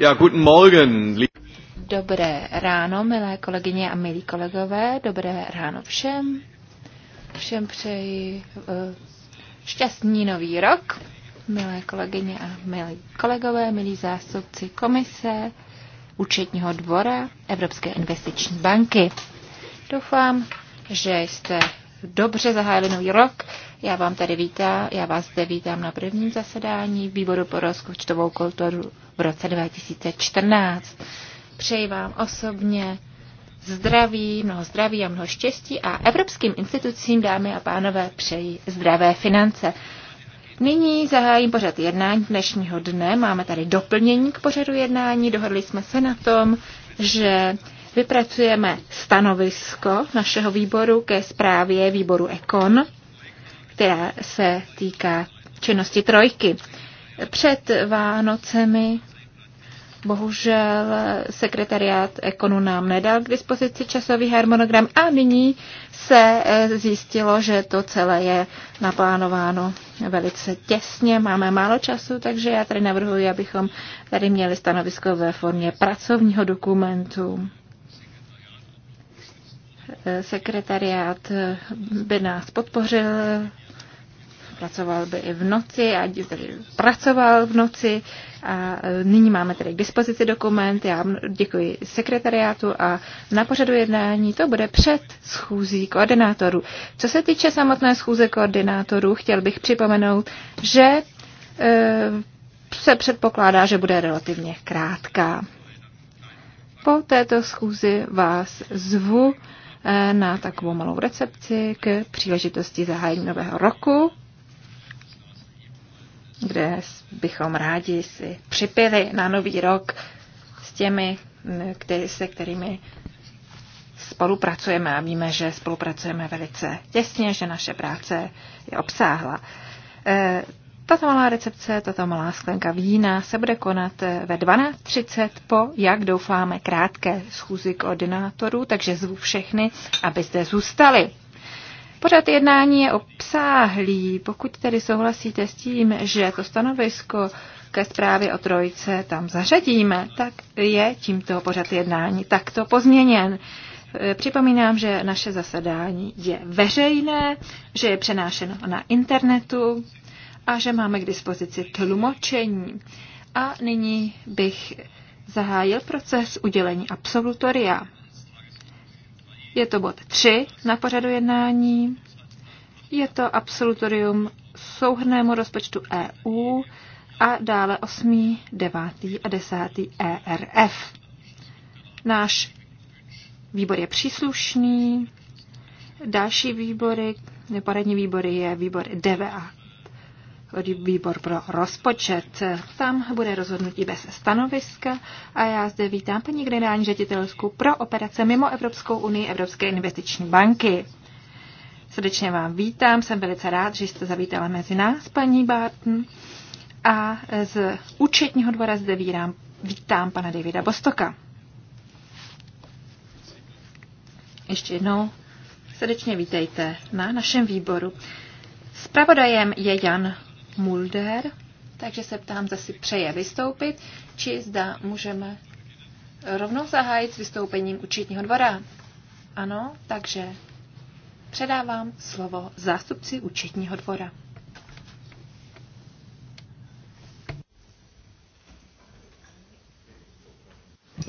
Ja, guten Morgen. Dobré ráno, milé kolegyně a milí kolegové. Dobré ráno všem. Všem přeji uh, šťastný nový rok, milé kolegyně a milí kolegové, milí zástupci komise, účetního dvora Evropské investiční banky. Doufám, že jste dobře zahájili nový rok. Já vám tady vítám, já vás zde vítám na prvním zasedání výboru pro rozpočtovou kulturu v roce 2014. Přeji vám osobně zdraví, mnoho zdraví a mnoho štěstí a evropským institucím, dámy a pánové, přeji zdravé finance. Nyní zahájím pořad jednání dnešního dne. Máme tady doplnění k pořadu jednání. Dohodli jsme se na tom, že vypracujeme stanovisko našeho výboru ke zprávě výboru Ekon, která se týká činnosti trojky. Před Vánocemi bohužel sekretariát Ekonu nám nedal k dispozici časový harmonogram a nyní se e, zjistilo, že to celé je naplánováno velice těsně, máme málo času, takže já tady navrhuji, abychom tady měli stanovisko ve formě pracovního dokumentu. Sekretariát by nás podpořil, pracoval by i v noci, a tedy pracoval v noci a e, nyní máme tedy k dispozici dokument. Já děkuji sekretariátu a na pořadu jednání to bude před schůzí koordinátorů. Co se týče samotné schůze koordinátorů, chtěl bych připomenout, že e, se předpokládá, že bude relativně krátká. Po této schůzi vás zvu Eh, na takovou malou recepci k příležitosti zahájení nového roku, kde bychom rádi si připili na nový rok s těmi, který, se kterými spolupracujeme a víme, že spolupracujeme velice těsně, že naše práce je obsáhla. Eh, tato malá recepce, tato malá sklenka vína se bude konat ve 12.30 po, jak doufáme, krátké schůzi koordinátorů, takže zvu všechny, aby zde zůstali. Pořad jednání je obsáhlý. Pokud tedy souhlasíte s tím, že to stanovisko ke zprávě o trojce tam zařadíme, tak je tímto pořad jednání takto pozměněn. Připomínám, že naše zasedání je veřejné, že je přenášeno na internetu, a že máme k dispozici tlumočení. A nyní bych zahájil proces udělení absolutoria. Je to bod 3 na pořadu jednání. Je to absolutorium souhrnému rozpočtu EU a dále 8., 9. a 10. ERF. Náš výbor je příslušný. Další výbory, poradní výbory je výbor DVA výbor pro rozpočet. Tam bude rozhodnutí bez stanoviska a já zde vítám paní generální ředitelskou pro operace mimo Evropskou unii Evropské investiční banky. Srdečně vám vítám, jsem velice rád, že jste zavítala mezi nás, paní Barton. A z účetního dvora zde vírám, vítám pana Davida Bostoka. Ještě jednou srdečně vítejte na našem výboru. Spravodajem je Jan Mulder, takže se ptám, zda si přeje vystoupit, či zda můžeme rovnou zahájit s vystoupením účetního dvora. Ano, takže předávám slovo zástupci účetního dvora.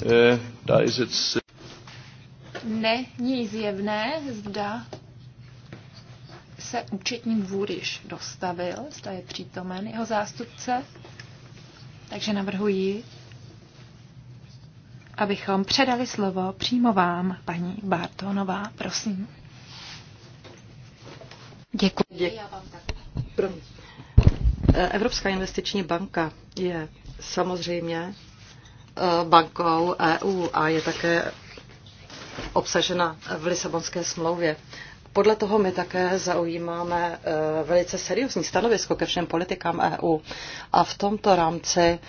Eh, Není zjevné, zda se účetní dvůr již dostavil, zda je přítomen jeho zástupce. Takže navrhuji, abychom předali slovo přímo vám, paní Bartonová, prosím. Děkuji. Děkuji. Evropská investiční banka je samozřejmě eh, bankou EU a je také obsažena v Lisabonské smlouvě. Podle toho my také zaujímáme eh, velice seriózní stanovisko ke všem politikám EU. A v tomto rámci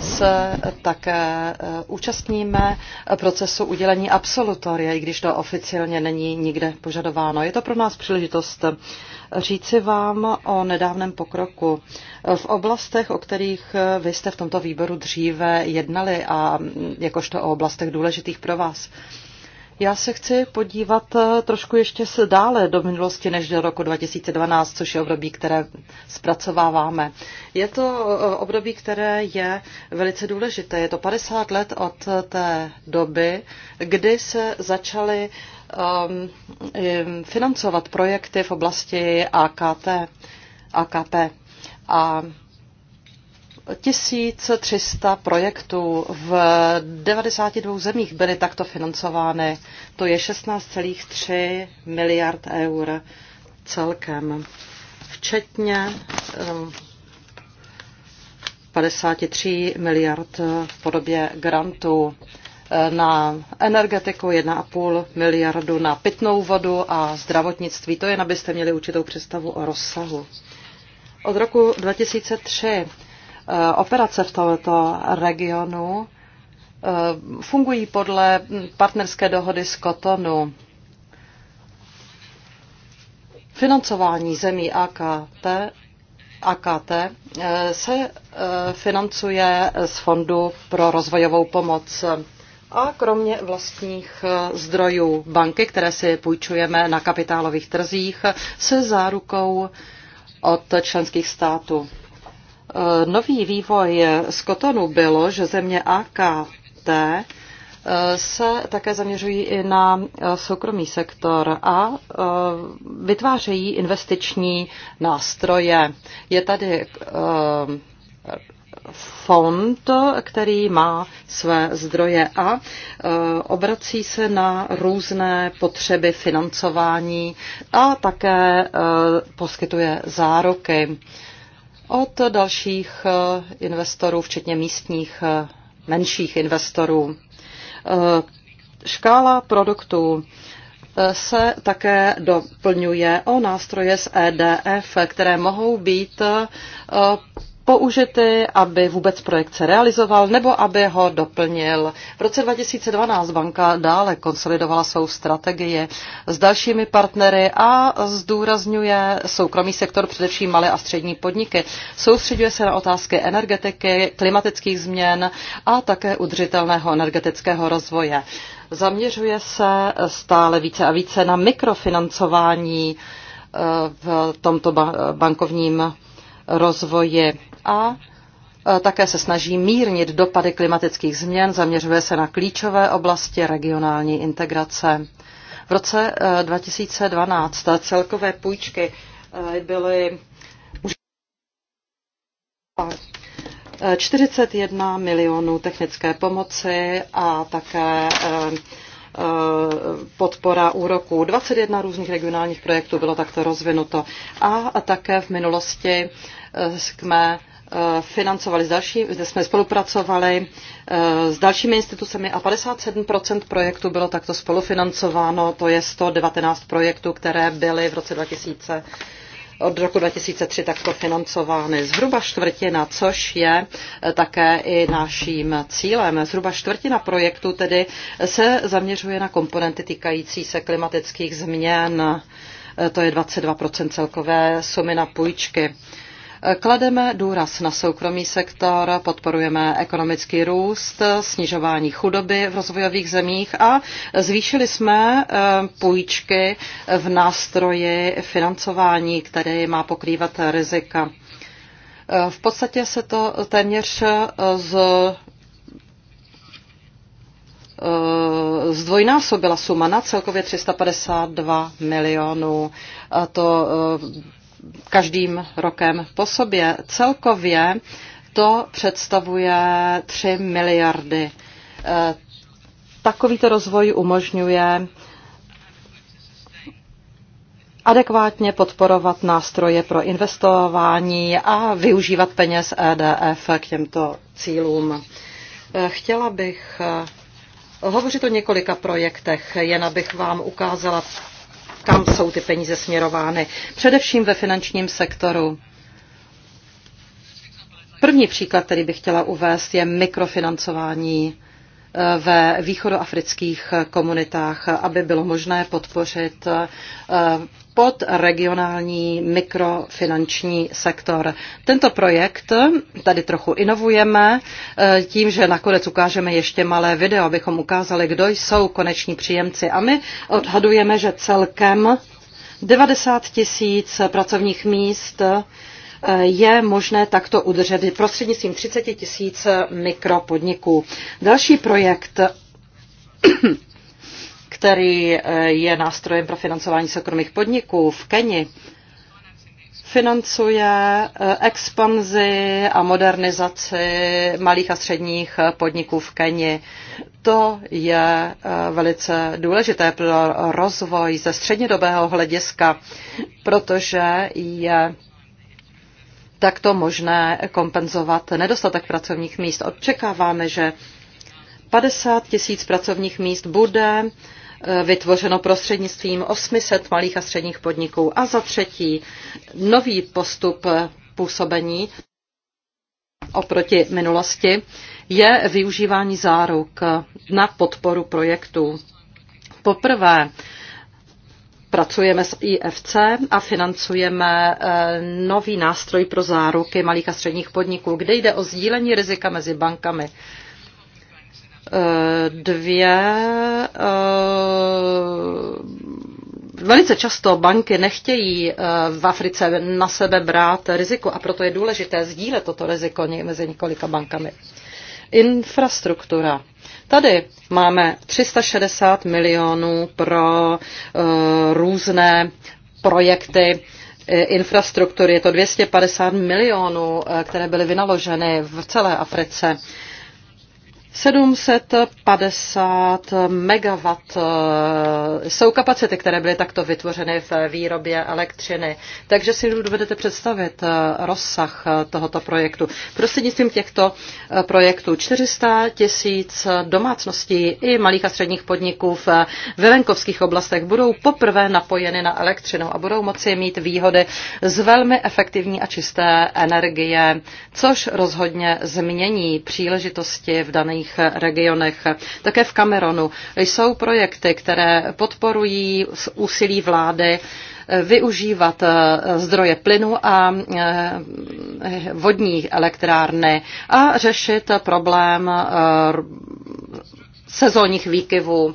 se také eh, účastníme procesu udělení absolutoria, i když to oficiálně není nikde požadováno. Je to pro nás příležitost říci vám o nedávném pokroku v oblastech, o kterých eh, vy jste v tomto výboru dříve jednali a mm, jakožto o oblastech důležitých pro vás. Já se chci podívat eh, trošku ještě se dále do minulosti než do roku 2012, což je období, které zpracováváme. Je to eh, období, které je velice důležité. Je to 50 let od eh, té doby, kdy se začaly um, financovat projekty v oblasti AKT, AKP. A 1300 projektů v 92 zemích byly takto financovány. To je 16,3 miliard eur celkem, včetně 53 eh, miliard v podobě grantů eh, na energetiku, 1,5 miliardu na pitnou vodu a zdravotnictví. To jen abyste měli určitou představu o rozsahu. Od roku 2003 Eh, operace v tomto regionu eh, fungují podle partnerské dohody z Kotonu. Financování zemí AKT, AKT eh, se financuje z Fondu pro rozvojovou pomoc a kromě vlastních zdrojů banky, které si půjčujeme na kapitálových trzích, se zárukou od členských států. Eh, nový vývoj z kotonu bylo, že země AKT eh, se také zaměřují i na eh, soukromý sektor a vytvářejí investiční nástroje. Je tady fond, který má své zdroje a obrací se na různé potřeby financování a také poskytuje záruky od dalších eh, investorů, včetně místních eh, menších investorů. Eh, škála produktů se také doplňuje o nástroje z EDF, které mohou být použity, aby vůbec projekt se realizoval nebo aby ho doplnil. V roce 2012 banka dále konsolidovala svou strategii s dalšími partnery a zdůrazňuje soukromý sektor, především malé a střední podniky. Soustředuje se na otázky energetiky, klimatických změn a také udržitelného energetického rozvoje. Zaměřuje se stále více a více na mikrofinancování eh, v tomto bankovním rozvoji a e, také se snaží mírnit dopady klimatických změn, zaměřuje se na klíčové oblasti regionální integrace. V roce 2012 e, celkové půjčky e, byly 41 milionů technické pomoci a také podpora úroků. 21 různých regionálních projektů bylo takto rozvinuto a také v minulosti jsme Eh, financovali další, kde jsme spolupracovali eh, s dalšími institucemi a 57% projektů bylo takto spolufinancováno, to je 119 projektů, které byly v roce 2000 od roku 2003 takto financovány zhruba čtvrtina, což je eh, také i naším cílem. Zhruba čtvrtina projektů tedy se zaměřuje na komponenty týkající se klimatických změn to je 22 celkové sumy na půjčky. Klademe důraz na soukromý sektor, podporujeme ekonomický růst, snižování chudoby v rozvojových zemích a zvýšili jsme eh, půjčky v nástroji financování, které má pokrývat rizika. Eh, v podstatě se to téměř eh, z zdvojnásobila suma na celkově 352 milionů. A to každým rokem po sobě. Celkově to představuje 3 miliardy. E, takovýto rozvoj umožňuje adekvátně podporovat nástroje pro investování a využívat peněz EDF k těmto cílům. E, chtěla bych hovořit o několika projektech, jen abych vám ukázala kam jsou ty peníze směrovány, především ve finančním sektoru. První příklad, který bych chtěla uvést, je mikrofinancování ve východoafrických komunitách, aby bylo možné podpořit eh, pod regionální mikrofinanční sektor. Tento projekt tady trochu inovujeme eh, tím, že nakonec ukážeme ještě malé video, abychom ukázali, kdo jsou koneční příjemci. A my odhadujeme, že celkem 90 tisíc pracovních míst je možné takto udržet prostřednictvím 30 tisíc mikropodniků. Další projekt který je nástrojem pro financování soukromých podniků v Keni, financuje eh, expanzi a modernizaci malých a středních eh, podniků v Keni. To je eh, velice důležité pro rozvoj ze střednědobého hlediska, protože je takto možné kompenzovat nedostatek pracovních míst. Očekáváme, že 50 tisíc pracovních míst bude eh, vytvořeno prostřednictvím 800 malých a středních podniků. A za třetí, nový postup působení oproti minulosti je využívání záruk na podporu projektů. Poprvé Pracujeme s IFC a financujeme eh, nový nástroj pro záruky malých a středních podniků, kde jde o sdílení rizika mezi bankami eh, dvě. Eh, velice často banky nechtějí v Africe na sebe brát riziko a proto je důležité sdílet toto riziko mezi několika bankami. Infrastruktura. Tady máme 360 milionů pro eh, různé projekty eh, infrastruktury. Je to 250 milionů, eh, které byly vynaloženy v celé Africe. 750 MW eh, jsou kapacity, které byly takto vytvořeny v výrobě elektřiny. Takže si dovedete představit eh, rozsah eh, tohoto projektu. Prostřednictvím těchto projektů 400 tisíc domácností i malých a středních podniků v venkovských oblastech budou poprvé napojeny na elektřinu a budou moci mít výhody z velmi efektivní a čisté energie, což rozhodně změní příležitosti v daných vzdálených regionech. Také v Kameronu jsou projekty, které podporují úsilí vlády eh, využívat eh, zdroje plynu a eh, vodní elektrárny a řešit problém sezónních výkyvů.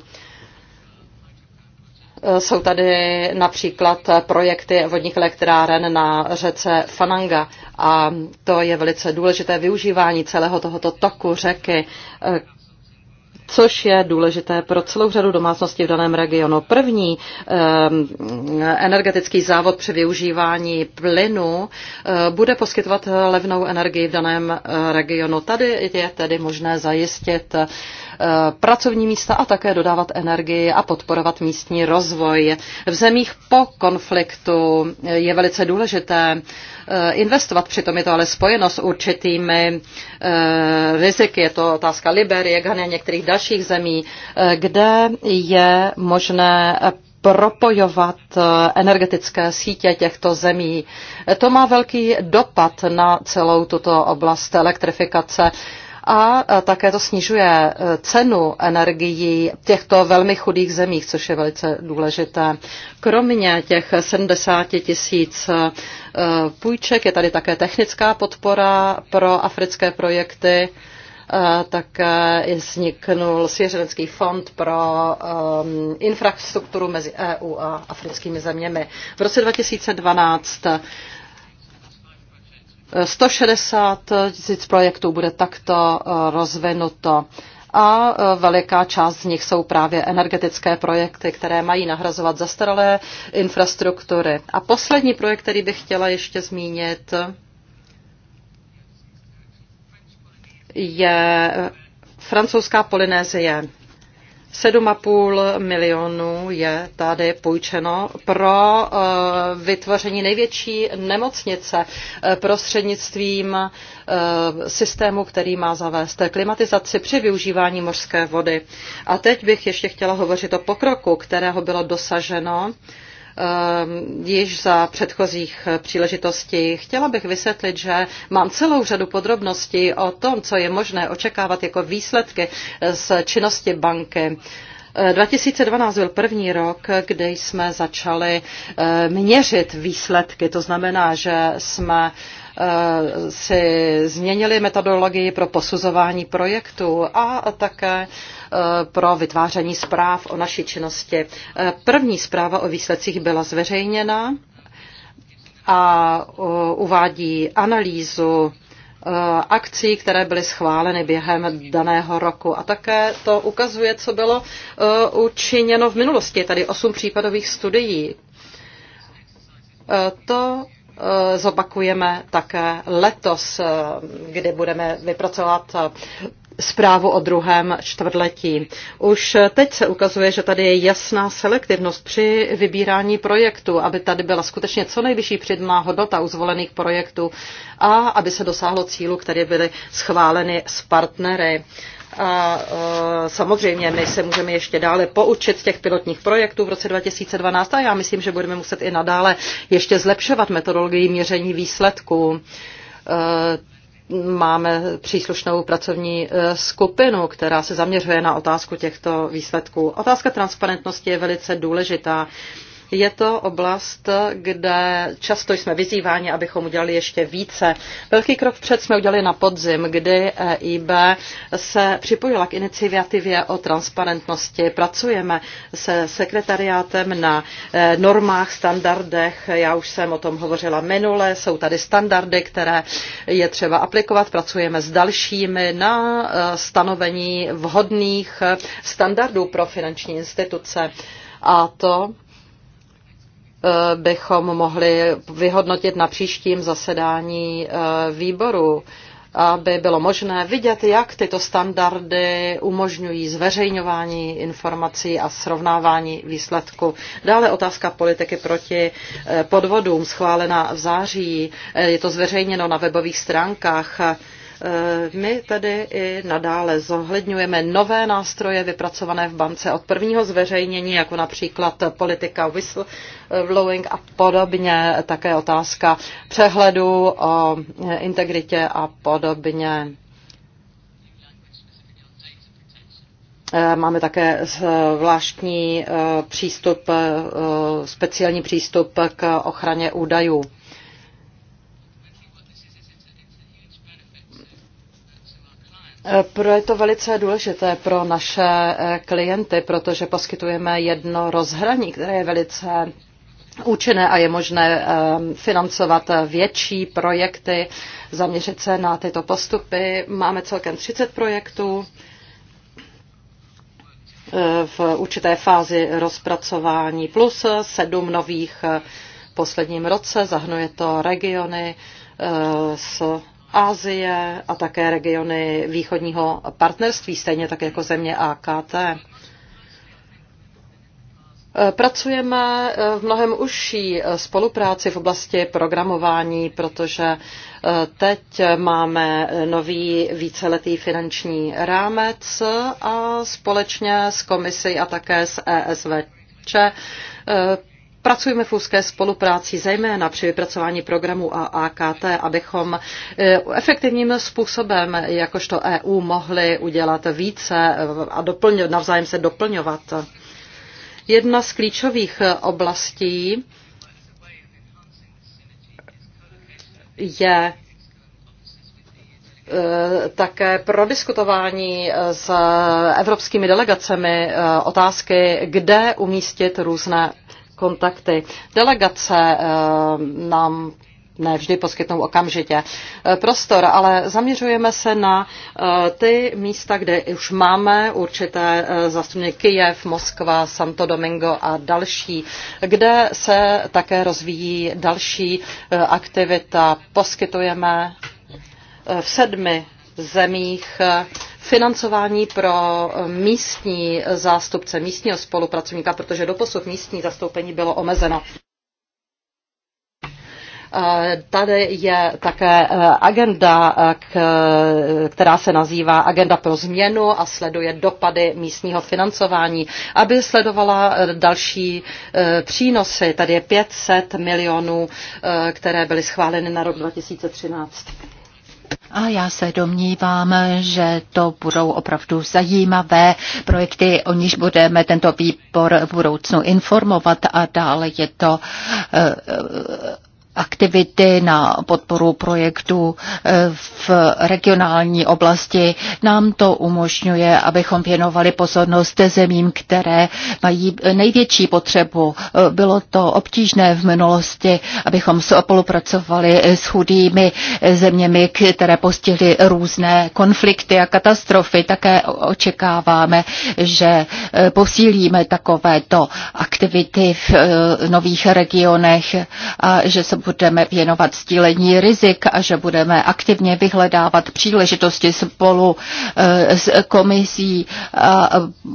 Eh, jsou tady například projekty vodních elektráren na řece Fananga a to je velice důležité využívání celého tohoto toku řeky, eh, což je důležité pro celou řadu domácností v daném regionu. První eh, energetický závod při využívání plynu bude poskytovat levnou energii v daném regionu. Tady je tedy možné zajistit Eh, pracovní místa a také dodávat energii a podporovat místní rozvoj. V zemích po konfliktu je velice důležité eh, investovat, přitom je to ale spojeno s určitými eh, riziky. Je to otázka Liberie, Ghana některých dalších zemí, kde je možné propojovat energetické sítě těchto zemí. To má velký dopad na celou tuto oblast elektrifikace a také to snižuje e, cenu energií těchto velmi chudých zemích, což je velice důležité. Kromě těch 70 tisíc e, půjček je tady také technická podpora pro africké projekty, e, Tak vzniknul Svěřenský fond pro um, infrastrukturu mezi EU a africkými zeměmi. V roce 2012 160 tisíc projektů bude takto eh, rozvinuto a eh, veliká část z nich jsou právě energetické projekty, které mají nahrazovat zastaralé infrastruktury. A poslední projekt, který bych chtěla ještě zmínit, je eh, francouzská Polynézie. 7,5 milionů je tady půjčeno pro eh, vytvoření největší nemocnice eh, prostřednictvím eh, systému, který má zavést klimatizaci při využívání mořské vody. A teď bych ještě chtěla hovořit o pokroku, kterého bylo dosaženo Ehm, již za předchozích eh, příležitostí. Chtěla bych vysvětlit, že mám celou řadu podrobností o tom, co je možné očekávat jako výsledky eh, z činnosti banky. 2012 eh, byl první rok, kdy jsme začali měřit výsledky. To znamená, že jsme si změnili metodologii pro posuzování projektů a také Eh, pro vytváření zpráv o naší činnosti. Eh, první zpráva o výsledcích byla zveřejněna a eh, uvádí analýzu akcí, které byly schváleny během daného roku. A také to ukazuje, co bylo učiněno v minulosti, tady osm případových studií. To zopakujeme také letos, kdy budeme vypracovat zprávu o druhém čtvrtletí. Už teď se ukazuje, že tady je jasná selektivnost při vybírání projektu, aby tady byla skutečně co nejvyšší přidaná hodnota u zvolených projektů a aby se dosáhlo cílu, které byly schváleny s partnery. A e, samozřejmě my se můžeme ještě dále poučit z těch pilotních projektů v roce 2012 a já myslím, že budeme muset i nadále ještě zlepšovat metodologii měření výsledků e, máme příslušnou pracovní e, skupinu, která se zaměřuje na otázku těchto výsledků. Otázka transparentnosti je velice důležitá. Je to oblast, kde často jsme vyzýváni, abychom udělali ještě více. Velký krok vpřed jsme udělali na podzim, kdy EIB se připojila k iniciativě o transparentnosti. Pracujeme se sekretariátem na e, normách, standardech. Já už jsem o tom hovořila minule. Jsou tady standardy, které je třeba aplikovat. Pracujeme s dalšími na e, stanovení vhodných standardů pro finanční instituce. A to Eh, bychom mohli vyhodnotit na příštím zasedání eh, výboru, aby bylo možné vidět, jak tyto standardy umožňují zveřejňování informací a srovnávání výsledku. Dále otázka politiky proti eh, podvodům, schválená v září, je to zveřejněno na webových stránkách Eh, my tedy i nadále zohledňujeme nové nástroje vypracované v bance od prvního zveřejnění, jako například politika whistleblowing a podobně, také otázka přehledu o integritě a podobně. Eh, máme také zvláštní eh, přístup, speciální přístup k ochraně údajů. Eh, pro je to velice důležité pro naše eh, klienty, protože poskytujeme jedno rozhraní, které je velice účinné a je možné eh, financovat větší projekty, zaměřit se na tyto postupy. Máme celkem 30 projektů v určité fázi rozpracování plus sedm nových v posledním roce. Zahnuje to regiony s Asie a také regiony východního partnerství, stejně tak jako země AKT. Pracujeme v mnohem užší spolupráci v oblasti programování, protože teď máme nový víceletý finanční rámec a společně s komisí a také s ESVČ Pracujeme v úzké spolupráci zejména při vypracování programu a AKT, abychom e, efektivním způsobem, jakožto EU, mohli udělat více e, a doplňo, navzájem se doplňovat. Jedna z klíčových oblastí je e, také pro diskutování s evropskými delegacemi otázky, kde umístit různé kontakty. Delegace eh, nám ne vždy poskytnou okamžitě eh, prostor, ale zaměřujeme se na eh, ty místa, kde už máme určité zastupně Kijev, Moskva, Santo Domingo a další, kde se také rozvíjí další aktivita. Poskytujeme v sedmi zemích financování pro místní zástupce, místního spolupracovníka, protože doposud místní zastoupení bylo omezeno. Tady je také agenda, která se nazývá Agenda pro změnu a sleduje dopady místního financování, aby sledovala další eh, přínosy. Tady je 500 milionů, eh, které byly schváleny na rok 2013. A já se domnívám, že to budou opravdu zajímavé projekty, o níž budeme tento výbor v budoucnu informovat a dále je to eh, eh, aktivity na podporu projektů eh, v regionální oblasti nám to umožňuje, abychom věnovali pozornost zemím, které mají největší potřebu. Eh, Bylo to obtížné v minulosti, abychom spolupracovali s chudými zeměmi, které postihly různé konflikty a katastrofy. Také očekáváme, že eh, posílíme takovéto aktivity v nových regionech a že se budeme věnovat stílení rizik a že budeme aktivně vyhledávat příležitosti spolu eh, s komisí a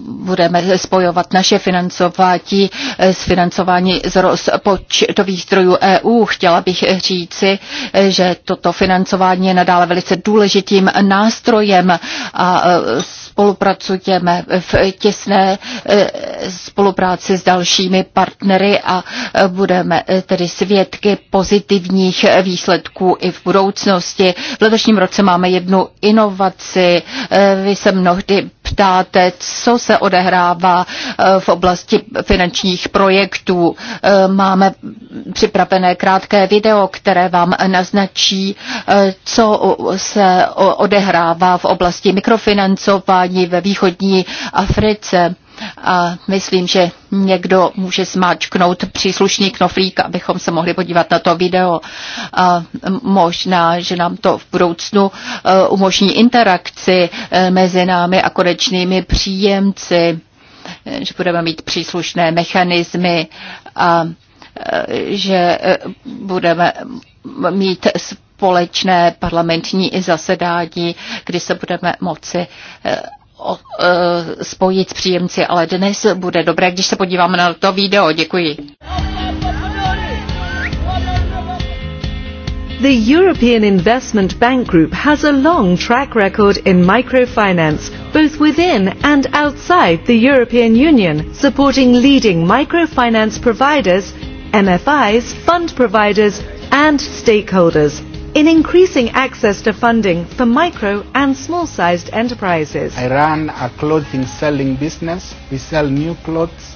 budeme spojovat naše financování eh, s financování z rozpočtových zdrojů EU. Chtěla bych říci, eh, že toto financování je nadále velice důležitým nástrojem a spolupracujeme v těsné eh, spolupráci s dalšími partnery a eh, budeme eh, tedy svědky pozitivních výsledků i v budoucnosti. V letošním roce máme jednu inovaci. Vy se mnohdy ptáte, co se odehrává eh, v oblasti finančních projektů. Eh, máme připravené krátké video, které vám naznačí, eh, co se odehrává v oblasti mikrofinancování ve východní Africe. A myslím, že někdo může zmáčknout příslušný knoflík, abychom se mohli podívat na to video. A možná, že nám to v budoucnu e, umožní interakci e, mezi námi a konečnými příjemci, e, že budeme mít příslušné mechanismy a že budeme mít společné parlamentní zasedání, kdy se budeme moci E, spojit s příjemci, ale dnes bude dobré, když se podíváme na to video. Děkuji. The European Investment Bank Group has a long track record in microfinance, both within and outside the European Union, supporting leading microfinance providers, MFIs, fund providers and stakeholders in increasing access to funding for micro and small-sized enterprises. I run a clothing selling business. We sell new clothes.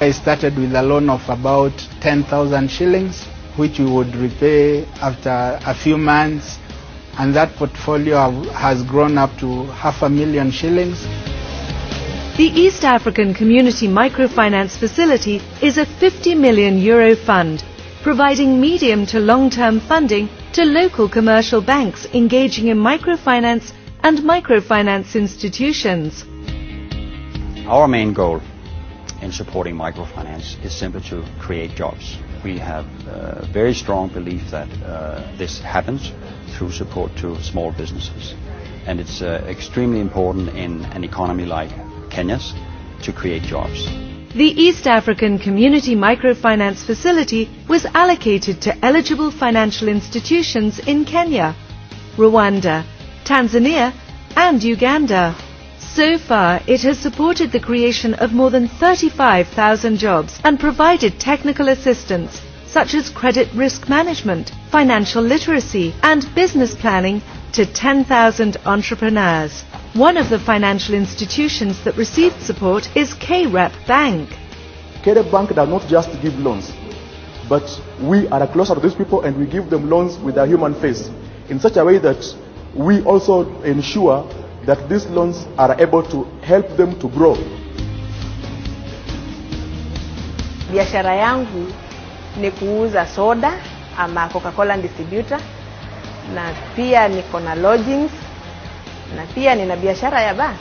I started with a loan of about 10,000 shillings, which we would repay after a few months. And that portfolio has grown up to half a million shillings. The East African Community Microfinance Facility is a 50 million euro fund providing medium to long-term funding to local commercial banks engaging in microfinance and microfinance institutions. Our main goal in supporting microfinance is simply to create jobs. We have a very strong belief that uh, this happens through support to small businesses. And it's uh, extremely important in an economy like Kenya's to create jobs the East African Community Microfinance Facility was allocated to eligible financial institutions in Kenya, Rwanda, Tanzania and Uganda. So far, it has supported the creation of more than 35,000 jobs and provided technical assistance such as credit risk management, financial literacy and business planning to 10,000 entrepreneurs. One of the financial institutions that received support is KREP Bank. KREP Bank does not just give loans, but we are closer to these people and we give them loans with a human face in such a way that we also ensure that these loans are able to help them to grow. Biashara yangu ni kuuza soda ama Coca-Cola distributor na pia niko na lodgings na pia nina biashara ya ba.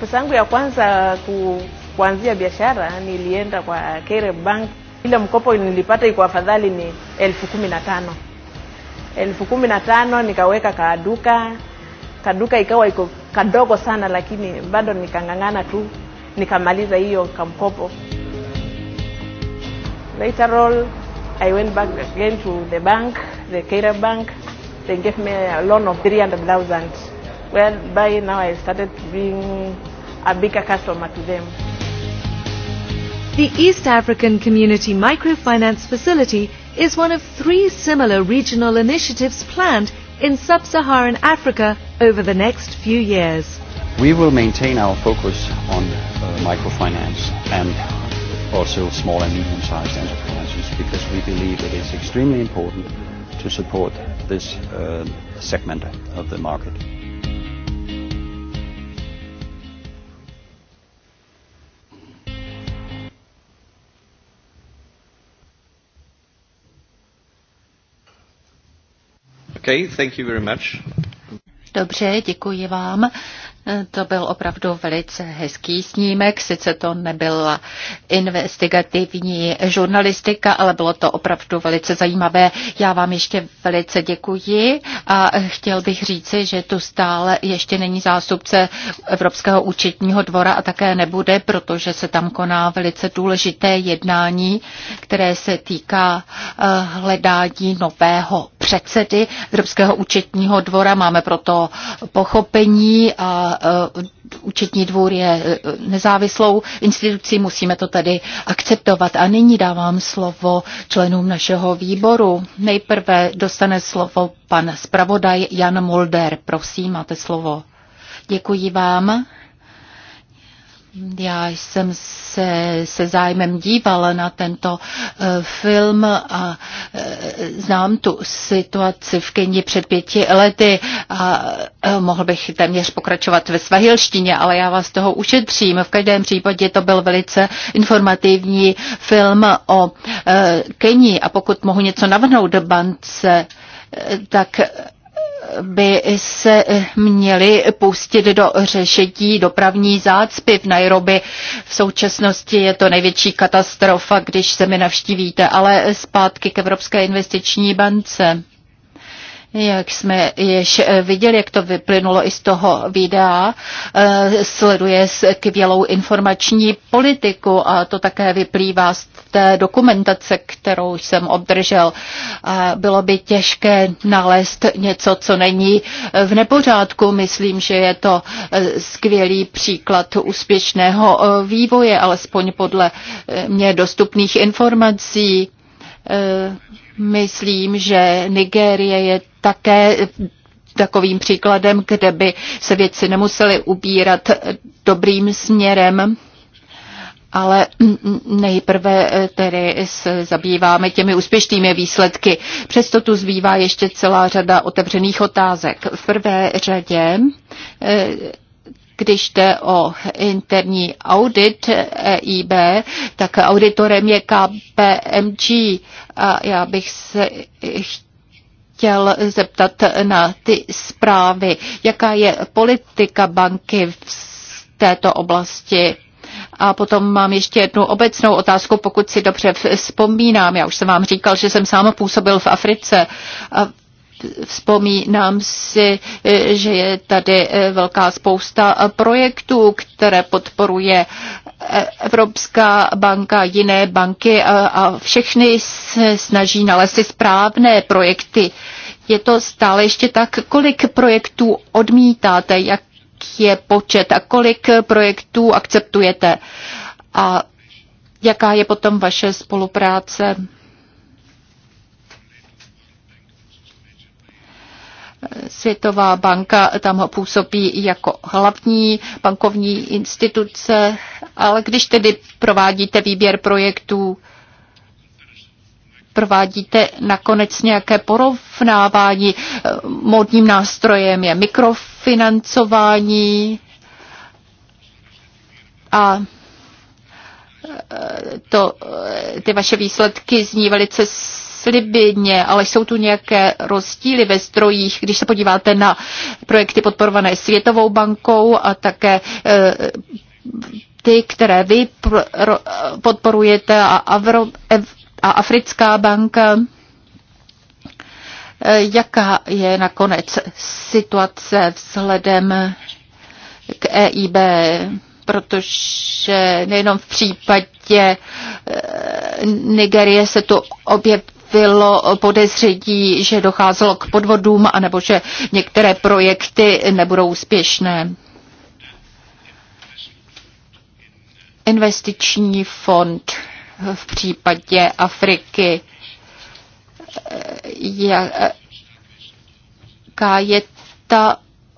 Pesa yangu ya kwanza ku, kuanzia biashara nilienda kwa Kere Bank. Ile mkopo nilipata iko afadhali ni elfu kumi na tano elfu kumi na tano nikaweka kaduka kaduka, ikawa iko kadogo sana, lakini bado nikang'ang'ana tu nikamaliza hiyo kamkopo. Later on, I went back again to the bank, the Kera bank. They gave me a loan of 300,000. Well, by now I started to bring a bigger customer to them. The East African Community Microfinance Facility is one of three similar regional initiatives planned in sub-Saharan Africa over the next few years. We will maintain our focus on uh, microfinance and also small and medium-sized enterprises because we believe it is extremely important to support this uh, segment of the market. Dobře, děkuji vám to byl opravdu velice hezký snímek, sice to nebyla investigativní žurnalistika, ale bylo to opravdu velice zajímavé. Já vám ještě velice děkuji a chtěl bych říci, že tu stále ještě není zástupce Evropského účetního dvora a také nebude, protože se tam koná velice důležité jednání, které se týká eh, hledání nového předsedy Evropského účetního dvora. Máme proto pochopení a Eh, účetní dvůr je eh, nezávislou institucí, musíme to tedy akceptovat. A nyní dávám slovo členům našeho výboru. Nejprve dostane slovo pan zpravodaj Jan Mulder. Prosím, máte slovo. Děkuji vám. Já jsem se, se zájmem dívala na tento eh, film a eh, znám tu situaci v Keni před pěti lety a eh, mohl bych téměř pokračovat ve svahilštině, ale já vás toho ušetřím. V každém případě to byl velice informativní film o Keni a pokud mohu něco navrhnout do bance, tak by se eh, měli pustit do řešení dopravní zácpy v Nairobi. V současnosti je to největší katastrofa, když se mi navštívíte, ale zpátky k Evropské investiční bance. Jak jsme již eh, viděli, jak to vyplynulo i z toho videa, eh, sleduje skvělou informační politiku a to také vyplývá z té dokumentace, kterou jsem obdržel. Bylo by těžké nalézt něco, co není v nepořádku. Myslím, že je to e, skvělý příklad úspěšného e, vývoje, alespoň podle e, mě dostupných informací. Myslím, že Nigérie je také takovým příkladem, kde by se věci nemusely ubírat dobrým směrem ale nejprve eh, tedy se zabýváme těmi úspěšnými výsledky. Přesto tu zbývá ještě celá řada otevřených otázek. V prvé řadě eh, když jde o interní audit EIB, tak auditorem je KPMG. A já bych se chtěl zeptat na ty zprávy. Jaká je politika banky v této oblasti? A potom mám ještě jednu obecnou otázku, pokud si dobře vzpomínám. Já už jsem vám říkal, že jsem sám působil v Africe. A vzpomínám si, že je tady e, velká spousta e, projektů, které podporuje e, Evropská banka, jiné banky a všechny se snaží nalézt správné projekty. Je to stále ještě tak, kolik projektů odmítáte, jak Jaký je počet a kolik projektů akceptujete a jaká je potom vaše spolupráce Světová banka tam působí jako hlavní bankovní instituce, ale když tedy provádíte výběr projektů, provádíte nakonec nějaké porovnávání. Eh, Módním nástrojem je mikrofinancování a eh, to, eh, ty vaše výsledky zní velice slibně, ale jsou tu nějaké rozdíly ve zdrojích, když se podíváte na projekty podporované Světovou bankou a také ty, které vy podporujete a a Africká banka. E, jaká je nakonec situace vzhledem k EIB, protože nejenom v případě e, Nigerie se to objevilo podezření, že docházelo k podvodům, anebo že některé projekty nebudou úspěšné. Investiční fond v případě Afriky. Jaká je ta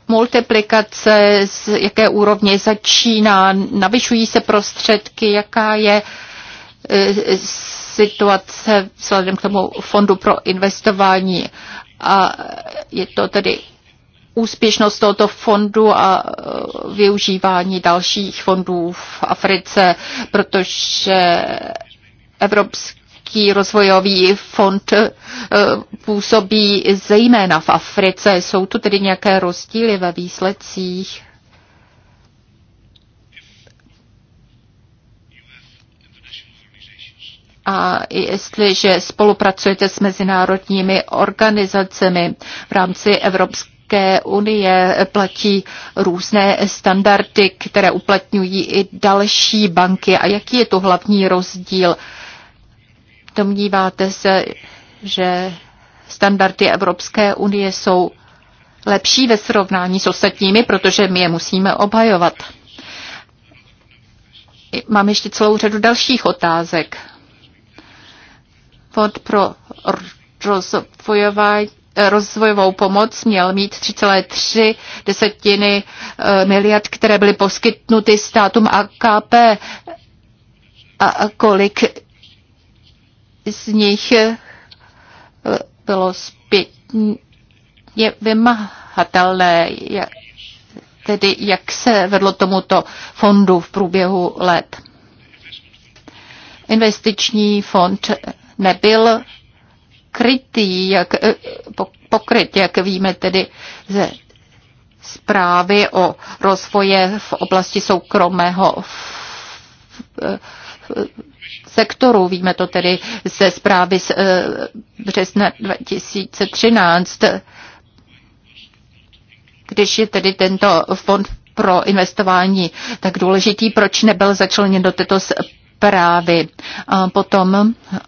multiplikace, z jaké úrovně začíná, navyšují se prostředky, jaká je e, situace vzhledem k tomu fondu pro investování. A je to tedy úspěšnost tohoto fondu a e, využívání dalších fondů v Africe, protože Evropský rozvojový fond eh, působí zejména v Africe. Jsou tu tedy nějaké rozdíly ve výsledcích? a jestliže spolupracujete s mezinárodními organizacemi v rámci Evropské unie, platí různé standardy, které uplatňují i další banky. A jaký je to hlavní rozdíl Domníváte se, že standardy Evropské unie jsou lepší ve srovnání s ostatními, protože my je musíme obhajovat. Mám ještě celou řadu dalších otázek. Fond pro rozvojovou pomoc měl mít 3,3 desetiny eh, miliard, které byly poskytnuty státům AKP. A kolik z nich eh, bylo zpětně vymahatelné, tedy jak se vedlo tomuto fondu v průběhu let. Investiční fond nebyl krytý, jak, eh, pokryt, jak víme tedy ze zprávy o rozvoje v oblasti soukromého sektoru. Víme to tedy ze zprávy z eh, března 2013. Když je tedy tento fond pro investování tak důležitý, proč nebyl začleněn do této zprávy. A potom eh,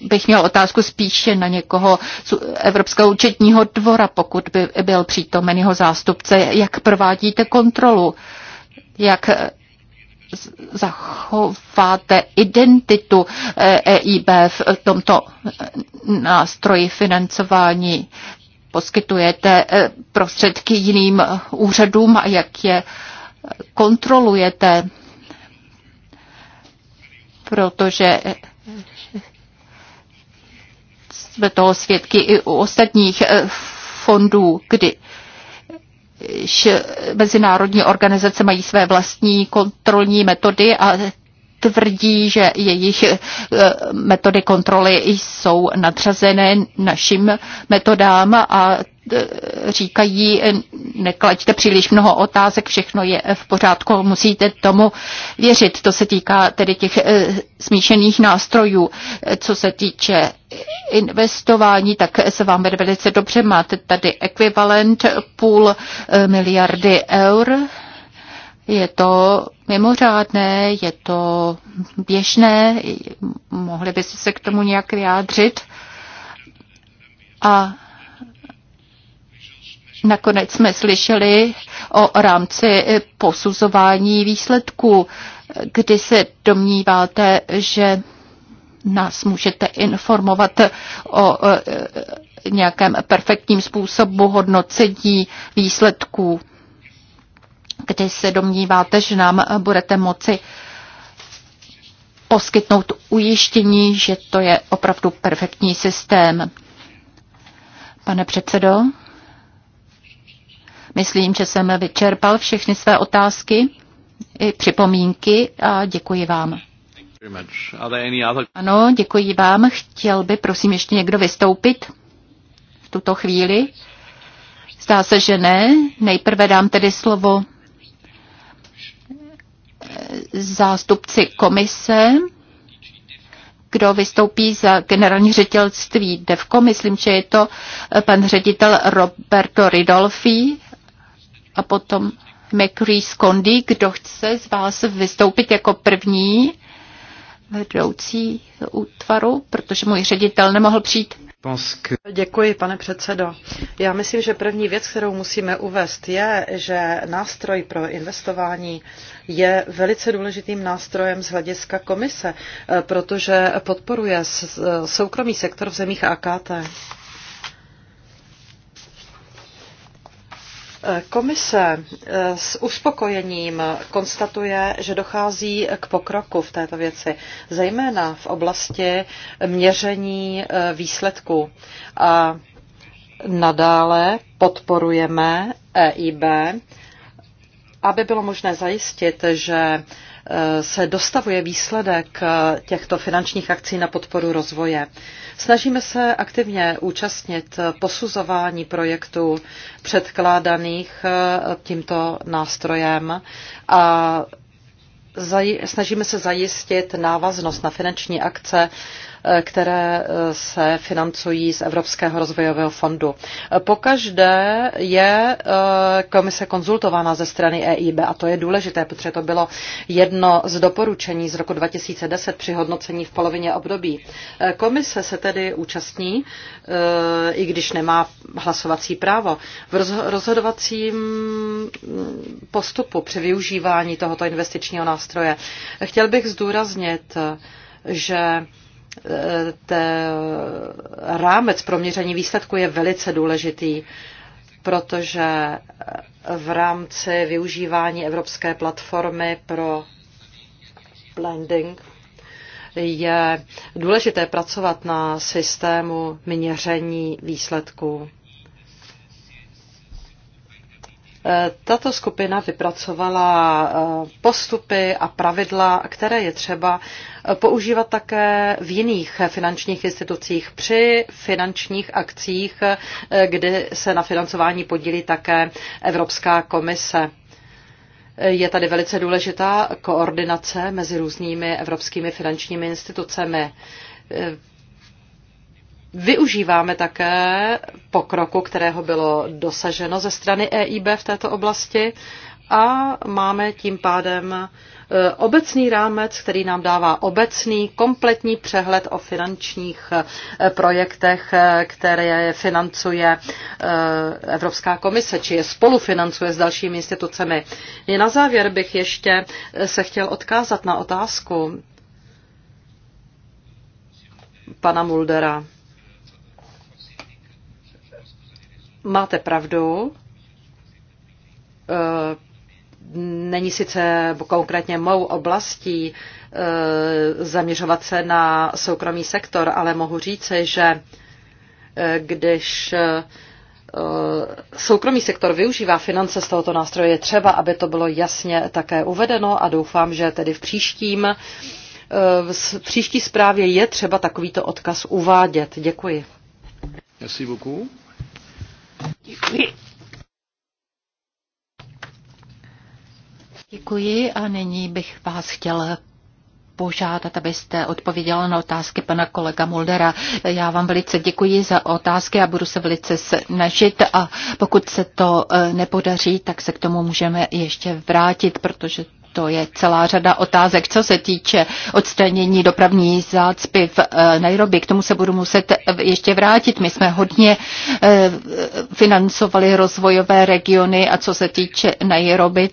bych měl otázku spíše na někoho z Evropského účetního dvora, pokud by byl přítomen jeho zástupce. Jak provádíte kontrolu? Jak zachováte identitu EIB eh, e v tomto eh, nástroji financování? Poskytujete eh, prostředky jiným úřadům a jak je kontrolujete? Protože jsme toho svědky i u ostatních fondů, kdy mezinárodní organizace mají své vlastní kontrolní metody a tvrdí, že jejich eh, metody kontroly jsou nadřazené našim metodám a eh, říkají, eh, neklaďte příliš mnoho otázek, všechno je v pořádku, musíte tomu věřit. To se týká tedy těch smíšených nástrojů. Co se týče investování, tak se vám vede velice dobře. Máte tady ekvivalent půl miliardy eur je to mimořádné, je to běžné, mohli byste se k tomu nějak vyjádřit. A nakonec jsme slyšeli o rámci posuzování výsledků, kdy se domníváte, že nás můžete informovat o e, e, nějakém perfektním způsobu hodnocení výsledků kdy se domníváte, že nám budete moci poskytnout ujištění, že to je opravdu perfektní systém. Pane předsedo, myslím, že jsem vyčerpal všechny své otázky i připomínky a děkuji vám. Ano, děkuji vám. Chtěl by, prosím, ještě někdo vystoupit v tuto chvíli? Zdá se, že ne. Nejprve dám tedy slovo zástupci komise, kdo vystoupí za generální ředitelství DEVKO. Myslím, že je to eh, pan ředitel Roberto Ridolfi a potom McCree Scondi, kdo chce z vás vystoupit jako první vedoucí útvaru, protože můj ředitel nemohl přijít. Děkuji, pane předsedo. Já myslím, že první věc, kterou musíme uvést, je, že nástroj pro investování je velice důležitým nástrojem z hlediska komise, eh, protože podporuje soukromý sektor v zemích AKT. Komise eh, s uspokojením konstatuje, že dochází k pokroku v této věci, zejména v oblasti měření eh, výsledků. A nadále podporujeme EIB, aby bylo možné zajistit, že Eh, se dostavuje výsledek eh, těchto finančních akcí na podporu rozvoje. Snažíme se aktivně účastnit posuzování projektů předkládaných eh, tímto nástrojem a snažíme se zajistit návaznost na finanční akce Eh, které eh, se financují z Evropského rozvojového fondu. Pokaždé je eh, komise konzultována ze strany EIB a to je důležité, protože to bylo jedno z doporučení z roku 2010 při hodnocení v polovině období. Komise se tedy účastní, i když nemá hlasovací právo, v rozhodovacím postupu při využívání tohoto investičního nástroje. Chtěl bych zdůraznit, že ten rámec pro měření výsledku je velice důležitý, protože v rámci využívání evropské platformy pro blending je důležité pracovat na systému měření výsledků. Tato skupina vypracovala eh, postupy a pravidla, které je třeba používat také v jiných finančních institucích při finančních akcích, eh, kdy se na financování podílí také Evropská komise. Je tady velice důležitá koordinace mezi různými evropskými finančními institucemi eh, Využíváme také pokroku, kterého bylo dosaženo ze strany EIB v této oblasti a máme tím pádem e, obecný rámec, který nám dává obecný, kompletní přehled o finančních e, projektech, e, které financuje Evropská komise, či je spolufinancuje s dalšími institucemi. Na závěr bych ještě se chtěl odkázat na otázku pana Muldera Máte pravdu. Eh, není sice konkrétně mou oblastí eh, zaměřovat se na soukromý sektor, ale mohu říci, že eh, když soukromý sektor využívá finance z tohoto nástroje, je třeba, aby to bylo jasně také uvedeno a doufám, že tedy v příštím v příští zprávě je třeba takovýto odkaz uvádět. Děkuji. Merci beaucoup. Děkuji. Děkuji a nyní bych vás chtěla požádat, abyste odpověděla na otázky pana kolega Muldera. Já vám velice děkuji za otázky a budu se velice snažit a pokud se to eh, nepodaří, tak se k tomu můžeme ještě vrátit, protože to je celá řada otázek, co se týče odstranění dopravní zácpy v eh, Nairobi. K tomu se budu muset eh, ještě vrátit. My jsme hodně eh, financovali rozvojové regiony a co se týče Nairobi,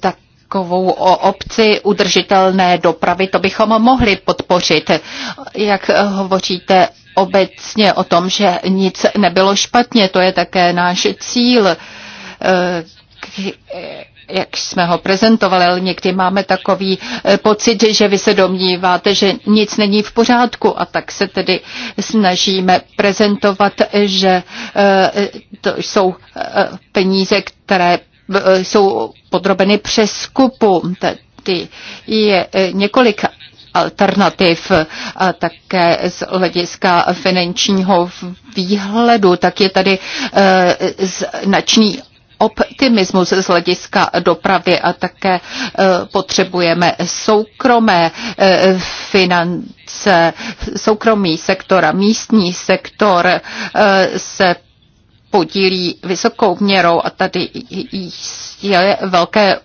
tak takovou obci udržitelné dopravy, to bychom mohli podpořit. Jak hovoříte obecně o tom, že nic nebylo špatně, to je také náš cíl jak jsme ho prezentovali, ale někdy máme takový eh, pocit, že vy se domníváte, že nic není v pořádku a tak se tedy snažíme prezentovat, že eh, to jsou eh, peníze, které jsou podrobeny přeskupu. Tady je několik alternativ a také z hlediska finančního výhledu, tak je tady značný optimismus z hlediska dopravy a také e, potřebujeme soukromé e, finance, soukromý sektor a místní sektor e, se podílí vysokou měrou a tady je velké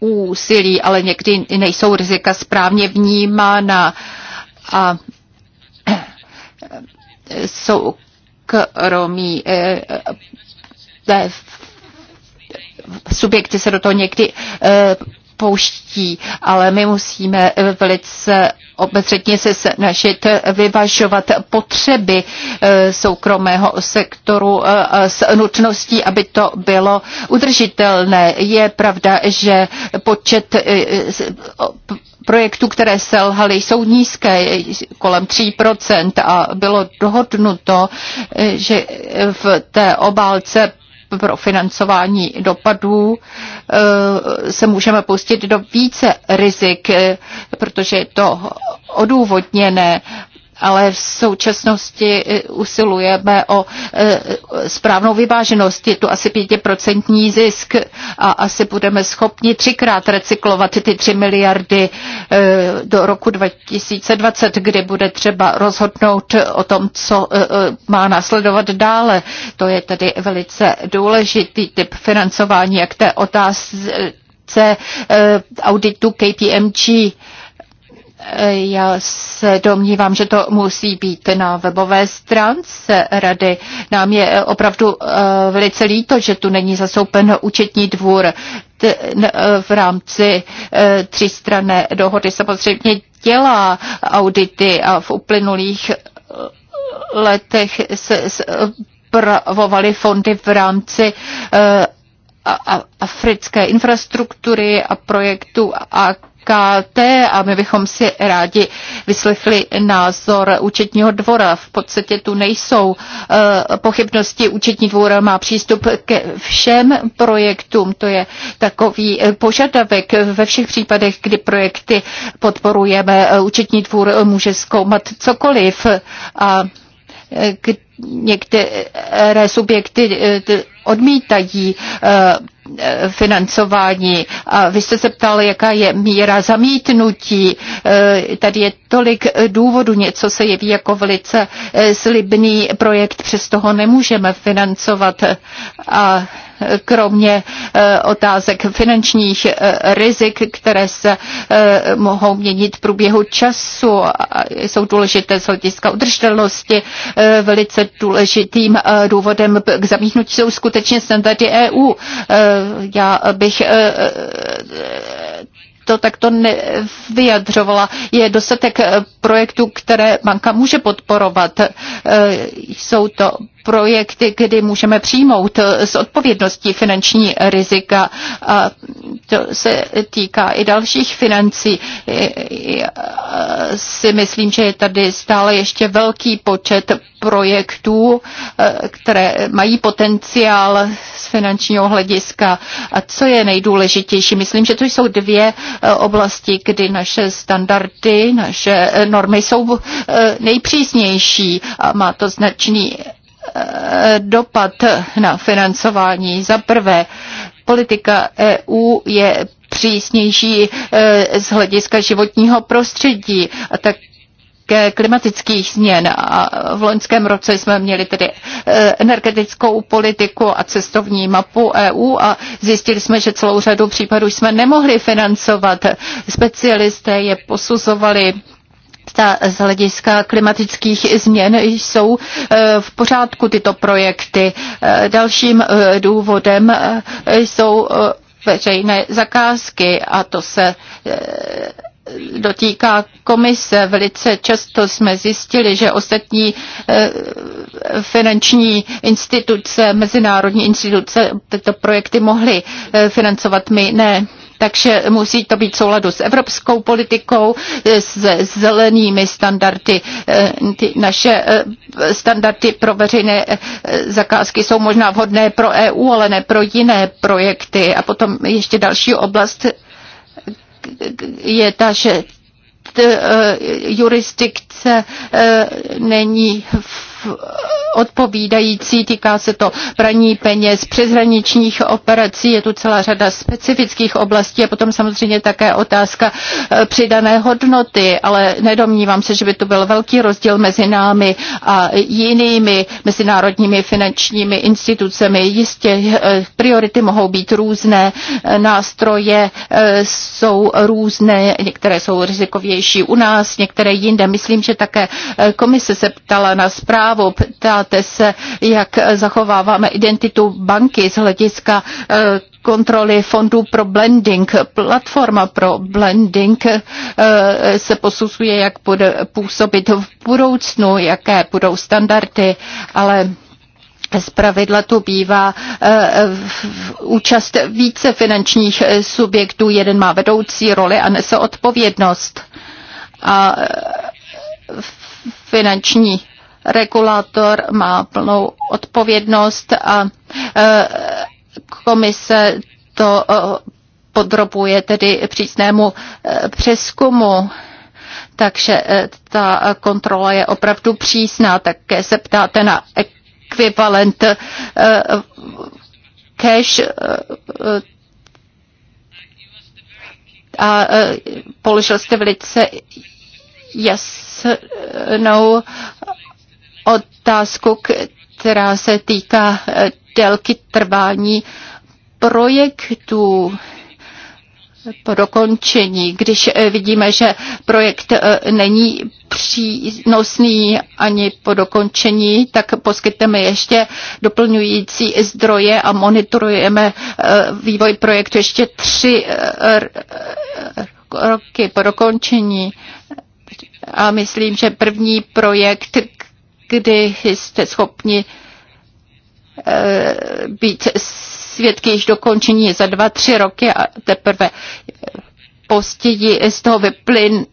úsilí, ale někdy nejsou rizika správně vnímána a jsou kromí jednotlivé subjekty se do toho někdy e, pouští, ale my musíme velice obezřetně se snažit vyvažovat potřeby e, soukromého sektoru e, s nutností, aby to bylo udržitelné. Je pravda, že počet projektů, které selhaly, jsou nízké, kolem 3% a bylo dohodnuto, že v té obálce pro financování dopadů eh, se můžeme pustit do více rizik, eh, protože je to odůvodněné ale v současnosti eh, usilujeme o eh, správnou vyváženost. Je tu asi pětiprocentní zisk a asi budeme schopni třikrát recyklovat ty tři miliardy eh, do roku 2020, kdy bude třeba rozhodnout o tom, co má následovat dále. To je tedy velice důležitý typ financování, jak té otázce auditu KPMG já se domnívám, že to musí být na webové stránce rady. Nám je opravdu eh, velice líto, že tu není zasoupen účetní dvůr v rámci eh, třístrané dohody. Samozřejmě dělá audity a v uplynulých eh, letech se zpravovaly fondy v rámci africké infrastruktury a projektu a KT a my bychom si rádi vyslechli názor účetního dvora. V podstatě tu nejsou eh, pochybnosti. Účetní dvora má přístup ke všem projektům. To je takový eh, požadavek ve všech případech, kdy projekty podporujeme. Eh, účetní dvůr může zkoumat cokoliv a některé subjekty odmítají Eh, financování. A vy jste se ptal, jaká je míra zamítnutí. Eh, tady je tolik důvodů, něco se jeví jako velice eh, slibný projekt, přes toho nemůžeme financovat. A kromě otázek finančních rizik, které se mohou měnit v průběhu času, jsou důležité z hlediska udržitelnosti. Velice důležitým důvodem k zamítnutí jsou skutečně standardy EU já bych eh, eh, to takto nevyjadřovala. Je dostatek eh, projektů, které banka může podporovat. Jsou to projekty, kdy můžeme přijmout eh, z odpovědnosti finanční rizika. A to se týká i dalších financí. Já eh, eh, si myslím, že je tady stále ještě velký počet projektů, které mají potenciál z finančního hlediska. A co je nejdůležitější? Myslím, že to jsou dvě oblasti, kdy naše standardy, naše normy jsou nejpřísnější a má to značný dopad na financování. Za prvé, politika EU je přísnější eh, z hlediska životního prostředí a tak ke klimatických změn. A v loňském roce jsme měli tedy eh, energetickou politiku a cestovní mapu EU a zjistili jsme, že celou řadu případů jsme nemohli financovat. Specialisté je posuzovali fakta z hlediska klimatických změn jsou eh, v pořádku tyto projekty. Eh, dalším eh, důvodem jsou veřejné zakázky a to se dotýká komise. Velice často jsme zjistili, že ostatní finanční instituce, mezinárodní instituce tyto projekty mohly financovat, my ne. Takže musí to být souladu s evropskou politikou, s zelenými standardy. Eh, ty naše eh, standardy pro veřejné eh, zakázky jsou možná vhodné pro EU, ale ne pro jiné projekty. A potom ještě další oblast je ta, že jurisdikce není v odpovídající. Týká se to praní peněz, přeshraničních operací, je tu celá řada specifických oblastí a potom samozřejmě také otázka eh, přidané hodnoty, ale nedomnívám se, že by to byl velký rozdíl mezi námi a jinými mezinárodními finančními institucemi. Jistě eh, priority mohou být různé, eh, nástroje jsou různé, některé jsou rizikovější u nás, některé jinde. Myslím, že také komise se ptala na zprávu zprávu. Ptáte se, jak zachováváme identitu banky z hlediska eh, kontroly fondů pro blending. Platforma pro blending eh, se posuzuje, jak bude působit v budoucnu, jaké budou standardy, ale z pravidla tu bývá eh, účast více finančních subjektů. Jeden má vedoucí roli a nese odpovědnost. A finanční regulátor má plnou odpovědnost a e, komise to e, podrobuje tedy přísnému e, přeskumu. Takže ta kontrola je opravdu přísná. Také se ptáte na ekvivalent cash a položil jste velice jasnou otázku, která se týká eh, délky trvání projektů po dokončení, když eh, vidíme, že projekt eh, není přínosný ani po dokončení, tak poskytneme ještě doplňující zdroje a monitorujeme vývoj projektu ještě tři roky po dokončení. A myslím, že první projekt, kdy jste schopni eh, být svědky již dokončení za dva, tři roky a teprve později z toho vyplyn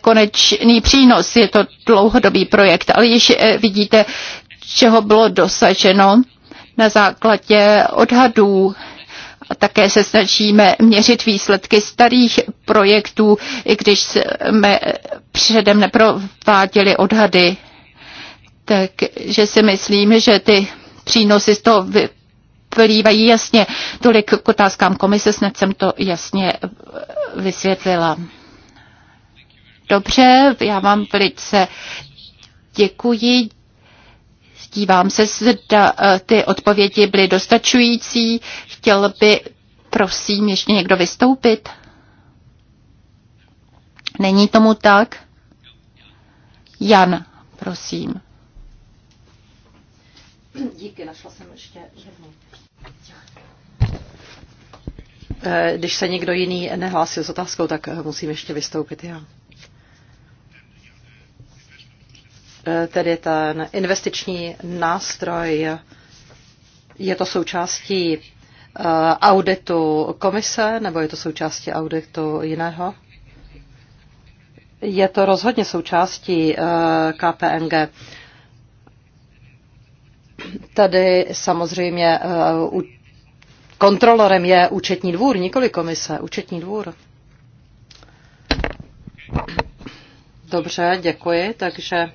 konečný přínos. Je to dlouhodobý projekt, ale již eh, vidíte, čeho bylo dosaženo na základě odhadů. A také se snažíme měřit výsledky starých projektů, i když jsme předem neprováděli odhady. Takže si myslím, že ty přínosy z toho vyplývají jasně. Tolik k otázkám komise, snad jsem to jasně eh, vysvětlila. Dobře, já vám velice děkuji. Dívám se, zda eh, ty odpovědi byly dostačující. Chtěl by, prosím, ještě někdo vystoupit? Není tomu tak? Jan, prosím. Díky, našla jsem ještě jednu. Eh, když se někdo jiný nehlásil s otázkou, tak eh, musím ještě vystoupit já. Eh, tedy ten investiční nástroj je to součástí auditu komise nebo je to součástí auditu jiného? Je to rozhodně součástí KPMG. Tady samozřejmě eh, kontrolorem je účetní dvůr, nikoli komise, účetní dvůr. Dobře, děkuji. Takže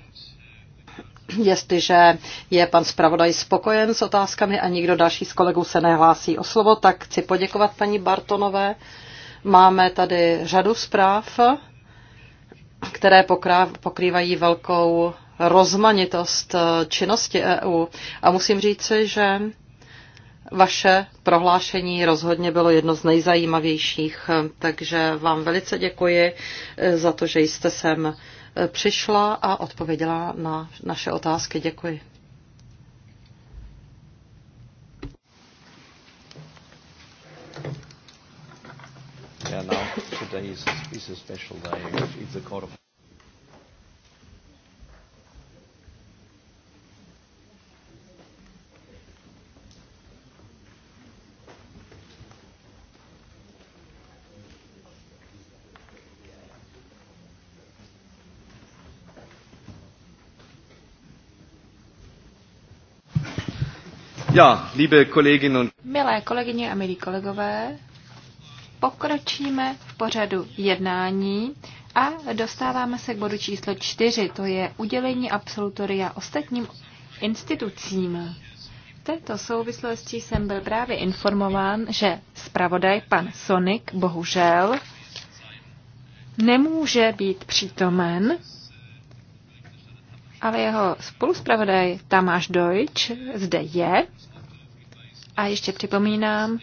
jestliže je pan zpravodaj spokojen s otázkami a nikdo další z kolegů se nehlásí o slovo, tak chci poděkovat paní Bartonové. Máme tady řadu zpráv, které pokrývají velkou rozmanitost eh, činnosti EU. A musím říci, že vaše prohlášení rozhodně bylo jedno z nejzajímavějších, eh, takže vám velice děkuji eh, za to, že jste sem přišla a odpověděla na naše otázky. Děkuji. Yeah, now today is, is a special day. It's a court of Ja, liebe Kolleginnen und Milé kolegyně a milí kolegové, pokročíme v pořadu jednání a dostáváme se k bodu číslo čtyři, to je udělení absolutoria ostatním institucím. V této souvislosti jsem byl právě informován, že zpravodaj pan Sonik bohužel nemůže být přítomen ale jeho spoluspravodaj Tamáš Deutsch zde je. A ještě připomínám,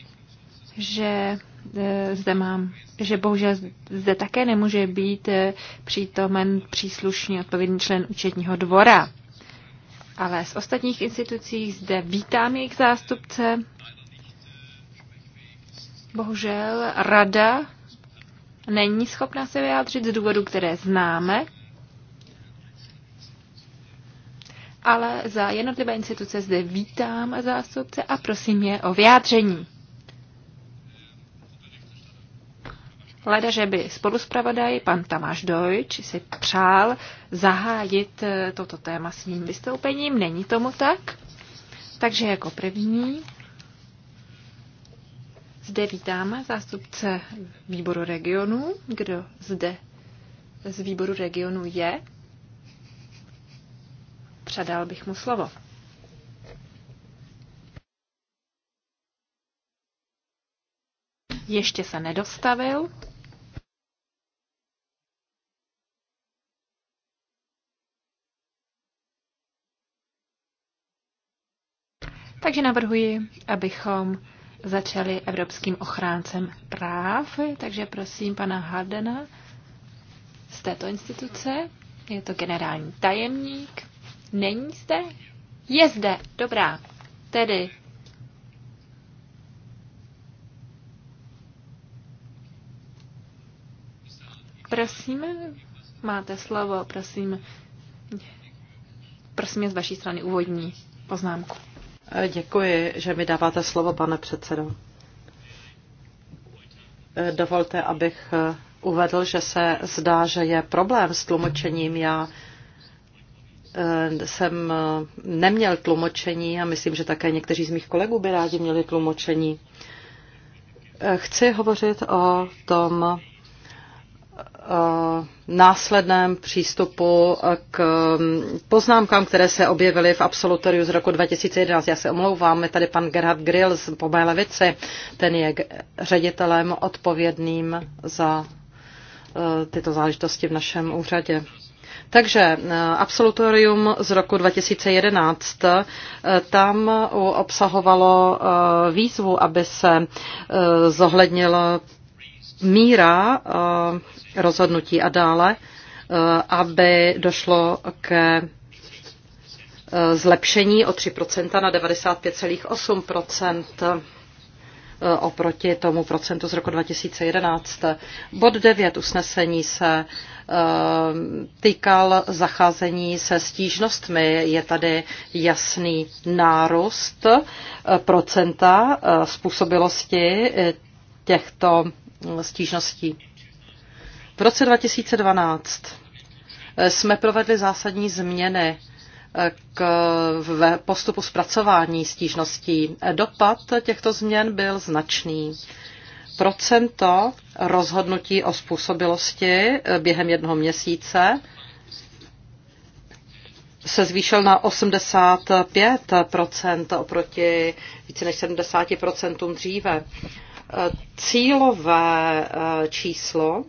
že e, zde mám, že bohužel zde také nemůže být e, přítomen příslušný odpovědný člen účetního dvora. Ale z ostatních institucí zde vítám jejich zástupce. Bohužel rada není schopna se vyjádřit z důvodu, které známe, ale za jednotlivé instituce zde vítám zástupce a prosím je o vyjádření. Leda, že by spoluspravodaj pan Tamáš Dojč si přál zahájit eh, toto téma svým vystoupením. Není tomu tak? Takže jako první zde vítáme zástupce výboru regionu. Kdo zde z výboru regionu je? Předal bych mu slovo. Ještě se nedostavil. Takže navrhuji, abychom začali Evropským ochráncem práv. Takže prosím pana Hardena z této instituce. Je to generální tajemník. Není zde? Je zde, dobrá. Tedy Prosím, máte slovo, prosím. Prosím je z vaší strany úvodní poznámku. Eh, děkuji, že mi dáváte slovo, pane předsedo. Eh, dovolte, abych eh, uvedl, že se zdá, že je problém s tlumočením. Já Eh, jsem eh, neměl tlumočení a myslím, že také někteří z mých kolegů by rádi měli tlumočení. Eh, chci hovořit o tom následném přístupu k hm, poznámkám, které se objevily v absolutoriu z roku 2011. Já se omlouvám, je tady pan Gerhard Grill z mé ten je ředitelem odpovědným za tyto záležitosti v našem úřadě. Takže eh, absolutorium z roku 2011 eh, tam obsahovalo eh, výzvu, aby se zohlednila míra rozhodnutí a dále, aby došlo ke zlepšení o 3% na 95,8%. Eh, oproti tomu procentu z roku 2011. Bod 9 usnesení se eh, týkal zacházení se stížnostmi. Je tady jasný nárůst eh, procenta způsobilosti těchto mm, stížností. V roce 2012 jsme provedli zásadní změny k postupu zpracování stížností. Dopad těchto změn byl značný. Procento rozhodnutí o způsobilosti během jednoho měsíce se zvýšil na 85 oproti více než 70 dříve. Cílové eh, číslo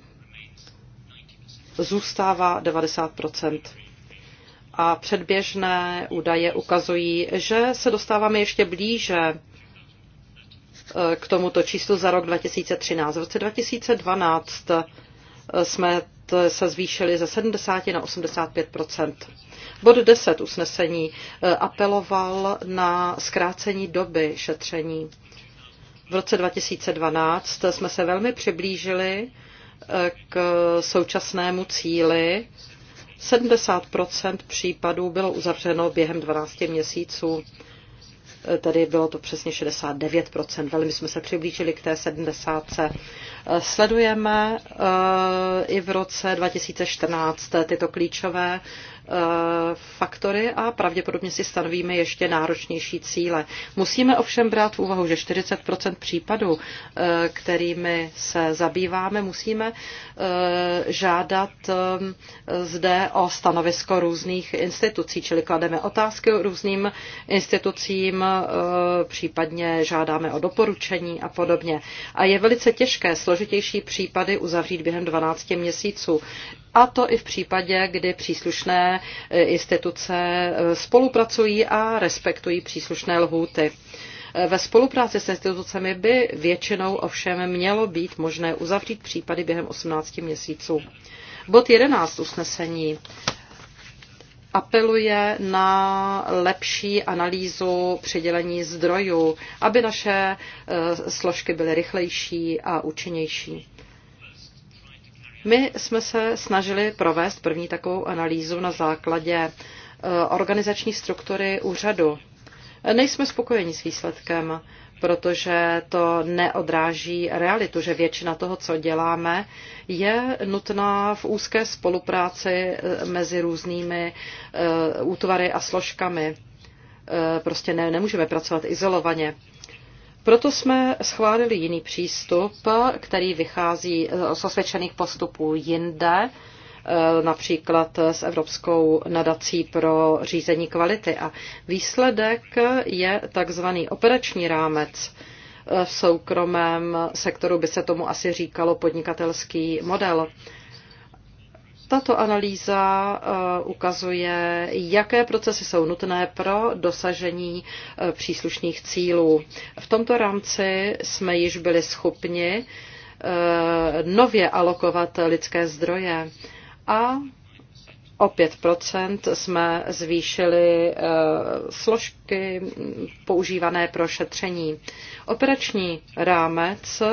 zůstává 90 a předběžné údaje ukazují, že se dostáváme ještě blíže e, k tomuto číslu za rok 2013. V roce 2012 e, jsme se zvýšili ze 70 na 85 Bod 10 usnesení e, apeloval na zkrácení doby šetření. V roce 2012 jsme se velmi přiblížili k současnému cíli 70 případů bylo uzavřeno během 12 měsíců, e, tedy bylo to přesně 69 velmi jsme se přiblížili k té 70. E, sledujeme e, i v roce 2014 tyto klíčové faktory a pravděpodobně si stanovíme ještě náročnější cíle. Musíme ovšem brát v úvahu, že 40 případů, eh, kterými se zabýváme, musíme eh, žádat eh, zde o stanovisko různých institucí, čili klademe otázky různým institucím, případně žádáme o doporučení a podobně. A je velice těžké složitější případy uzavřít během 12 měsíců a to i v případě, kdy příslušné e, instituce e, spolupracují a respektují příslušné lhůty. E, ve spolupráci s institucemi by většinou ovšem mělo být možné uzavřít případy během 18 měsíců. Bod 11 usnesení apeluje na lepší analýzu přidělení zdrojů, aby naše složky byly rychlejší a účinnější. My jsme se snažili provést první takovou analýzu na základě eh, organizační struktury úřadu. Nejsme spokojeni s výsledkem, protože to neodráží realitu, že většina toho, co děláme, je nutná v úzké spolupráci eh, mezi různými eh, útvary a složkami. Prostě ne, nemůžeme pracovat izolovaně. Proto jsme schválili jiný přístup, který vychází z osvědčených postupů jinde, e, například s Evropskou nadací pro řízení kvality. A výsledek je takzvaný operační rámec. E, v soukromém sektoru by se tomu asi říkalo podnikatelský model. Tato analýza eh, ukazuje, jaké procesy jsou nutné pro dosažení eh, příslušných cílů. V tomto rámci jsme již byli schopni eh, nově alokovat lidské zdroje a o 5 jsme zvýšili eh, složky používané pro šetření. Operační rámec eh,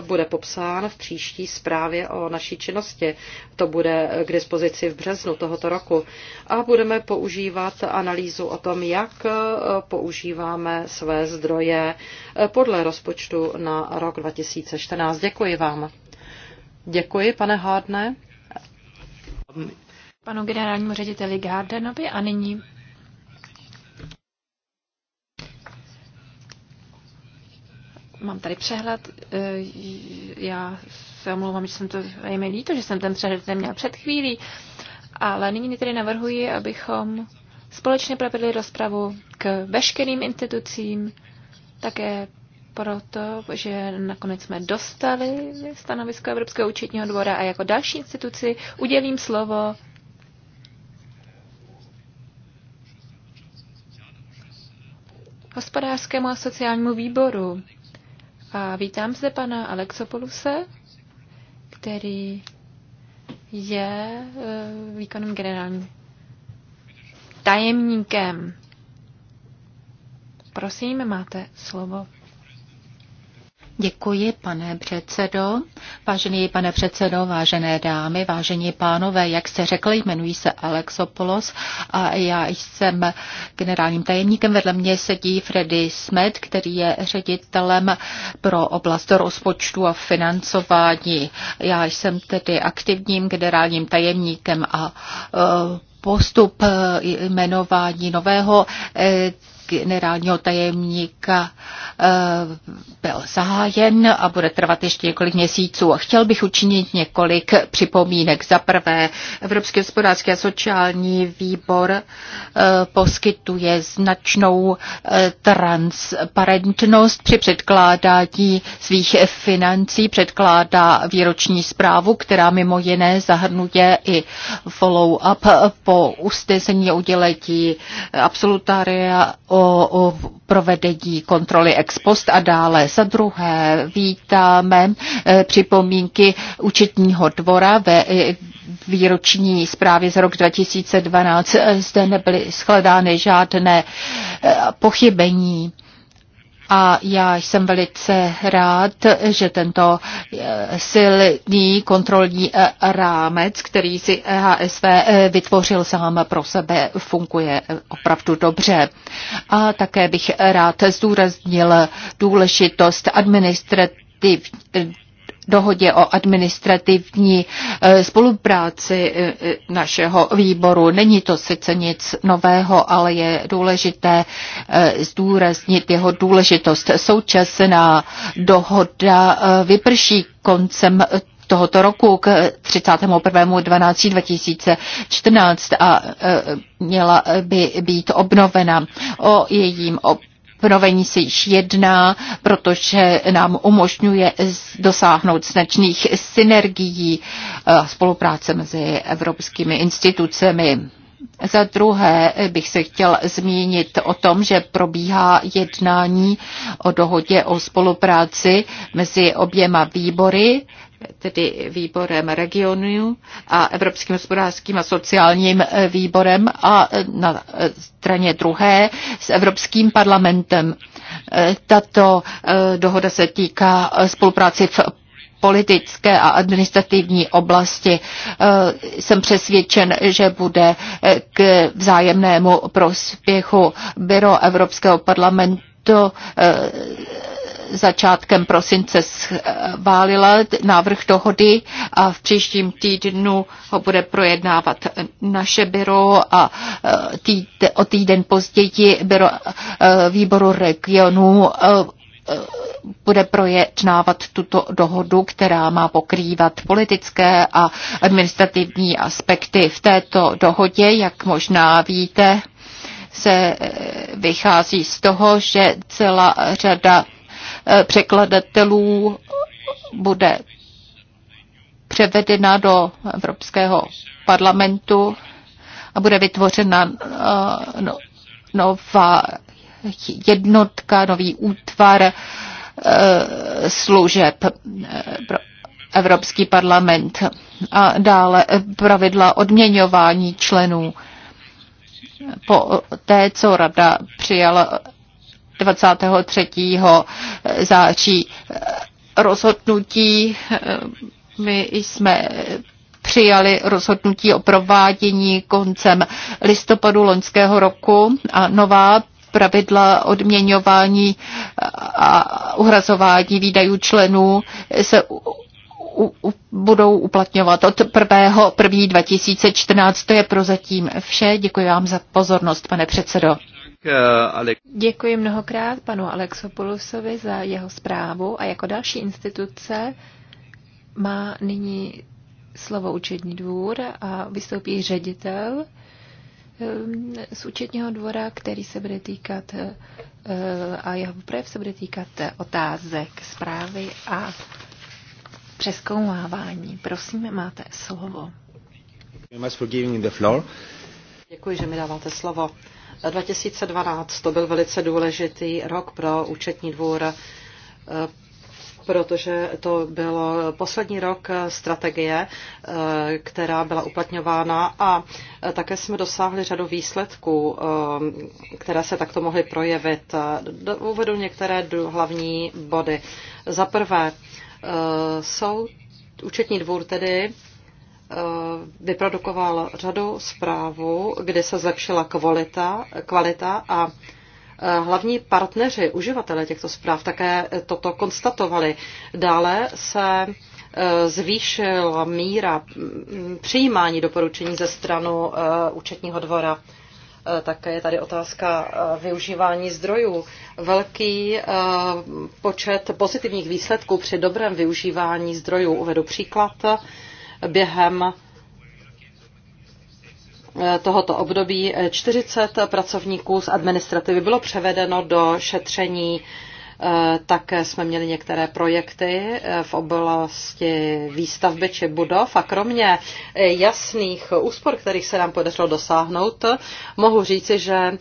bude popsán v příští zprávě o naší činnosti. To bude k dispozici v březnu tohoto roku. A budeme používat analýzu o tom, jak eh, používáme své zdroje podle rozpočtu na rok 2014. Děkuji vám. Děkuji, pane Hádne panu generálnímu řediteli Gardenovi a nyní mám tady přehled. E, já se omlouvám, že jsem to, je mi líto, že jsem ten přehled neměl před chvílí, ale nyní tedy navrhuji, abychom společně provedli rozpravu k veškerým institucím, také proto, že nakonec jsme dostali stanovisko Evropského účetního dvora a jako další instituci udělím slovo hospodářskému a sociálnímu výboru. A vítám zde pana Alexopoluse, který je e, výkonným generálním tajemníkem. Prosím, máte slovo. Děkuji, pane předsedo. Vážený pane předsedo, vážené dámy, vážení pánové, jak jste řekl, jmenuji se Alexopoulos a já jsem generálním tajemníkem. Vedle mě sedí Freddy Smet, který je ředitelem pro oblast rozpočtu a financování. Já jsem tedy aktivním generálním tajemníkem a e, postup e, jmenování nového e, generálního tajemníka eh, byl zahájen a bude trvat ještě několik měsíců. Chtěl bych učinit několik připomínek. Za prvé, Evropský hospodářský a sociální výbor eh, poskytuje značnou eh, transparentnost při předkládání svých financí, předkládá výroční zprávu, která mimo jiné zahrnuje i follow-up po ustezení udělení absolutária. o provedení kontroly ex post a dále. Za druhé vítáme e, připomínky účetního dvora ve e, výroční zprávě z rok 2012. E, zde nebyly shledány žádné pochybení a já jsem velice rád, že tento eh, silný kontrolní eh, rámec, který si e HSV eh, vytvořil sám pro sebe, funguje opravdu dobře. A také bych rád zdůraznil důležitost administrativní dohodě o administrativní e, spolupráci e, e, našeho výboru. Není to sice nic nového, ale je důležité zdůraznit jeho důležitost. Současná dohoda vyprší koncem tohoto roku k 31.12.2014 a měla by být obnovena. O jejím ob obnovení se již jedná, protože nám umožňuje dosáhnout značných synergií eh, spolupráce mezi evropskými institucemi. Za druhé bych se chtěl zmínit o tom, že probíhá jednání o dohodě o spolupráci mezi oběma výbory, tedy výborem regionu a Evropským hospodářským a sociálním eh, výborem a eh, na eh, straně druhé s Evropským parlamentem. Tato dohoda se týká spolupráci v politické a administrativní oblasti. Jsem přesvědčen, že bude k vzájemnému prospěchu Byro Evropského parlamentu začátkem prosince schválila návrh dohody a v příštím týdnu ho bude projednávat naše byro a e, týd, o týden později byro e, výboru regionu e, bude projednávat tuto dohodu, která má pokrývat politické a administrativní aspekty. V této dohodě, jak možná víte, se vychází z toho, že celá řada Eh, překladatelů bude převedena do Evropského parlamentu a bude vytvořena eh, no, nová jednotka, nový útvar eh, služeb pro Evropský parlament a dále pravidla odměňování členů. Po té, co Rada přijala 23. září. Rozhodnutí my jsme přijali rozhodnutí o provádění koncem listopadu loňského roku a nová pravidla odměňování a uhrazování výdajů členů se u, u, budou uplatňovat od 1. 1. 2014. To je prozatím vše. Děkuji vám za pozornost, pane předsedo. Eh, Děkuji mnohokrát panu Alexopoulosovi za jeho zprávu a jako další instituce má nyní slovo účetní dvůr a vystoupí ředitel eh, z účetního dvora, který se bude týkat eh, a jeho projev se bude týkat otázek zprávy a přeskoumávání. Prosím, máte slovo. Děkuji, že mi dáváte slovo. 2012 to byl velice důležitý rok pro účetní dvůr, eh, protože to byl poslední rok strategie, eh, která byla uplatňována a eh, také jsme dosáhli řadu výsledků, které se takto mohly projevit. Uvedu některé hlavní body. Za prvé, jsou účetní dvůr tedy Eh, vyprodukoval řadu zprávu, kde se zlepšila kvalita, kvalita a eh, Hlavní partneři, uživatelé těchto zpráv také toto konstatovali. Dále se eh, zvýšila míra mm, přijímání doporučení ze stranu účetního dvora. Také je tady otázka využívání zdrojů. Velký počet pozitivních výsledků při dobrém využívání zdrojů. Uvedu příklad během eh, tohoto období 40 pracovníků z administrativy bylo převedeno do šetření. Eh, také jsme měli některé projekty eh, v oblasti výstavby či budov a kromě jasných úspor, kterých se nám podařilo dosáhnout, mohu říci, že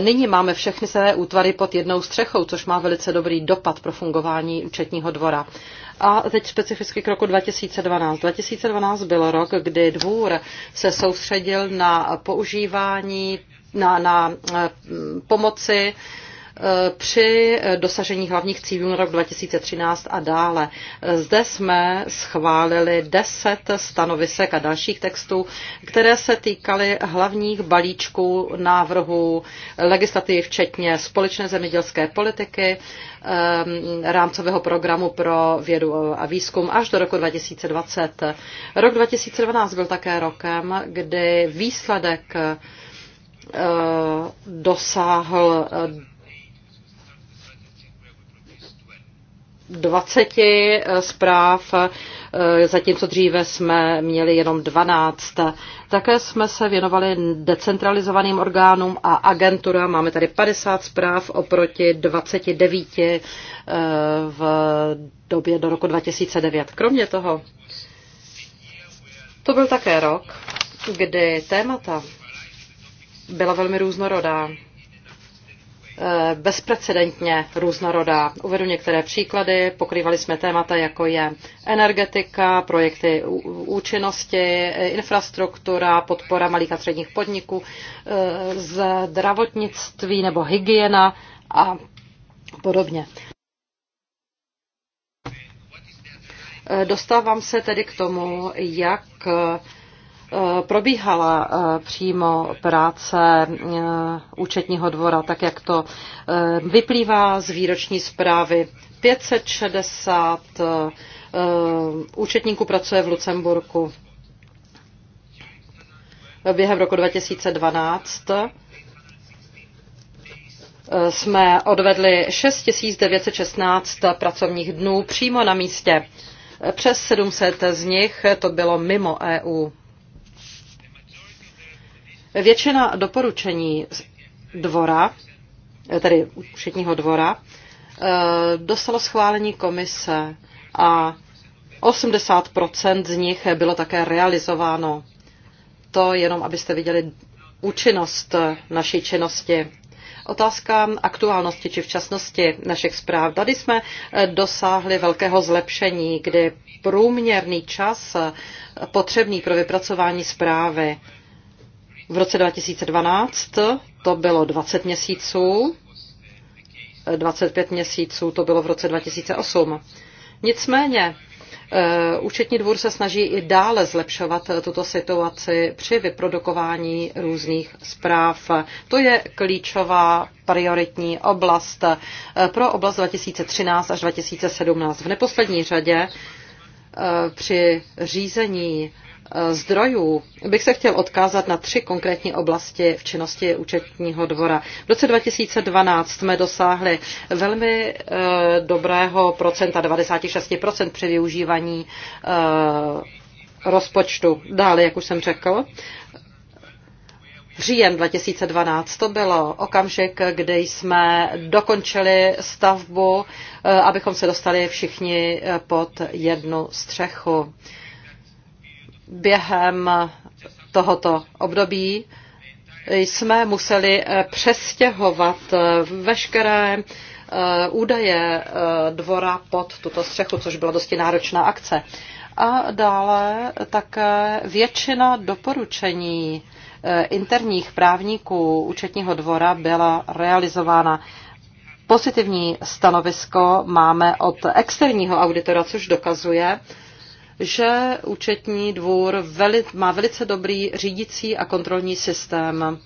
nyní máme všechny své útvary pod jednou střechou, což má velice dobrý dopad pro fungování účetního dvora. A teď specificky k roku 2012. 2012 byl rok, kdy dvůr se soustředil na používání, na, na eh, pomoci Eh, při dosažení hlavních cílů na rok 2013 a dále. Zde jsme schválili deset stanovisek a dalších textů, které se týkaly hlavních balíčků návrhu legislativy, včetně společné zemědělské politiky, eh, rámcového programu pro vědu a výzkum až do roku 2020. Rok 2012 byl také rokem, kdy výsledek eh, dosáhl 20 eh, zpráv, eh, zatímco dříve jsme měli jenom 12. Také jsme se věnovali decentralizovaným orgánům a agenturám. Máme tady 50 zpráv oproti 29 eh, v době do roku 2009. Kromě toho, to byl také rok, kdy témata byla velmi různorodá. Eh, bezprecedentně různorodá. Uvedu některé příklady. Pokrývali jsme témata, jako je energetika, projekty účinnosti, eh, infrastruktura, podpora malých a středních podniků, eh, zdravotnictví nebo hygiena a podobně. Dostávám se tedy k tomu, jak Eh, probíhala eh, přímo práce eh, účetního dvora, tak jak to vyplývá z výroční zprávy. 560 účetníků pracuje v Lucemburku. Během roku 2012 jsme odvedli 6916 pracovních dnů přímo na místě. Přes 700 z nich to bylo mimo EU. Většina doporučení dvora, tedy účetního dvora, eh, dostalo schválení komise a 80 z nich bylo také realizováno. To jenom, abyste viděli účinnost naší činnosti. Otázka aktuálnosti či včasnosti našich zpráv. Tady jsme eh, dosáhli velkého zlepšení, kdy průměrný čas eh, potřebný pro vypracování zprávy v roce 2012 to bylo 20 měsíců, 25 měsíců to bylo v roce 2008. Nicméně eh, Účetní dvůr se snaží i dále zlepšovat tuto situaci při vyprodukování různých zpráv. To je klíčová prioritní oblast eh, pro oblast 2013 až 2017. V neposlední řadě eh, při řízení Eh, zdrojů bych se chtěl odkázat na tři konkrétní oblasti v činnosti účetního dvora. V roce 2012 jsme dosáhli velmi eh, dobrého procenta, 96% při využívání eh, rozpočtu. Dále, jak už jsem řekl, Říjen 2012 to bylo okamžik, kdy jsme dokončili stavbu, abychom se dostali všichni pod jednu střechu během tohoto období jsme museli eh, přestěhovat eh, veškeré eh, údaje dvora pod tuto střechu, což byla dosti náročná akce. A dále také většina doporučení interních právníků účetního dvora byla realizována. Pozitivní stanovisko máme od externího auditora, což dokazuje, že účetní dvůr veli, má velice dobrý řídící a kontrolní systém.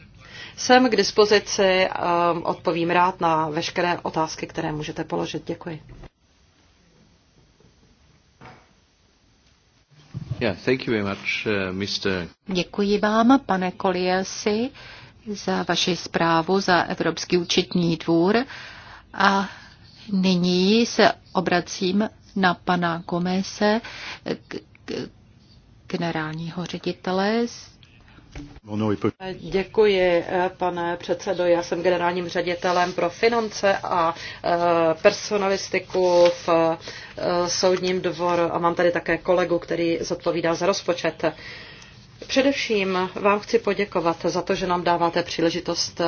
Jsem k dispozici, um, odpovím rád na veškeré otázky, které můžete položit. Děkuji. Yeah, thank you very much, uh, Mr. Děkuji vám, pane Koliasi, za vaši zprávu za Evropský účetní dvůr. A nyní se obracím na pana Gomese, generálního ředitele Děkuji, pane předsedo. Já jsem generálním ředitelem pro finance a e, personalistiku v e, soudním dvoru a mám tady také kolegu, který zodpovídá za rozpočet. Především vám chci poděkovat za to, že nám dáváte příležitost eh,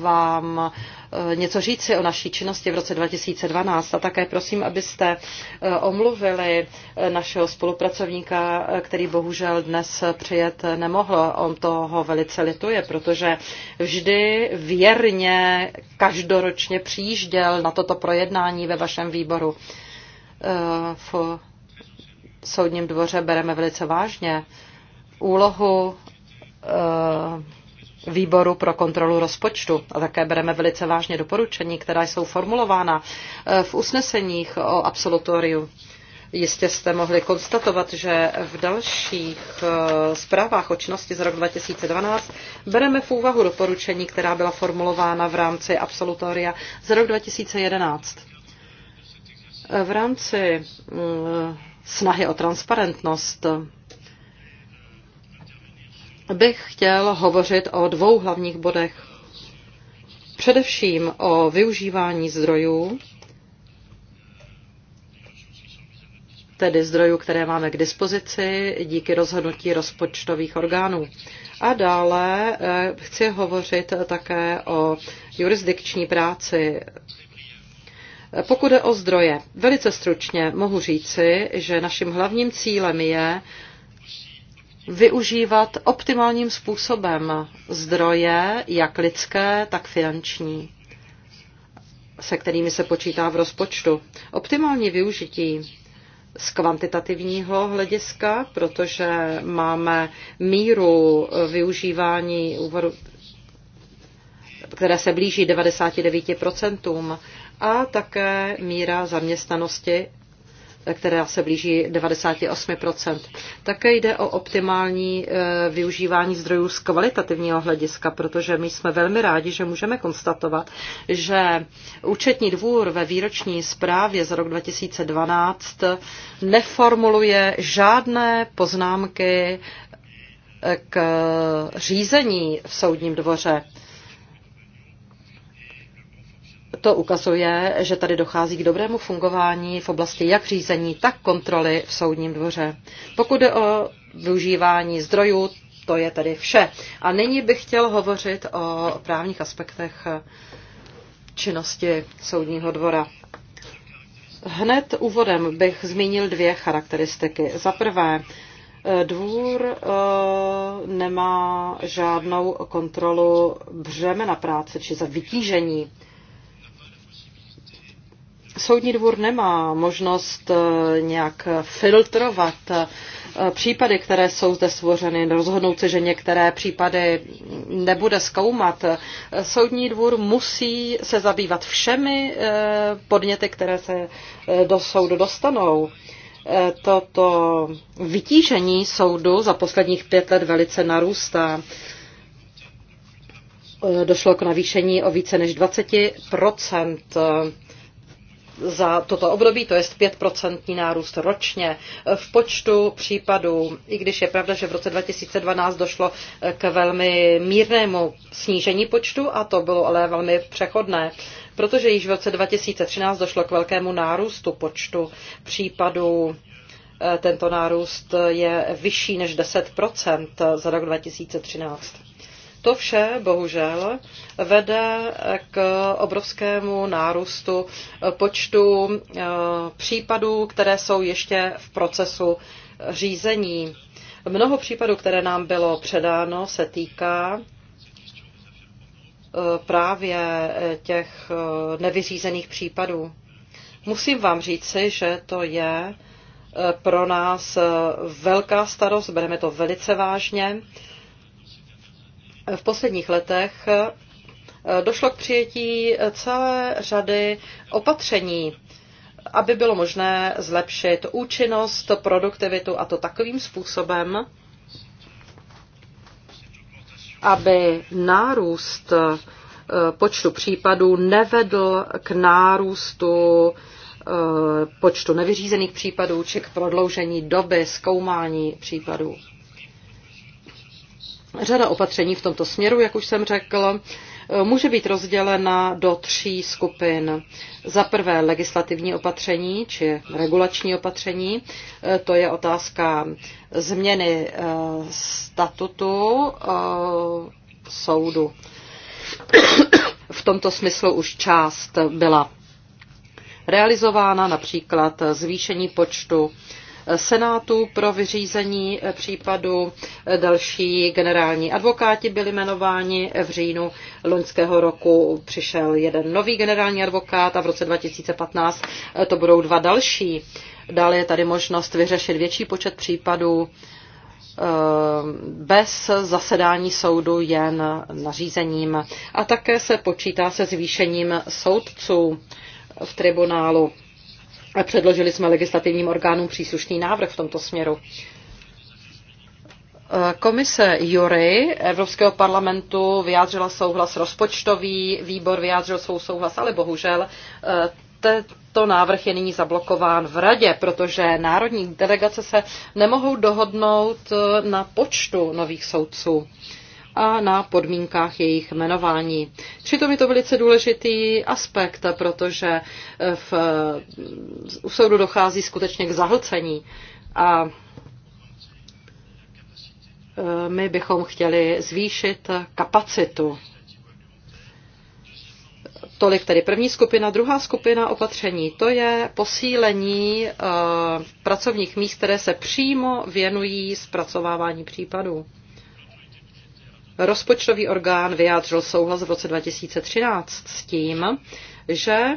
vám eh, něco říci o naší činnosti v roce 2012 a také prosím, abyste eh, omluvili našeho spolupracovníka, který bohužel dnes přijet nemohl. On toho velice lituje, protože vždy věrně každoročně přijížděl na toto projednání ve vašem výboru. V soudním dvoře bereme velice vážně úlohu eh, výboru pro kontrolu rozpočtu a také bereme velice vážně doporučení, která jsou formulována eh, v usneseních o absolutoriu. Jistě jste mohli konstatovat, že v dalších eh, zprávách o činnosti z roku 2012 bereme v úvahu doporučení, která byla formulována v rámci absolutoria z roku 2011. V rámci mm, snahy o transparentnost bych chtěl hovořit o dvou hlavních bodech. Především o využívání zdrojů, tedy zdrojů, které máme k dispozici díky rozhodnutí rozpočtových orgánů. A dále eh, chci hovořit také o jurisdikční práci. Pokud je o zdroje, velice stručně mohu říci, že naším hlavním cílem je využívat optimálním způsobem zdroje, jak lidské, tak finanční, se kterými se počítá v rozpočtu. Optimální využití z kvantitativního hlediska, protože máme míru využívání úvodu, které se blíží 99%, a také míra zaměstnanosti která se blíží 98%. Také jde o optimální eh, využívání zdrojů z kvalitativního hlediska, protože my jsme velmi rádi, že můžeme konstatovat, že účetní dvůr ve výroční zprávě za rok 2012 neformuluje žádné poznámky eh, k řízení v soudním dvoře to ukazuje, že tady dochází k dobrému fungování v oblasti jak řízení, tak kontroly v soudním dvoře. Pokud jde o využívání zdrojů, to je tedy vše. A nyní bych chtěl hovořit o právních aspektech činnosti soudního dvora. Hned úvodem bych zmínil dvě charakteristiky. Za prvé, dvůr eh, nemá žádnou kontrolu břemena práce či za vytížení Soudní dvůr nemá možnost eh, nějak filtrovat eh, případy, které jsou zde svořeny, rozhodnout se, že některé případy nebude zkoumat. Soudní dvůr musí se zabývat všemi eh, podněty, které se do soudu dostanou toto vytížení soudu za posledních pět let velice narůstá. Došlo k navýšení o více než 20 za toto období, to je 5% nárůst ročně v počtu případů, i když je pravda, že v roce 2012 došlo k velmi mírnému snížení počtu a to bylo ale velmi přechodné, protože již v roce 2013 došlo k velkému nárůstu počtu případů. E, tento nárůst je vyšší než 10% za rok 2013. To vše, bohužel, vede k obrovskému nárůstu počtu eh, případů, které jsou ještě v procesu řízení. Mnoho případů, které nám bylo předáno, se týká eh, právě těch eh, nevyřízených případů. Musím vám říci, že to je pro nás velká starost, bereme to velice vážně v posledních letech eh, došlo k přijetí celé řady opatření, aby bylo možné zlepšit účinnost, produktivitu a to takovým způsobem, aby nárůst eh, počtu případů nevedl k nárůstu eh, počtu nevyřízených případů či k prodloužení doby zkoumání případů. Řada opatření v tomto směru, jak už jsem řekl, může být rozdělena do tří skupin. Za prvé legislativní opatření či regulační opatření, to je otázka změny eh, statutu eh, soudu. V tomto smyslu už část byla realizována, například zvýšení počtu Senátu pro vyřízení případu. Další generální advokáti byli jmenováni v říjnu loňského roku. Přišel jeden nový generální advokát a v roce 2015 eh, to budou dva další. Dále je tady možnost vyřešit větší počet případů eh, bez zasedání soudu jen nařízením. A také se počítá se zvýšením soudců v tribunálu. Předložili jsme legislativním orgánům příslušný návrh v tomto směru. E, komise Jury Evropského parlamentu vyjádřila souhlas, rozpočtový výbor vyjádřil svou souhlas, ale bohužel e, tento návrh je nyní zablokován v radě, protože národní delegace se nemohou dohodnout e, na počtu nových soudců a na podmínkách jejich jmenování. Přitom je to velice důležitý aspekt, protože eh, v, u soudu dochází skutečně k zahlcení a eh, my bychom chtěli zvýšit kapacitu. Tolik tedy první skupina. Druhá skupina opatření, to je posílení eh, pracovních míst, které se přímo věnují zpracovávání případů. Rozpočtový orgán vyjádřil souhlas v roce 2013 s tím, že e,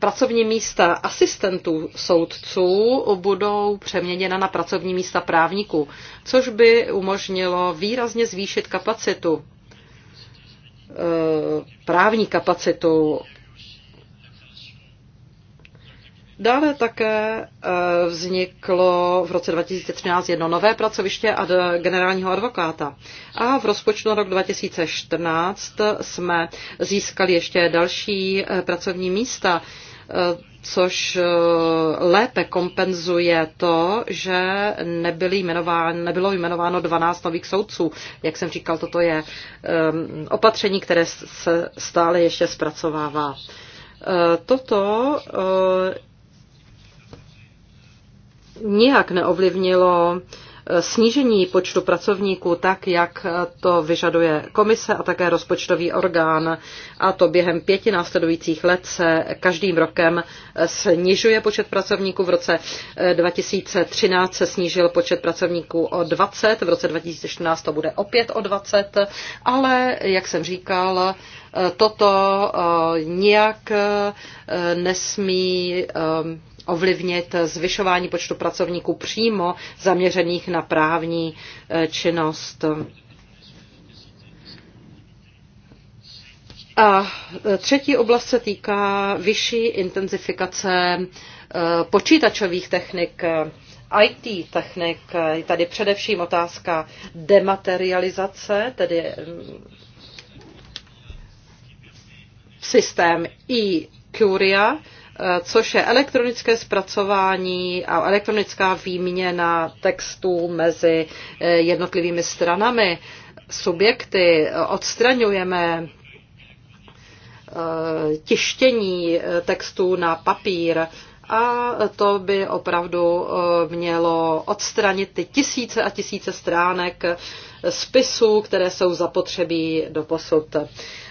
pracovní místa asistentů soudců budou přeměněna na pracovní místa právníků, což by umožnilo výrazně zvýšit kapacitu e, právní kapacitu Dále také eh, vzniklo v roce 2013 jedno nové pracoviště a generálního advokáta. A v rozpočtu na rok 2014 jsme získali ještě další eh, pracovní místa, eh, což lépe kompenzuje to, že nebyly jmenován, nebylo jmenováno 12 nových soudců. Jak jsem říkal, toto je ehm, opatření, které se stále ještě zpracovává. Toto nijak neovlivnilo eh, snížení počtu pracovníků tak, jak eh, to vyžaduje komise a také rozpočtový orgán. A to během pěti následujících let se každým rokem eh, snižuje počet pracovníků. V roce 2013 se snížil počet pracovníků o 20, v roce 2014 to bude opět o 20, ale, jak jsem říkal, toto nijak nesmí ovlivnit zvyšování počtu pracovníků přímo zaměřených na právní eh, činnost. A eh, třetí oblast se týká vyšší intenzifikace eh, počítačových technik, IT technik. Je tady především otázka dematerializace, tedy mm, systém e-Curia, což je elektronické zpracování a elektronická výměna textů mezi eh, jednotlivými stranami, subjekty. Odstraňujeme eh, tištění eh, textů na papír a to by opravdu mělo odstranit ty tisíce a tisíce stránek spisů, které jsou zapotřebí do posud.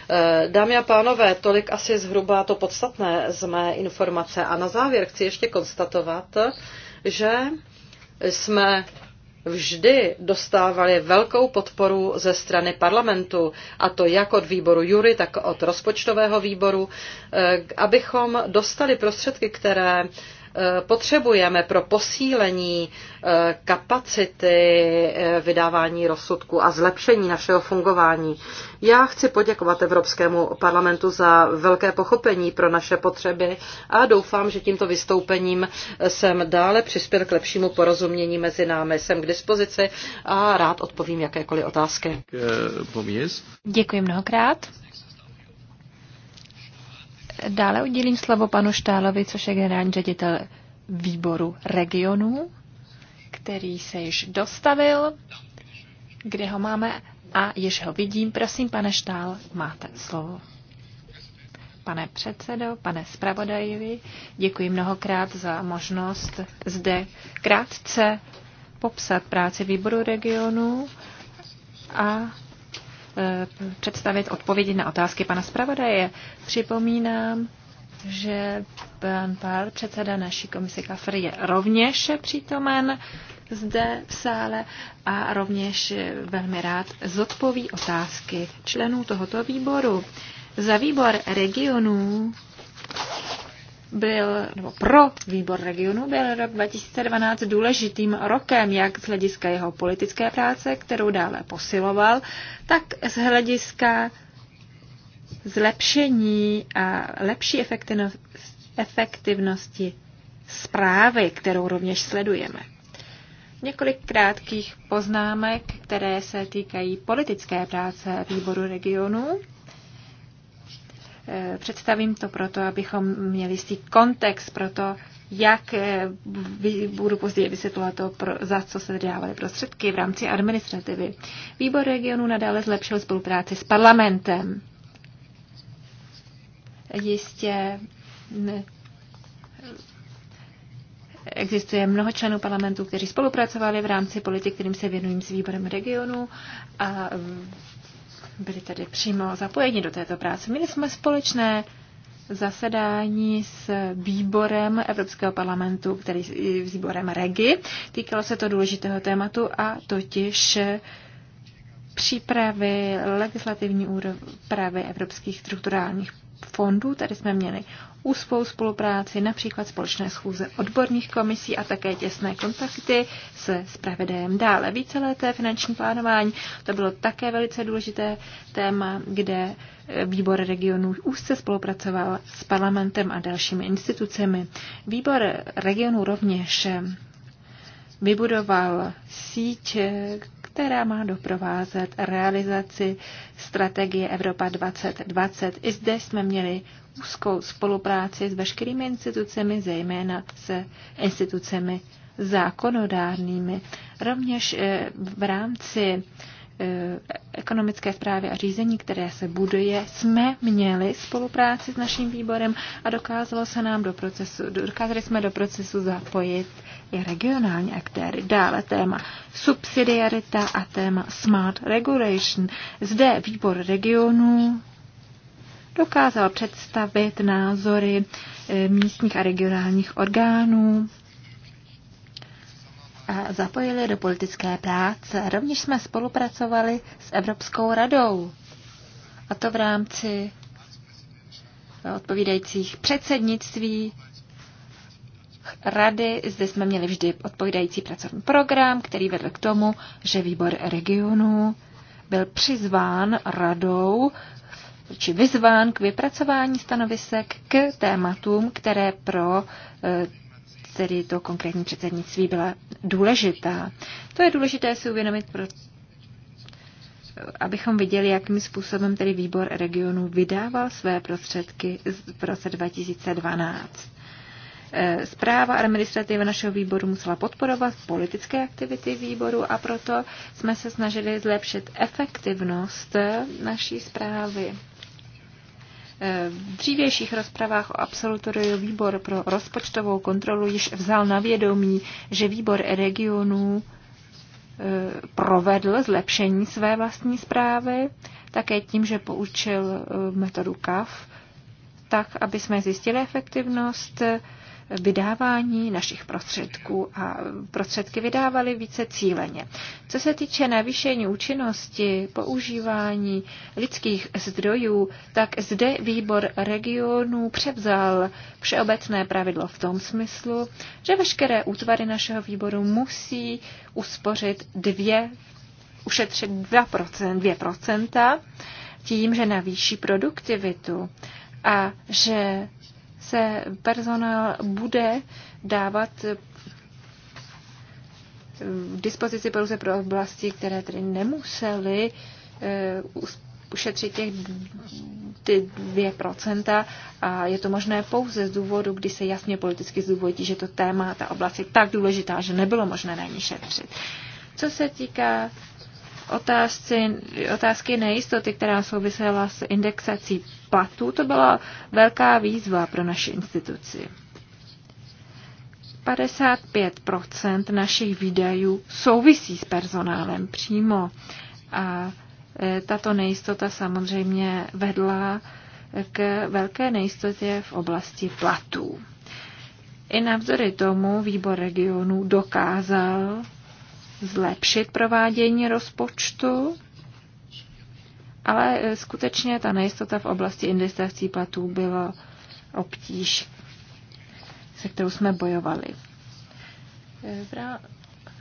Eh, dámy a pánové, tolik asi zhruba to podstatné z mé informace. A na závěr chci ještě konstatovat, že jsme vždy dostávali velkou podporu ze strany parlamentu, a to jak od výboru Jury, tak od rozpočtového výboru, eh, abychom dostali prostředky, které Eh, potřebujeme pro posílení eh, kapacity eh, vydávání rozsudku a zlepšení našeho fungování. Já chci poděkovat Evropskému parlamentu za velké pochopení pro naše potřeby a doufám, že tímto vystoupením jsem dále přispěl k lepšímu porozumění mezi námi. Jsem k dispozici a rád odpovím jakékoliv otázky. Děkuji mnohokrát. Dále udělím slovo panu Štálovi, což je generální ředitel výboru regionu, který se již dostavil, kde ho máme a již ho vidím. Prosím, pane Štál, máte slovo. Pane předsedo, pane zpravodajivi, děkuji mnohokrát za možnost zde krátce popsat práci výboru regionu a Eh, představit odpovědi na otázky pana zpravodaje. Připomínám, že pan Pár, předseda naší komise Kafr, je rovněž přítomen zde v sále a rovněž velmi rád zodpoví otázky členů tohoto výboru. Za výbor regionů byl, nebo pro výbor regionu byl rok 2012 důležitým rokem, jak z hlediska jeho politické práce, kterou dále posiloval, tak z hlediska zlepšení a lepší efektivnosti zprávy, kterou rovněž sledujeme. Několik krátkých poznámek, které se týkají politické práce výboru regionu Eh, představím to proto, abychom měli jistý kontext pro to, jak eh, budu později vysvětlovat to, pro, za co se dávaly prostředky v rámci administrativy. Výbor regionu nadále zlepšil spolupráci s parlamentem. Jistě Existuje mnoho členů parlamentu, kteří spolupracovali v rámci politik, kterým se věnují s výborem regionu a byli tady přímo zapojeni do této práce. Měli jsme společné zasedání s výborem Evropského parlamentu, který s výborem REGI. Týkalo se to důležitého tématu a totiž přípravy legislativní úpravy evropských strukturálních fondů. Tady jsme měli úspou spolupráci, například společné schůze odborných komisí a také těsné kontakty se zpravedajem dále. Víceleté finanční plánování, to bylo také velice důležité téma, kde eh, výbor regionů úzce spolupracoval s parlamentem a dalšími institucemi. Výbor regionů rovněž eh, vybudoval síť, která má doprovázet realizaci strategie Evropa 2020. I zde jsme měli úzkou spolupráci s veškerými institucemi, zejména se institucemi zákonodárnými. Rovněž eh, v rámci Eh, ekonomické zprávy a řízení, které se buduje, jsme měli spolupráci s naším výborem a dokázalo se nám do procesu, dokázali jsme do procesu zapojit i regionální aktéry. Dále téma subsidiarita a téma smart regulation. Zde výbor regionů dokázal představit názory eh, místních a regionálních orgánů a zapojili do politické práce. Rovněž jsme spolupracovali s Evropskou radou, a to v rámci odpovídajících předsednictví rady. Zde jsme měli vždy odpovídající pracovní program, který vedl k tomu, že výbor regionu byl přizván radou či vyzván k vypracování stanovisek k tématům, které pro eh, tedy to konkrétní předsednictví byla důležitá. To je důležité si uvědomit, pro, abychom viděli, jakým způsobem tedy výbor regionu vydával své prostředky v roce 2012. Eh, zpráva administrativy našeho výboru musela podporovat politické aktivity výboru a proto jsme se snažili zlepšit efektivnost eh, naší zprávy. V dřívějších rozpravách o absolutoriu výbor pro rozpočtovou kontrolu již vzal na vědomí, že výbor regionů e, provedl zlepšení své vlastní zprávy, také tím, že poučil e, metodu CAF, tak, aby jsme zjistili efektivnost vydávání našich prostředků a prostředky vydávali více cíleně. Co se týče navýšení účinnosti, používání lidských zdrojů, tak zde výbor regionů převzal všeobecné pravidlo v tom smyslu, že veškeré útvary našeho výboru musí uspořit dvě, ušetřit 2%, 2% tím, že navýší produktivitu a že se personál bude dávat eh, v dispozici pouze pro oblasti, které tedy nemusely eh, ušetřit těch ty 2% a je to možné pouze z důvodu, kdy se jasně politicky zdůvodí, že to téma, ta oblast je tak důležitá, že nebylo možné na ní šetřit. Co se týká otázky, otázky nejistoty, která souvisela s indexací platů, to byla velká výzva pro naši instituci. 55 našich výdajů souvisí s personálem přímo. A e, tato nejistota samozřejmě vedla k velké nejistotě v oblasti platů. I navzdory tomu výbor regionů dokázal zlepšit provádění rozpočtu, ale e, skutečně ta nejistota v oblasti indexací platů byla obtíž, se kterou jsme bojovali. E,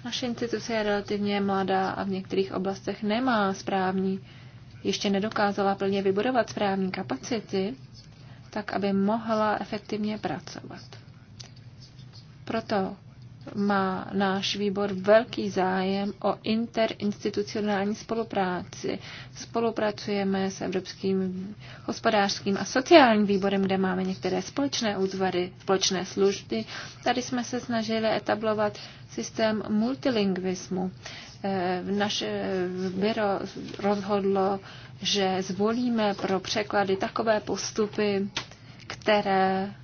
naše instituce je relativně mladá a v některých oblastech nemá správní, ještě nedokázala plně vybudovat správní kapacity, tak aby mohla efektivně pracovat. Proto má náš výbor velký zájem o interinstitucionální spolupráci. Spolupracujeme s Evropským hospodářským a sociálním výborem, kde máme některé společné útvary, společné služby. Tady jsme se snažili etablovat systém multilingvismu. Eh, Naše eh, byro rozhodlo, že zvolíme pro překlady takové postupy, které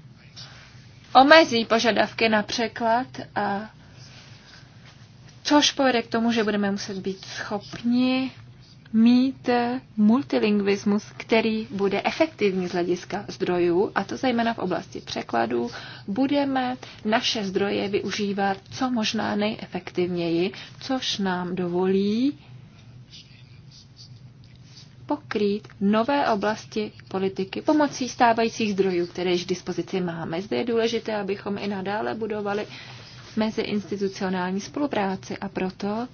omezí požadavky na překlad, a což povede k tomu, že budeme muset být schopni mít multilingvismus, který bude efektivní z hlediska zdrojů, a to zejména v oblasti překladů, budeme naše zdroje využívat co možná nejefektivněji, což nám dovolí pokrýt nové oblasti politiky pomocí stávajících zdrojů, které již k dispozici máme. Zde je důležité, abychom i nadále budovali meziinstitucionální spolupráci a proto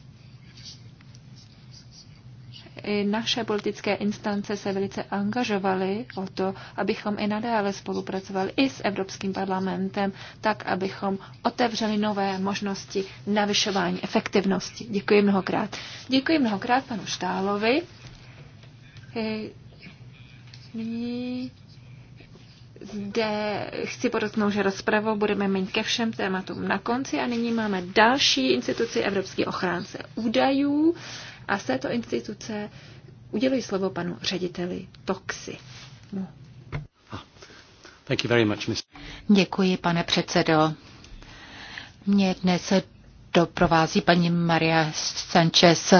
i naše politické instance se velice angažovaly o to, abychom i nadále spolupracovali i s Evropským parlamentem, tak abychom otevřeli nové možnosti navyšování efektivnosti. Děkuji mnohokrát. Děkuji mnohokrát panu Štálovi. Eh, nyní zde chci podotknout, že rozpravu budeme mít ke všem tématům na konci a nyní máme další instituci Evropský ochránce údajů a z této instituce uděluji slovo panu řediteli Toxi. No. Děkuji, pane předsedo. Mě dnes doprovází paní Maria Sanchez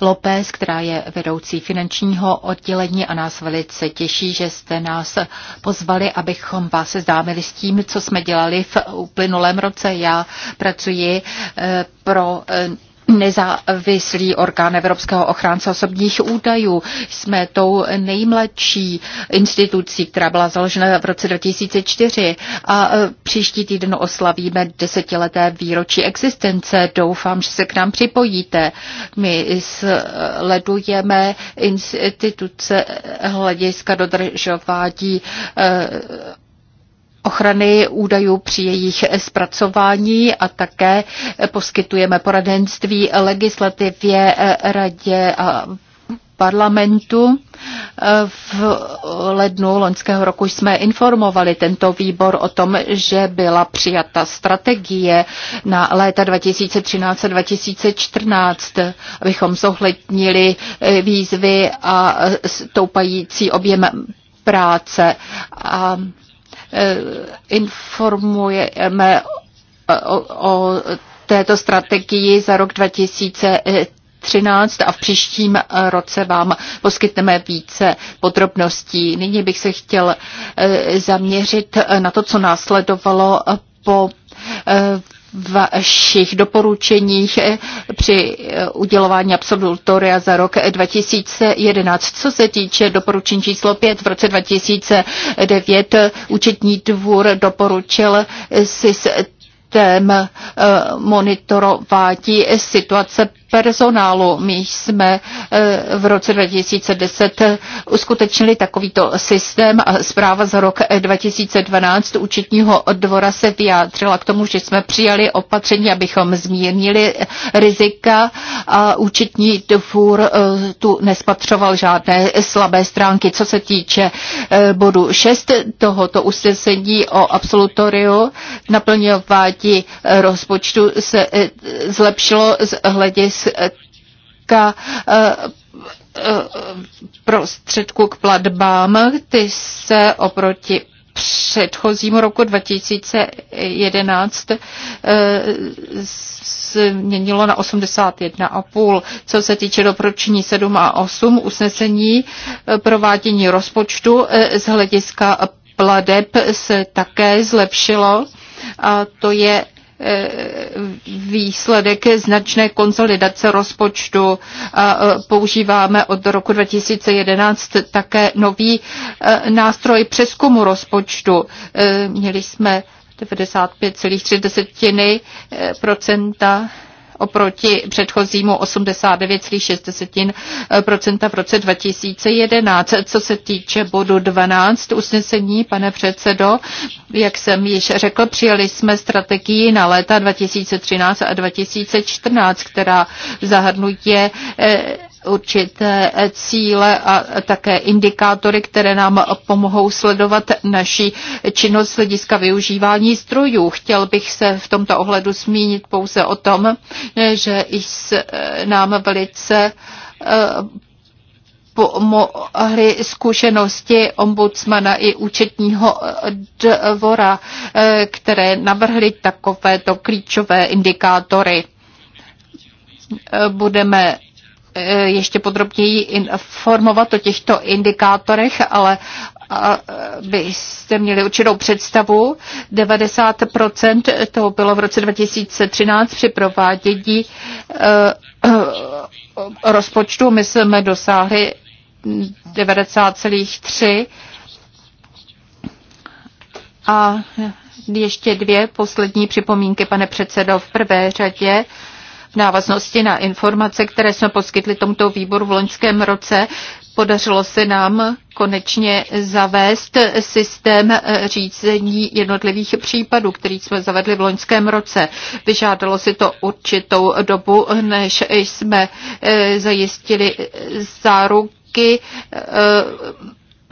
López, která je vedoucí finančního oddělení a nás velice těší, že jste nás pozvali, abychom vás seznámili s tím, co jsme dělali v uplynulém roce. Já pracuji eh, pro eh, nezávislý orgán Evropského ochránce osobních údajů. Jsme tou nejmladší institucí, která byla založena v roce 2004 a e, příští týden oslavíme desetileté výročí existence. Doufám, že se k nám připojíte. My sledujeme instituce hlediska dodržování e, ochrany údajů při jejich zpracování a také poskytujeme poradenství legislativě, eh, radě a parlamentu. V lednu loňského roku jsme informovali tento výbor o tom, že byla přijata strategie na léta 2013 a 2014, abychom zohlednili eh, výzvy a stoupající objem práce. A Eh, informujeme o, o této strategii za rok 2013 a v příštím roce vám poskytneme více podrobností. Nyní bych se chtěl eh, zaměřit na to, co následovalo po eh, vašich doporučeních při eh, udělování absolutoria za rok 2011. Co se týče doporučení číslo 5 v roce 2009, eh, účetní dvůr doporučil systém eh, monitorování situace personálu. My jsme eh, v roce 2010 uskutečnili takovýto systém a zpráva za rok 2012 eh, účetního dvora se vyjádřila k tomu, že jsme přijali opatření, abychom zmírnili rizika a účetní dvůr eh, tu nespatřoval žádné slabé stránky. Co se týče bodu 6 tohoto usnesení o absolutoriu, naplňování rozpočtu se zlepšilo z hlediska hlediska eh, eh, prostředku k platbám, ty se oproti předchozímu roku 2011 eh, změnilo na 81,5. Co se týče doporučení 7 a 8, usnesení provádění rozpočtu z hlediska pladeb se také zlepšilo. A to je výsledek značné konsolidace rozpočtu. E, používáme od roku 2011 také nový e, nástroj přeskumu rozpočtu. E, měli jsme 95,3 procenta oproti předchozímu 89,6% v roce 2011. Co se týče bodu 12 usnesení, pane předsedo, jak jsem již řekl, přijali jsme strategii na léta 2013 a 2014, která zahrnuje eh, určité cíle a také indikátory, které nám pomohou sledovat naši činnost hlediska využívání strojů. Chtěl bych se v tomto ohledu zmínit pouze o tom, že nám velice eh, pomohly zkušenosti ombudsmana i účetního dvora, eh, které navrhly takovéto klíčové indikátory. Eh, budeme Eh, ještě podrobněji informovat o těchto indikátorech, ale byste měli určitou představu. 90% to bylo v roce 2013 při provádění eh, rozpočtu. My jsme dosáhli 90,3 a ještě dvě poslední připomínky, pane předsedo. V prvé řadě uh, v návaznosti na informace, které jsme poskytli tomuto výboru v loňském roce, podařilo se nám konečně zavést systém eh, řízení jednotlivých případů, který jsme zavedli v loňském roce. Vyžádalo si to určitou dobu, než jsme eh, zajistili záruky eh,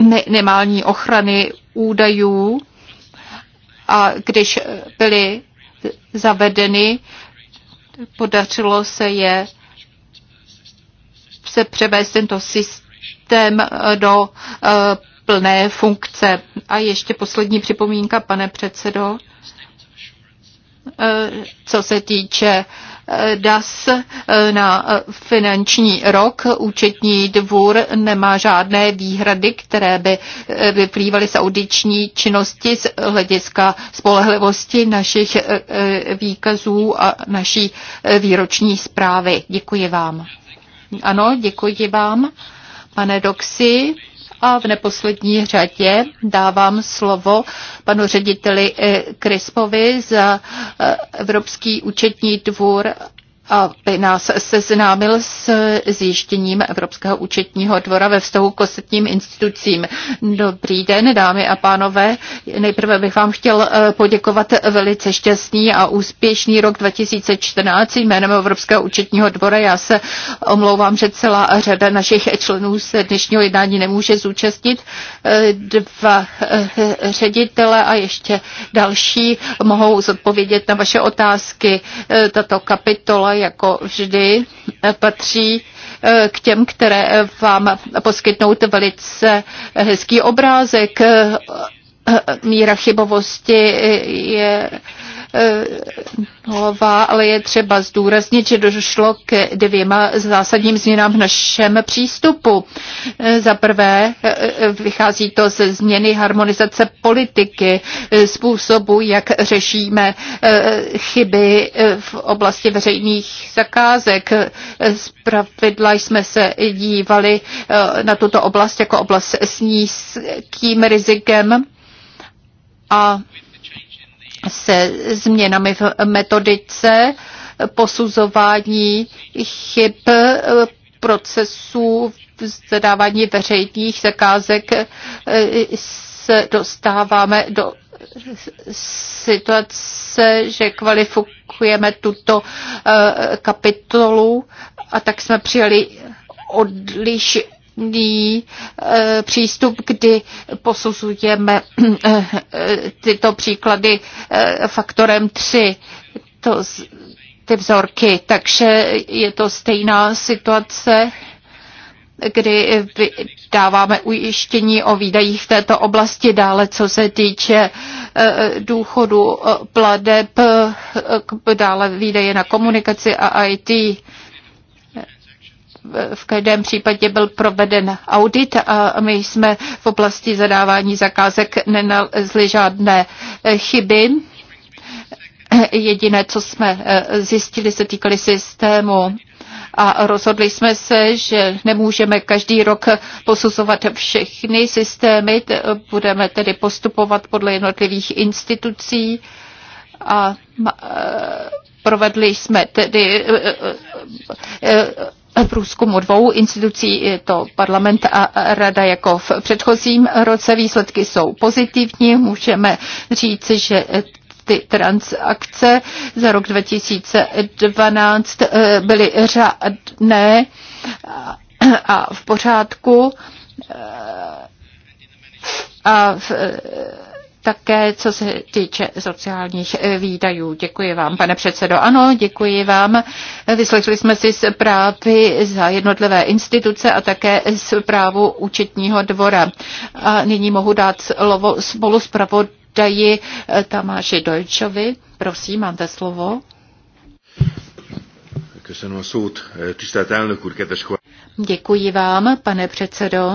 minimální ochrany údajů a když byly zavedeny, Podařilo se je se převést tento systém eh, do eh, plné funkce. A ještě poslední připomínka, pane předsedo, eh, co se týče DAS na finanční rok. Účetní dvůr nemá žádné výhrady, které by vyplývaly z audiční činnosti z hlediska spolehlivosti našich eh, výkazů a naší eh, výroční zprávy. Děkuji vám. Ano, děkuji vám, pane Doxy. A v neposlední řadě dávám slovo panu řediteli eh, Krispovi za eh, Evropský účetní dvůr aby nás seznámil s zjištěním Evropského účetního dvora ve vztahu k ostatním institucím. Dobrý den, dámy a pánové. Nejprve bych vám chtěl eh, poděkovat velice šťastný a úspěšný rok 2014 jménem Evropského účetního dvora. Já se omlouvám, že celá řada našich členů se dnešního jednání nemůže zúčastnit. Eh, dva eh, ředitele a ještě další mohou zodpovědět na vaše otázky. Tato kapitola jako vždy eh, patří eh, k těm, které eh, vám poskytnou velice hezký obrázek. Míra chybovosti je Eh, hlava, ale je třeba zdůraznit, že došlo k dvěma zásadním změnám v našem přístupu. Eh, za prvé eh, vychází to ze změny harmonizace politiky, způsobu, jak řešíme chyby v oblasti veřejných zakázek. Z pravidla jsme se dívali na tuto oblast jako oblast s nízkým rizikem a se změnami v metodice posuzování chyb procesů zadávání veřejných zakázek eh, se dostáváme do situace, že kvalifikujeme tuto eh, kapitolu a tak jsme přijali odliš, e, přístup, kdy posuzujeme e, tyto příklady e, faktorem 3. To, ty vzorky, takže je to stejná situace kdy dáváme ujištění o výdajích v této oblasti dále, co se týče e, důchodu, pladeb, dále výdaje na komunikaci a IT v každém případě byl proveden audit a my jsme v oblasti zadávání zakázek nenalezli žádné eh, chyby. Jediné, co jsme eh, zjistili, se týkali systému a rozhodli jsme se, že nemůžeme každý rok posuzovat všechny systémy, budeme tedy postupovat podle jednotlivých institucí a eh, provedli jsme tedy průzkumu dvou institucí, je to parlament a rada jako v předchozím roce. Výsledky jsou pozitivní, můžeme říct, že ty transakce za rok 2012 byly řádné a v pořádku a v také co se týče sociálních eh, výdajů. Děkuji vám, pane předsedo. Ano, děkuji vám. Vyslechli jsme si zprávy za jednotlivé instituce a také zprávu účetního dvora. A nyní mohu dát slovo spolu zpravodaji eh, Tamáši Dojčovi. Prosím, máte slovo. Eh, děkuji vám, pane předsedo.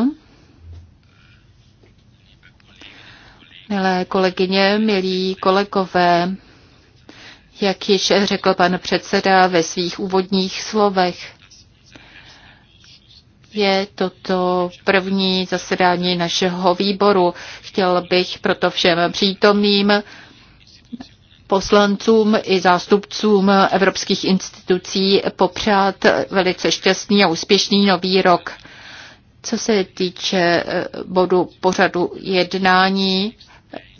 Milé kolegyně, milí kolegové, jak již řekl pan předseda ve svých úvodních slovech, je toto první zasedání našeho výboru. Chtěl bych proto všem přítomným poslancům i zástupcům evropských institucí popřát velice šťastný a úspěšný nový rok. Co se týče eh, bodu pořadu jednání,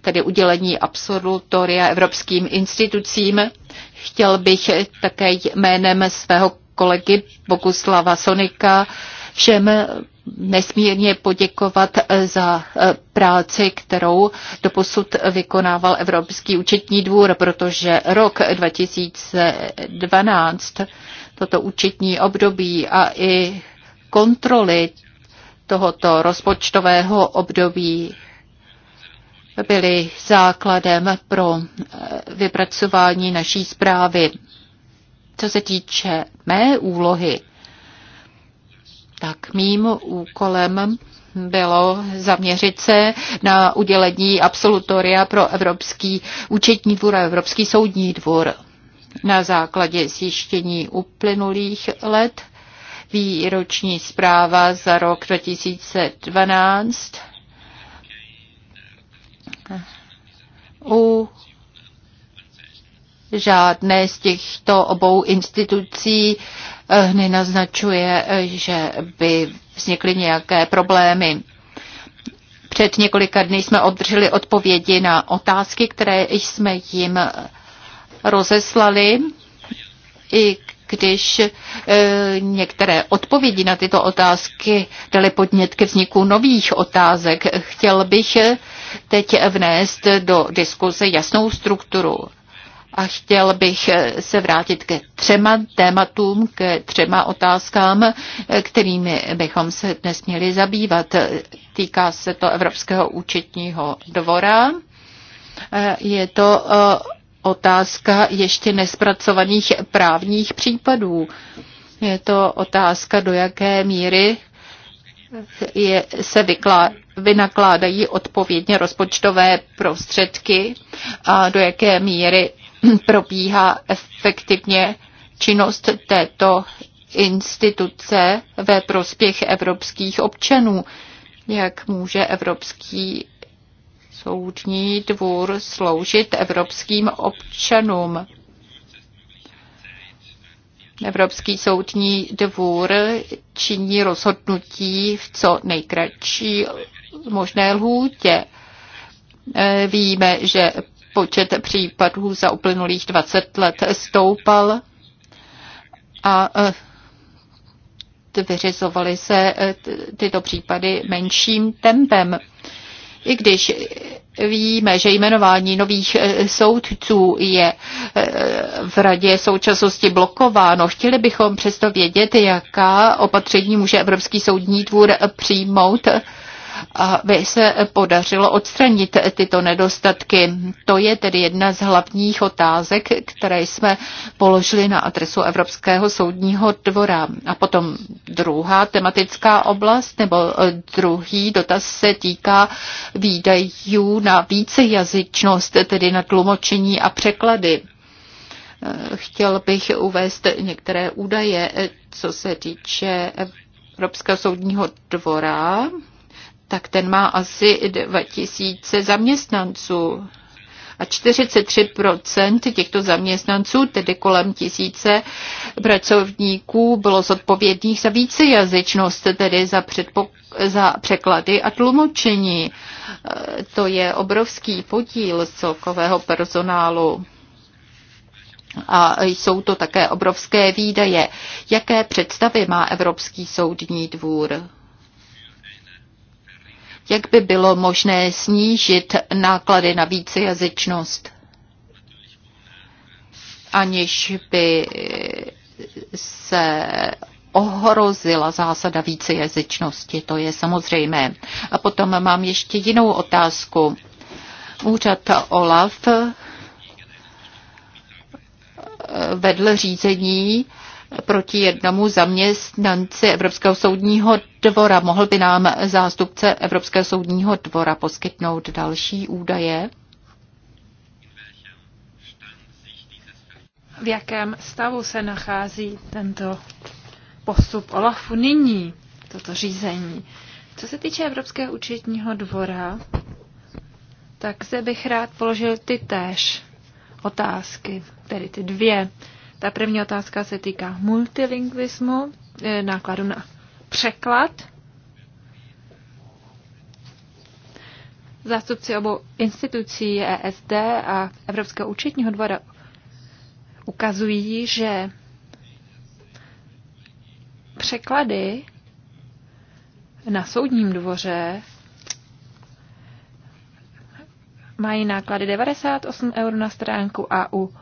tedy udělení absolutoria evropským institucím. Chtěl bych také jménem svého kolegy Boguslava Sonika všem nesmírně poděkovat za eh, práci, kterou doposud vykonával Evropský účetní dvůr, protože rok 2012, toto účetní období a i kontroly tohoto rozpočtového období byly základem pro eh, vypracování naší zprávy. Co se týče mé úlohy, tak mým úkolem bylo zaměřit se na udělení absolutoria pro Evropský účetní dvůr a Evropský soudní dvůr. Na základě zjištění uplynulých let výroční zpráva za rok 2012 u žádné z těchto obou institucí eh, nenaznačuje, eh, že by vznikly nějaké problémy. Před několika dny jsme obdrželi odpovědi na otázky, které jsme jim eh, rozeslali, i když e, některé odpovědi na tyto otázky dali podnět ke vzniku nových otázek. Chtěl bych teď vnést do diskuze jasnou strukturu. A chtěl bych se vrátit ke třema tématům, ke třema otázkám, kterými bychom se dnes měli zabývat. Týká se to Evropského účetního dvora. Je to eh, otázka ještě nespracovaných právních případů. Je to otázka, do jaké míry je, se vyklá, vynakládají odpovědně rozpočtové prostředky a do jaké míry probíhá efektivně činnost této instituce ve prospěch evropských občanů. Jak může Evropský soudní dvůr sloužit evropským občanům? Evropský soudní dvůr činí rozhodnutí v co nejkratší možné lhůtě. E, víme, že počet případů za uplynulých 20 let stoupal a e, vyřizovaly se e, tyto případy menším tempem. I když víme, že jmenování nových soudců je v radě současnosti blokováno. Chtěli bychom přesto vědět, jaká opatření může Evropský soudní dvůr přijmout, aby se podařilo odstranit tyto nedostatky. To je tedy jedna z hlavních otázek, které jsme položili na adresu Evropského soudního dvora. A potom druhá tematická oblast nebo druhý dotaz se týká výdajů na vícejazyčnost, tedy na tlumočení a překlady. Chtěl bych uvést některé údaje, co se týče Evropského soudního dvora, tak ten má asi 2000 zaměstnanců a 43% těchto zaměstnanců, tedy kolem tisíce pracovníků, bylo zodpovědných za vícejazyčnost, tedy za, za překlady a tlumočení. E, to je obrovský podíl celkového personálu a jsou to také obrovské výdaje. Jaké představy má Evropský soudní dvůr? Jak by bylo možné snížit náklady na vícejazyčnost, aniž by se ohrozila zásada vícejazyčnosti, to je samozřejmé. A potom mám ještě jinou otázku. Úřad OLAF vedl řízení proti jednomu zaměstnanci Evropského soudního dvora. Mohl by nám zástupce Evropského soudního dvora poskytnout další údaje? V jakém stavu se nachází tento postup Olafu nyní, toto řízení? Co se týče Evropského účetního dvora, tak se bych rád položil ty též otázky, tedy ty dvě. Ta první otázka se týká multilingvismu, e, nákladu na překlad. Zástupci obou institucí ESD e a Evropského účetního dvora ukazují, že překlady na soudním dvoře mají náklady 98 eur na stránku a u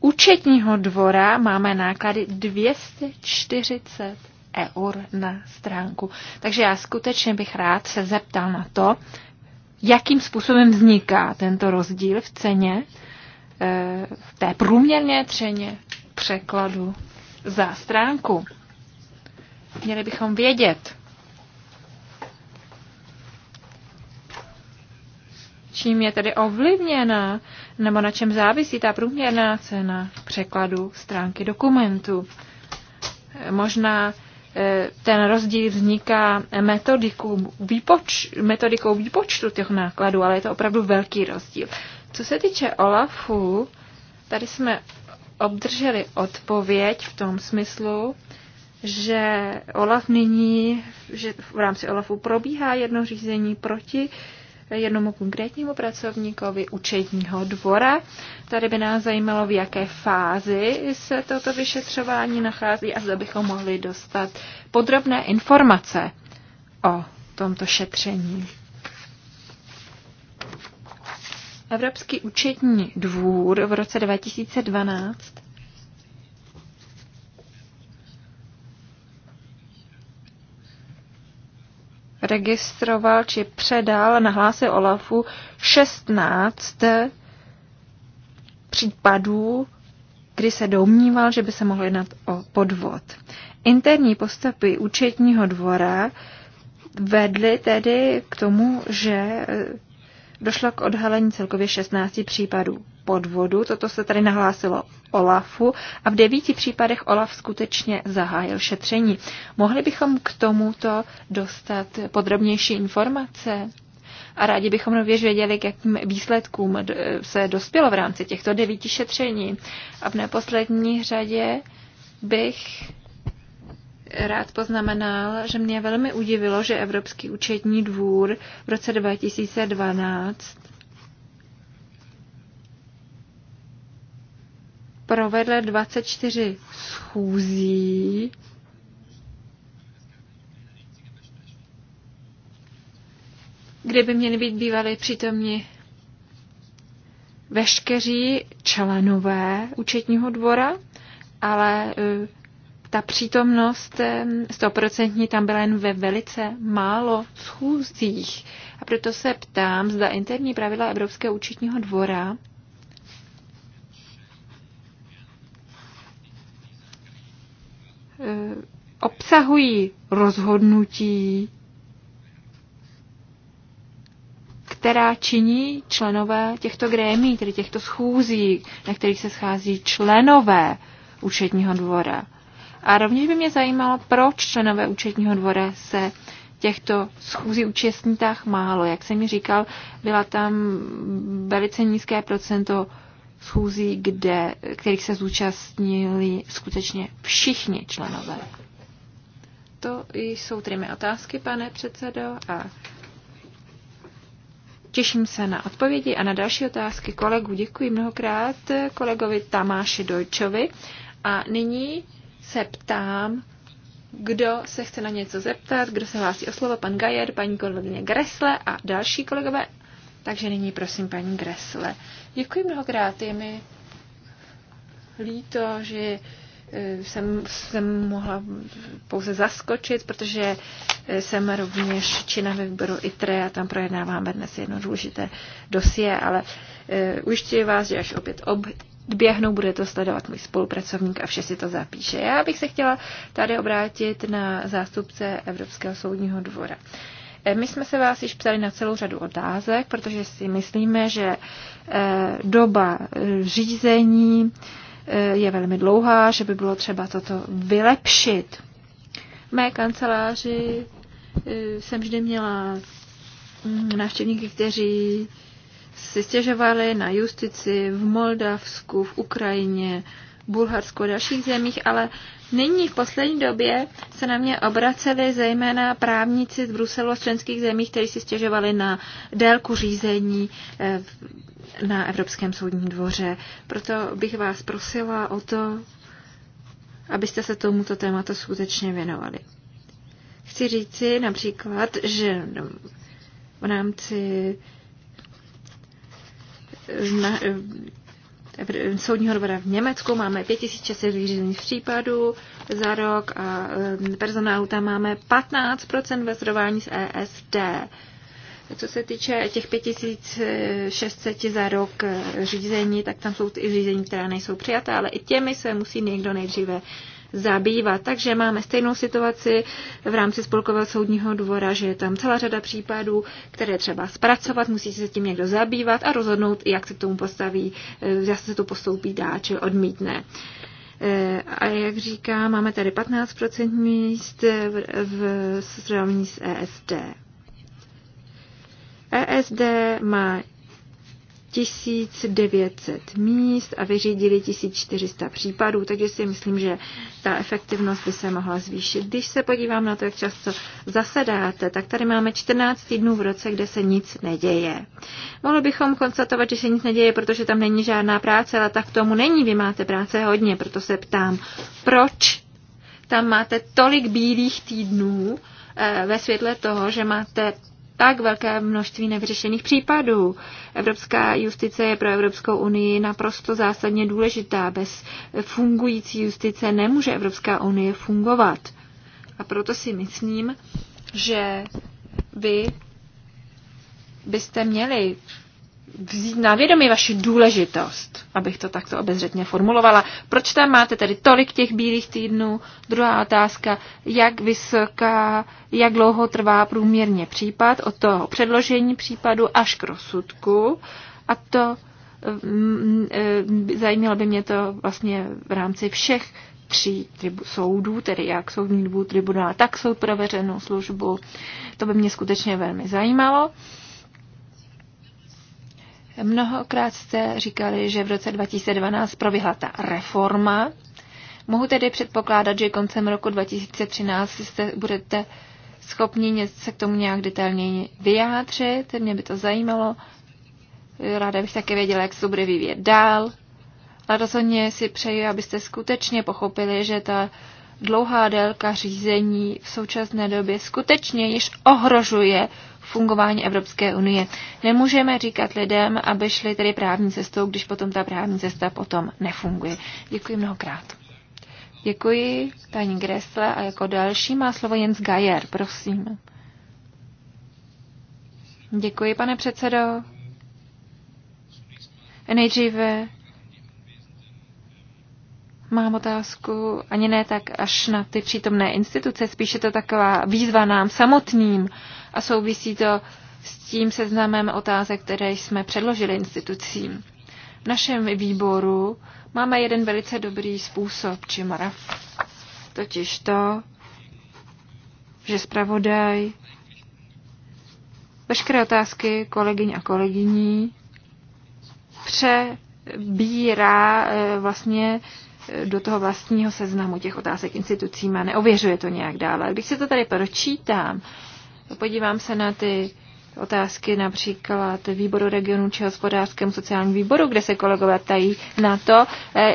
účetního dvora máme náklady 240 eur na stránku. Takže já skutečně bych rád se zeptal na to, jakým způsobem vzniká tento rozdíl v ceně, eh, v té průměrné ceně překladu za stránku. Měli bychom vědět, čím je tedy ovlivněna nebo na čem závisí ta průměrná cena překladu stránky dokumentu. Možná eh, ten rozdíl vzniká metodikou, výpoč, metodikou výpočtu těch nákladů, ale je to opravdu velký rozdíl. Co se týče OLAFu, tady jsme obdrželi odpověď v tom smyslu, že OLAF nyní, že v rámci OLAFu probíhá jedno řízení proti eh, jednomu konkrétnímu pracovníkovi účetního dvora. Tady by nás zajímalo, v jaké fázi se toto vyšetřování nachází a zda bychom mohli dostat podrobné informace o tomto šetření. Evropský účetní dvůr v roce 2012 registroval či předal, nahlásil Olafu 16 případů, kdy se domníval, že by se mohlo jednat o podvod. Interní postupy účetního dvora vedly tedy k tomu, že došlo k odhalení celkově 16 případů podvodu. Toto se tady nahlásilo Olafu a v devíti případech Olaf skutečně zahájil šetření. Mohli bychom k tomuto dostat podrobnější informace? A rádi bychom nově věděli, k jakým výsledkům se dospělo v rámci těchto devíti šetření. A v neposlední řadě bych rád poznamenal, že mě velmi udivilo, že Evropský účetní dvůr v roce 2012 provedla 24 schůzí. kde by měli být bývali přítomni veškeří členové účetního dvora, ale e, ta přítomnost e, stoprocentní tam byla jen ve velice málo schůzích. A proto se ptám, zda interní pravidla Evropského účetního dvora Eh, obsahují rozhodnutí, která činí členové těchto grémí, tedy těchto schůzí, na kterých se schází členové účetního dvora. A rovněž by mě zajímalo, proč členové účetního dvora se těchto schůzí účastní tak málo. Jak jsem mi říkal, byla tam velice nízké procento schůzí, kde, kterých se zúčastnili skutečně všichni členové. To jsou tedy mé otázky, pane předsedo, a těším se na odpovědi a na další otázky kolegů. Děkuji mnohokrát kolegovi Tamáši Dojčovi. A nyní se ptám, kdo se chce na něco zeptat, kdo se hlásí o slovo, pan Gajer, paní kolegyně Gresle a další kolegové. Takže nyní prosím paní Gresle. Děkuji mnohokrát, je mi líto, že e, jsem, jsem mohla pouze zaskočit, protože e, jsem rovněž čina ve výboru ITRE a tam projednáváme dnes jedno důležité dosie, ale e, ujišťuji vás, že až opět ob, běhnou, bude to sledovat můj spolupracovník a vše si to zapíše. Já bych se chtěla tady obrátit na zástupce Evropského soudního dvora. Eh, E, my jsme se vás již ptali na celou řadu otázek, protože si myslíme, že e, doba e, řízení je velmi dlouhá, že by bylo třeba toto vylepšit. V mé kanceláři jsem vždy měla mm, návštěvníky, kteří si stěžovali na justici v Moldavsku, v Ukrajině, Bulharsku a dalších zemích, ale nyní v poslední době se na mě obraceli zejména právníci z Bruselu a členských zemí, kteří si stěžovali na délku řízení eh, na Evropském soudním dvoře. Proto bych vás prosila o to, abyste se tomuto tématu skutečně věnovali. Chci říci například, že no, v rámci na, soudního odbora v Německu máme 5600 vyřízených případů za rok a personálu tam máme 15% ve srovnání s ESD. Co se týče těch 5600 za rok eh, řízení, tak tam jsou i řízení, která nejsou přijata, ale i těmi se musí někdo nejdříve zabývat. Takže máme stejnou situaci v rámci Spolkového soudního dvora, že je tam celá řada případů, které třeba zpracovat, musí se tím někdo zabývat a rozhodnout, jak se k tomu postaví, zase eh, se to postoupí dá, či odmítne. Eh, a jak říká, máme tady 15% míst eh, v, v srovnání s ESD. ESD má 1900 míst a vyřídili 1400 případů, takže si myslím, že ta efektivnost by se mohla zvýšit. Když se podívám na to, jak často zasedáte, tak tady máme 14 týdnů v roce, kde se nic neděje. Mohli bychom konstatovat, že se nic neděje, protože tam není žádná práce, ale tak tomu není. Vy máte práce hodně, proto se ptám, proč tam máte tolik bílých týdnů eh, ve světle toho, že máte tak velké množství nevyřešených případů. Evropská justice je pro Evropskou unii naprosto zásadně důležitá. Bez fungující justice nemůže Evropská unie fungovat. A proto si myslím, že vy byste měli vzít na vědomí vaši důležitost, abych to takto obezřetně formulovala. Proč tam máte tedy tolik těch bílých týdnů? Druhá otázka, jak vysoká, jak dlouho trvá průměrně případ od toho předložení případu až k rozsudku? A to mm, mm, zajímalo by mě to vlastně v rámci všech tří tribu, soudů, tedy jak soudní dvůr tribunál, tak soud pro veřejnou službu. To by mě skutečně velmi zajímalo. Mnohokrát jste říkali, že v roce 2012 proběhla ta reforma. Mohu tedy předpokládat, že koncem roku 2013 jste, budete schopni se k tomu nějak detailněji vyjádřit. Mě by to zajímalo. Ráda bych také věděla, jak se to bude vyvíjet dál. Ale rozhodně si přeji, abyste skutečně pochopili, že ta dlouhá délka řízení v současné době skutečně již ohrožuje fungování Evropské unie. Nemůžeme říkat lidem, aby šli tedy právní cestou, když potom ta právní cesta potom nefunguje. Děkuji mnohokrát. Děkuji paní Gressle a jako další má slovo Jens Gajer, prosím. Děkuji, pane předsedo. Nejdříve Mám otázku ani ne tak až na ty přítomné instituce, spíše to taková výzva nám samotným a souvisí to s tím seznamem otázek, které jsme předložili institucím. V našem výboru máme jeden velice dobrý způsob či maraf, totiž to, že zpravodaj veškeré otázky kolegyň a kolegyní přebírá eh, vlastně do toho vlastního seznamu těch otázek institucím a neověřuje to nějak dále. Když se to tady pročítám, podívám se na ty otázky například výboru regionu či hospodářskému sociálnímu výboru, kde se kolegové ptají na to, eh,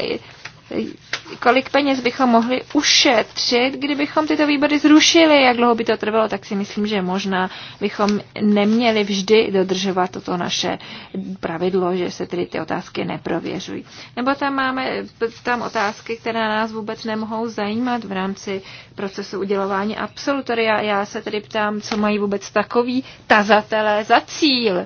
kolik peněz bychom mohli ušetřit, kdybychom tyto výbory zrušili, jak dlouho by to trvalo, tak si myslím, že možná bychom neměli vždy dodržovat toto naše pravidlo, že se tedy ty otázky neprověřují. Nebo tam máme tam otázky, které nás vůbec nemohou zajímat v rámci procesu udělování absolutoria. Já se tedy ptám, co mají vůbec takový tazatelé za cíl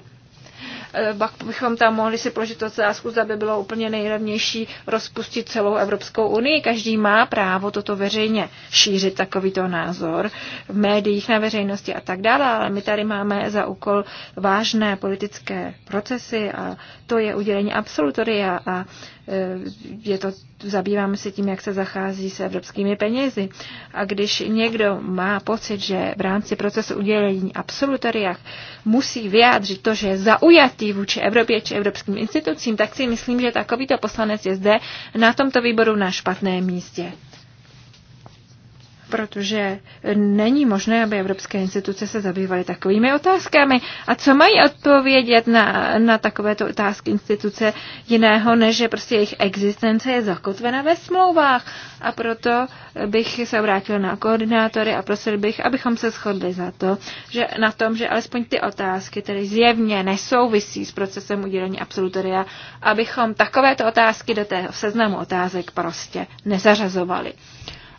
Eh, pak bychom tam mohli si položit otázku, zda by bylo úplně nejlevnější rozpustit celou Evropskou unii. Každý má právo toto veřejně šířit takovýto názor v médiích, na veřejnosti a tak dále, ale my tady máme za úkol vážné politické procesy a to je udělení absolutoria a Eh, je to, zabýváme se tím, jak se zachází s evropskými penězi. A když někdo má pocit, že v rámci procesu udělení absolutoriach musí vyjádřit to, že je zaujatý vůči Evropě či evropským institucím, tak si myslím, že takovýto poslanec je zde na tomto výboru na špatném místě protože není možné, aby evropské instituce se zabývaly takovými otázkami. A co mají odpovědět na, na takovéto otázky instituce jiného, než že prostě jejich existence je zakotvena ve smlouvách. A proto bych se obrátil na koordinátory a prosil bych, abychom se shodli za to, že na tom, že alespoň ty otázky, které zjevně nesouvisí s procesem udělení absolutoria, abychom takovéto otázky do tého seznamu otázek prostě nezařazovali.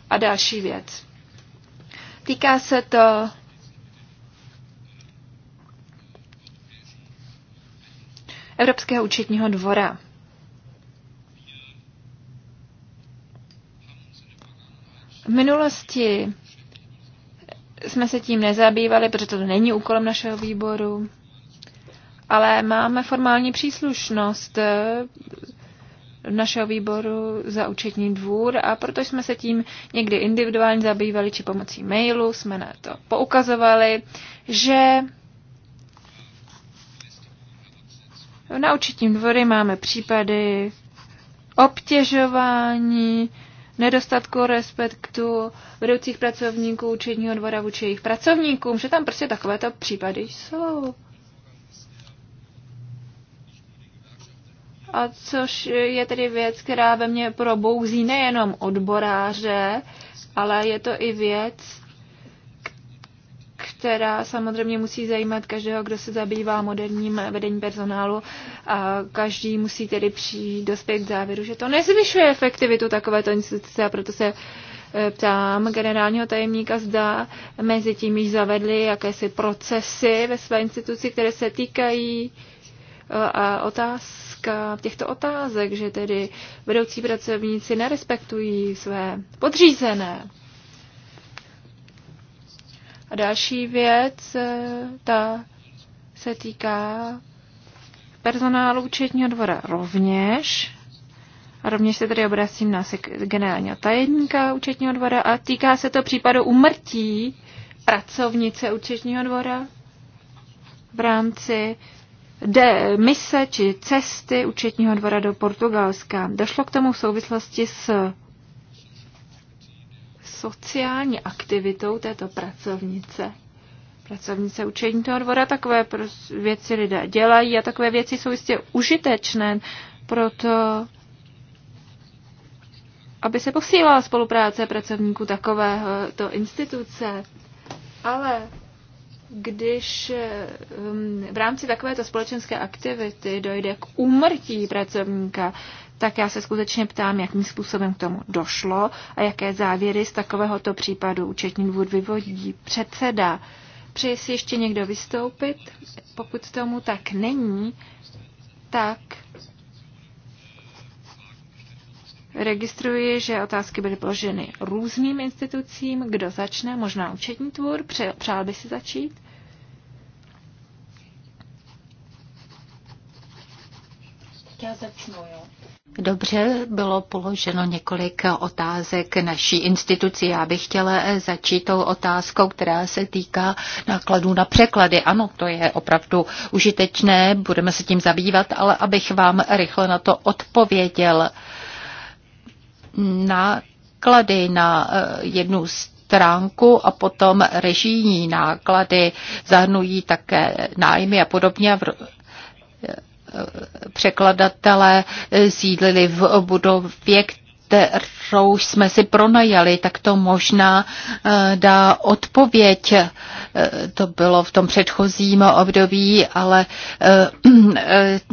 A další věc. Týká se to Evropského účetního dvora. V minulosti jsme se tím nezabývali, protože to není úkolem našeho výboru, ale máme formální příslušnost našeho výboru za účetní dvůr a proto jsme se tím někdy individuálně zabývali či pomocí mailu, jsme na to poukazovali, že na účetním dvory máme případy obtěžování, nedostatku respektu vedoucích pracovníků účetního dvora vůči jejich pracovníkům, že tam prostě takovéto případy jsou. a což je tedy věc, která ve mně probouzí nejenom odboráře, ale je to i věc, která samozřejmě musí zajímat každého, kdo se zabývá moderním vedením personálu a každý musí tedy přijít dospět k závěru, že to nezvyšuje efektivitu takovéto instituce a proto se eh, ptám generálního tajemníka, zda mezi tím již zavedli jakési procesy ve své instituci, které se týkají eh, a otázky hlediska těchto otázek, že tedy vedoucí pracovníci nerespektují své podřízené. A další věc, eh, ta se týká personálu účetního dvora rovněž. A rovněž se tedy obracím na generálního tajemníka účetního dvora a týká se to případu umrtí pracovnice účetního dvora v rámci de mise či cesty účetního dvora do Portugalska. Došlo k tomu v souvislosti s sociální aktivitou této pracovnice. Pracovnice učenitého dvora takové věci lidé dělají a takové věci jsou jistě užitečné, proto aby se posílala spolupráce pracovníků takovéhoto instituce. Ale když um, v rámci takovéto společenské aktivity dojde k úmrtí pracovníka, tak já se skutečně ptám, jakým způsobem k tomu došlo a jaké závěry z takovéhoto případu účetní dvůr vyvodí předseda. Přeji si ještě někdo vystoupit? Pokud tomu tak není, tak registruji, že otázky byly položeny různým institucím. Kdo začne? Možná účetní tvůr? Přál by si začít? Já začnu, jo. Dobře, bylo položeno několik otázek naší instituci. Já bych chtěla eh, začít tou otázkou, která se týká nákladů na překlady. Ano, to je opravdu užitečné, budeme se tím zabývat, ale abych vám rychle na to odpověděl. Náklady na eh, jednu stránku a potom režijní náklady zahrnují také nájmy a podobně překladatelé sídlili v budově, kterou jsme si pronajali, tak to možná eh, dá odpověď. Eh, to bylo v tom předchozím období, ale eh,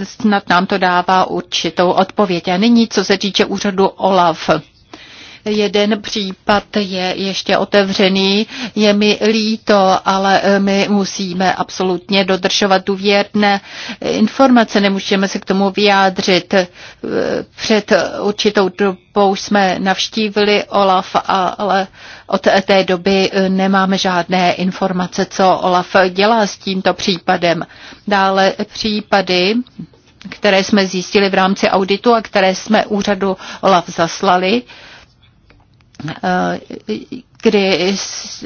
snad nám to dává určitou odpověď. A nyní, co se týče úřadu OLAF. Jeden případ je ještě otevřený, je mi líto, ale eh, my musíme absolutně dodržovat důvěrné informace, nemůžeme se k tomu vyjádřit. Eh, před určitou dobou jsme navštívili Olaf, ale od té doby eh, nemáme žádné informace, co Olaf dělá s tímto případem. Dále případy, které jsme zjistili v rámci auditu a které jsme úřadu OLAF zaslali, Eh, kdy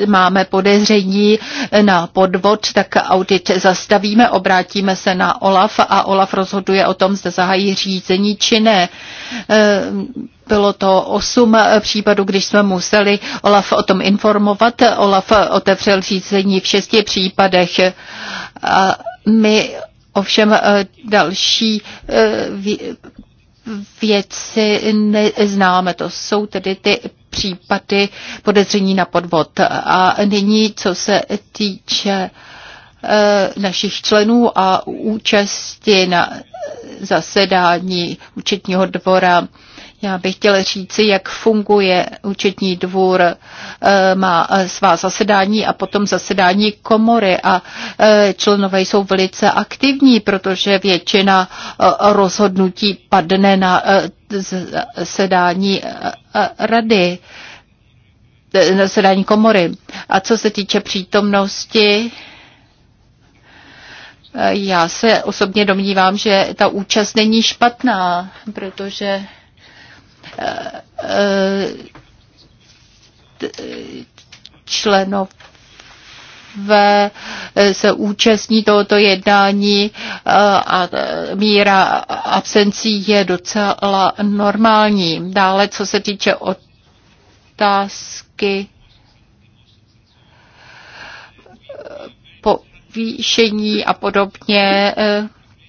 máme podezření na podvod, tak audit zastavíme, obrátíme se na OLAF a OLAF rozhoduje o tom, zda zahají řízení či ne. Eh, bylo to osm případů, když jsme museli Olaf o tom informovat. Olaf otevřel řízení v šesti případech. A my ovšem eh, další věci neznáme. To jsou tedy ty případy podezření na podvod. A nyní, co se týče eh, našich členů a účasti na zasedání účetního dvora. Já bych chtěla říci, jak funguje účetní dvůr, eh, má svá zasedání a potom zasedání komory a eh, členové jsou velice aktivní, protože většina rozhodnutí padne na zasedání rady, e, zasedání komory. A co se týče přítomnosti, e, já se osobně domnívám, že ta účast není špatná, protože e, členov. Rusové se účastní tohoto jednání eh, a eh, míra absencí je docela normální. Dále, co se týče otázky eh, povýšení a podobně,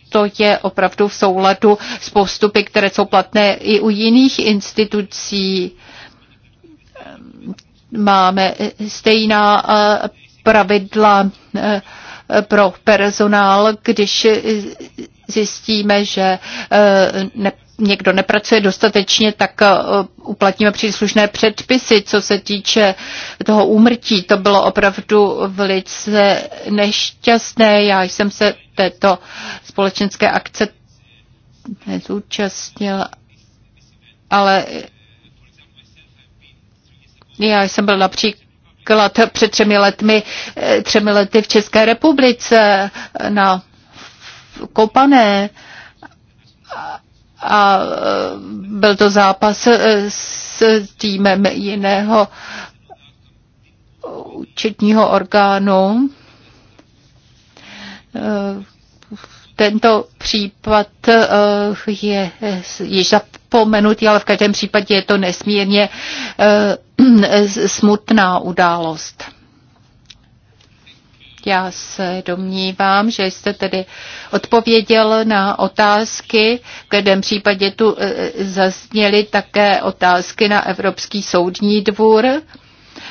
to je opravdu v souladu s postupy, které jsou platné i u jiných institucí. Máme stejná pravidla eh, eh, pro personál, když zjistíme, že eh, ne, někdo nepracuje dostatečně, tak uplatníme příslušné předpisy, co se týče toho úmrtí. To bylo opravdu velice nešťastné. Já jsem se této společenské akce nezúčastnil, ale já jsem byl například například před třemi, letmi, eh, třemi lety v České republice eh, na Kopané a eh, byl to zápas s týmem jiného účetního orgánu. Tento případ je již za zapomenutí, ale v každém případě je to nesmírně eh, eh, smutná událost. Já se domnívám, že jste tedy odpověděl na otázky. V každém případě tu eh, zazněly také otázky na Evropský soudní dvůr.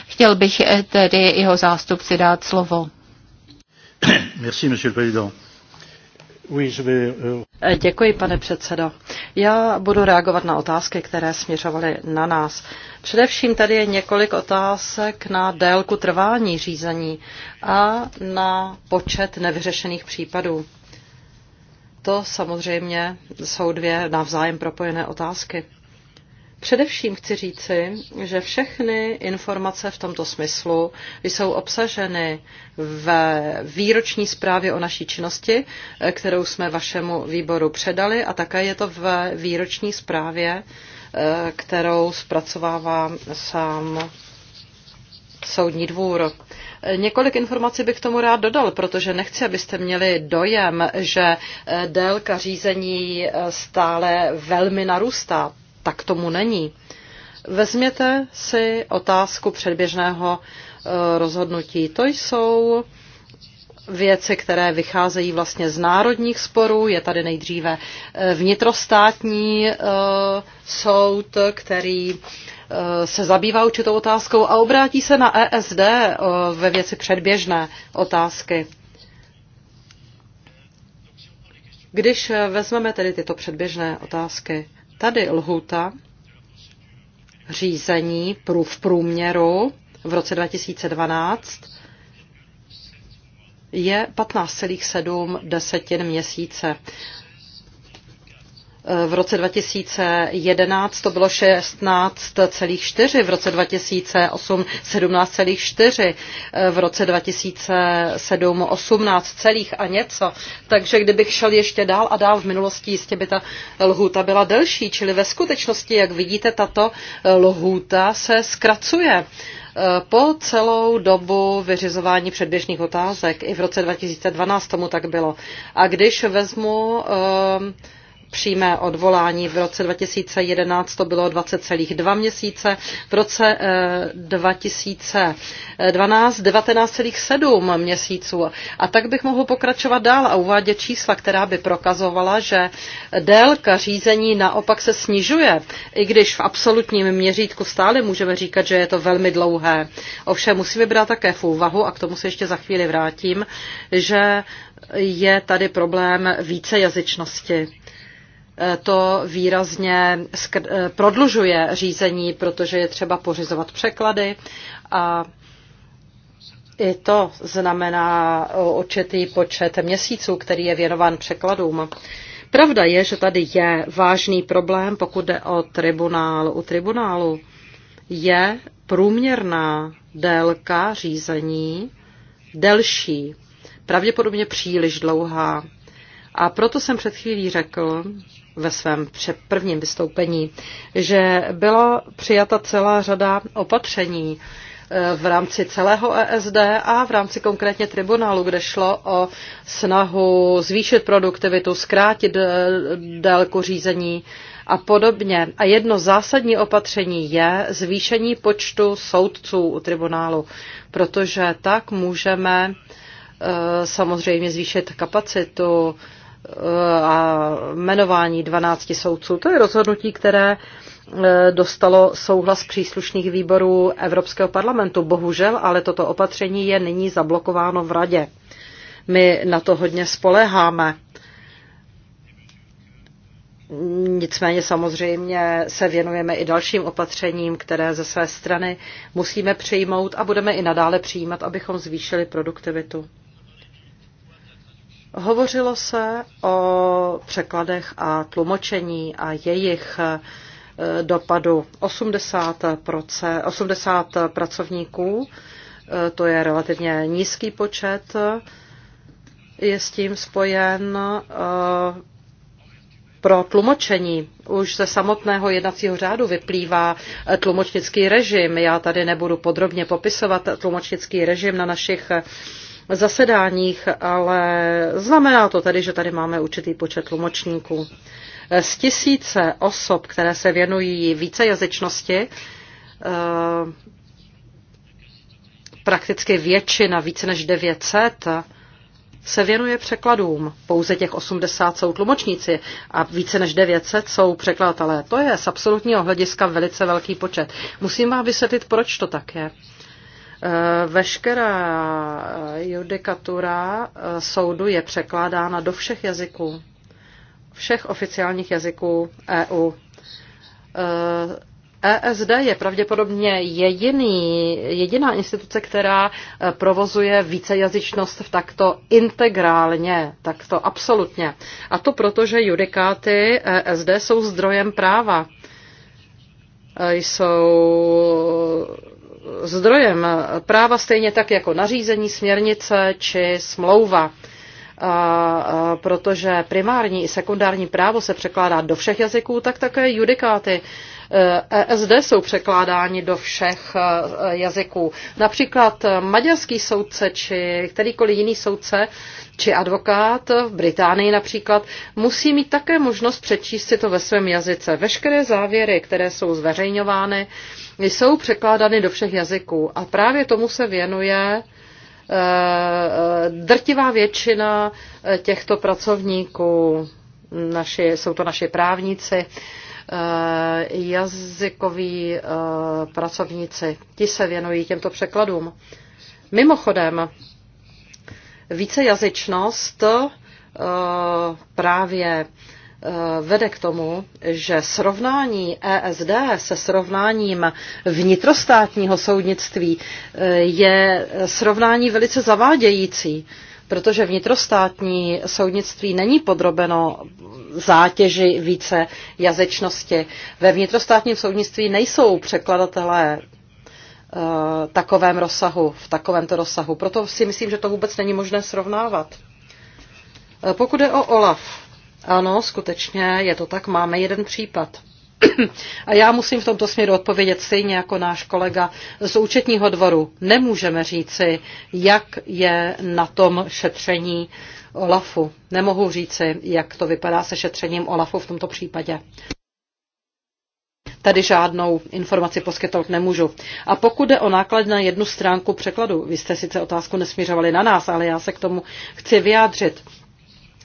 Chtěl bych tedy jeho zástupci dát slovo. Merci, monsieur le président. Uh, eh, děkuji, pane předsedo. Já budu reagovat na otázky, které směřovaly na nás. Především tady je několik otázek na délku trvání řízení a na počet nevyřešených případů. To samozřejmě jsou dvě navzájem propojené otázky. Především chci říci, že všechny informace v tomto smyslu jsou obsaženy v výroční zprávě o naší činnosti, kterou jsme vašemu výboru předali a také je to v výroční zprávě, eh, kterou zpracovává sám Soudní dvůr. Několik informací bych k tomu rád dodal, protože nechci, abyste měli dojem, že eh, délka řízení eh, stále velmi narůstá tak tomu není. Vezměte si otázku předběžného eh, rozhodnutí. To jsou věci, které vycházejí vlastně z národních sporů. Je tady nejdříve eh, vnitrostátní eh, soud, který se zabývá určitou otázkou a obrátí se na ESD ve věci předběžné otázky. Když vezmeme tedy tyto předběžné otázky, Tady lhuta řízení v průměru v roce 2012 je 15,7 desetin měsíce v roce 2011 to bylo 16,4, v roce 2008 17,4, v roce 2007 18 celých a něco. Takže kdybych šel ještě dál a dál v minulosti, jistě by ta lhůta byla delší. Čili ve skutečnosti, jak vidíte, tato lhůta se zkracuje po celou dobu vyřizování předběžných otázek. I v roce 2012 tomu tak bylo. A když vezmu eh, přímé odvolání. V roce 2011 to bylo 20,2 měsíce, v roce 2012 eh, 19,7 měsíců. A tak bych mohl pokračovat dál a uvádět čísla, která by prokazovala, že délka řízení naopak se snižuje, i když v absolutním měřítku stále můžeme říkat, že je to velmi dlouhé. Ovšem musíme brát také v úvahu, a k tomu se ještě za chvíli vrátím, že je tady problém vícejazyčnosti to výrazně eh, prodlužuje řízení, protože je třeba pořizovat překlady a i to znamená určitý počet měsíců, který je věnován překladům. Pravda je, že tady je vážný problém, pokud jde o tribunál. U tribunálu je průměrná délka řízení delší, pravděpodobně příliš dlouhá. A proto jsem před chvílí řekl, ve svém prvním vystoupení, že byla přijata celá řada opatření eh, v rámci celého ESD a v rámci konkrétně tribunálu, kde šlo o snahu zvýšit produktivitu, zkrátit eh, délku řízení a podobně. A jedno zásadní opatření je zvýšení počtu soudců u tribunálu, protože tak můžeme eh, samozřejmě zvýšit kapacitu a jmenování 12 soudců. To je rozhodnutí, které e, dostalo souhlas příslušných výborů Evropského parlamentu. Bohužel, ale toto opatření je nyní zablokováno v radě. My na to hodně spoléháme. Nicméně samozřejmě se věnujeme i dalším opatřením, které ze své strany musíme přijmout a budeme i nadále přijímat, abychom zvýšili produktivitu. Hovořilo se o překladech a tlumočení a jejich e, dopadu 80, 80 pracovníků, e, to je relativně nízký počet, je s tím spojen e, pro tlumočení. Už ze samotného jednacího řádu vyplývá tlumočnický režim. Já tady nebudu podrobně popisovat tlumočnický režim na našich zasedáních, ale znamená to tedy, že tady máme určitý počet tlumočníků. Z tisíce osob, které se věnují vícejazyčnosti, eh, prakticky většina, více než 900, se věnuje překladům. Pouze těch 80 jsou tlumočníci a více než 900 jsou překladatelé. To je z absolutního hlediska velice velký počet. Musím vám vysvětlit, proč to tak je. Eh, veškerá eh, judikatura eh, soudu je překládána do všech jazyků, všech oficiálních jazyků EU. ESD e je pravděpodobně jediný, jediná instituce, která provozuje vícejazyčnost v takto integrálně, takto absolutně. A to proto, že judikáty ESD jsou zdrojem práva. Jsou zdrojem práva stejně tak jako nařízení, směrnice či smlouva protože primární i sekundární právo se překládá do všech jazyků, tak také judikáty ESD eh, e jsou překládáni do všech eh, jazyků. Například eh, maďarský soudce či kterýkoliv jiný soudce či advokát v Británii například musí mít také možnost přečíst si to ve svém jazyce. Veškeré závěry, které jsou zveřejňovány, jsou překládány do všech jazyků a právě tomu se věnuje drtivá většina těchto pracovníků. Naši, jsou to naši právníci, Eh, jazykoví eh, pracovníci. Ti se věnují těmto překladům. Mimochodem, vícejazyčnost eh, právě vede k tomu, že srovnání ESD se srovnáním vnitrostátního soudnictví je srovnání velice zavádějící protože vnitrostátní soudnictví není podrobeno zátěži více jazyčnosti. Ve vnitrostátním soudnictví nejsou překladatelé eh, takovém rozsahu, v takovémto rozsahu. Proto si myslím, že to vůbec není možné srovnávat. Eh, pokud je o OLAF, ano, skutečně je to tak, máme jeden případ. A já musím v tomto směru odpovědět stejně jako náš kolega z účetního dvoru. Nemůžeme říci, jak je na tom šetření OLAFu. Nemohu říci, jak to vypadá se šetřením OLAFu v tomto případě. Tady žádnou informaci poskytnout nemůžu. A pokud jde o náklad na jednu stránku překladu, vy jste sice otázku nesměřovali na nás, ale já se k tomu chci vyjádřit.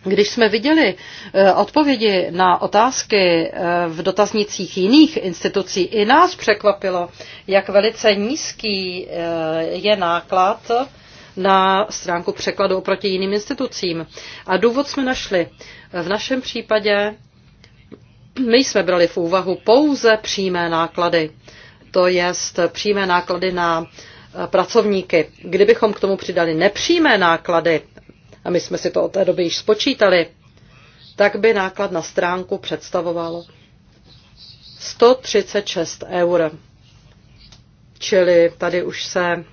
Když jsme viděli eh, odpovědi na otázky eh, v dotaznicích jiných institucí, i nás překvapilo, jak velice nízký eh, je náklad na stránku překladu oproti jiným institucím. A důvod jsme našli. V našem případě my jsme brali v úvahu pouze přímé náklady, to jest přímé náklady na pracovníky. Kdybychom k tomu přidali nepřímé náklady, a my jsme si to od té doby již spočítali, tak by náklad na stránku představoval 136 eur. Čili tady už se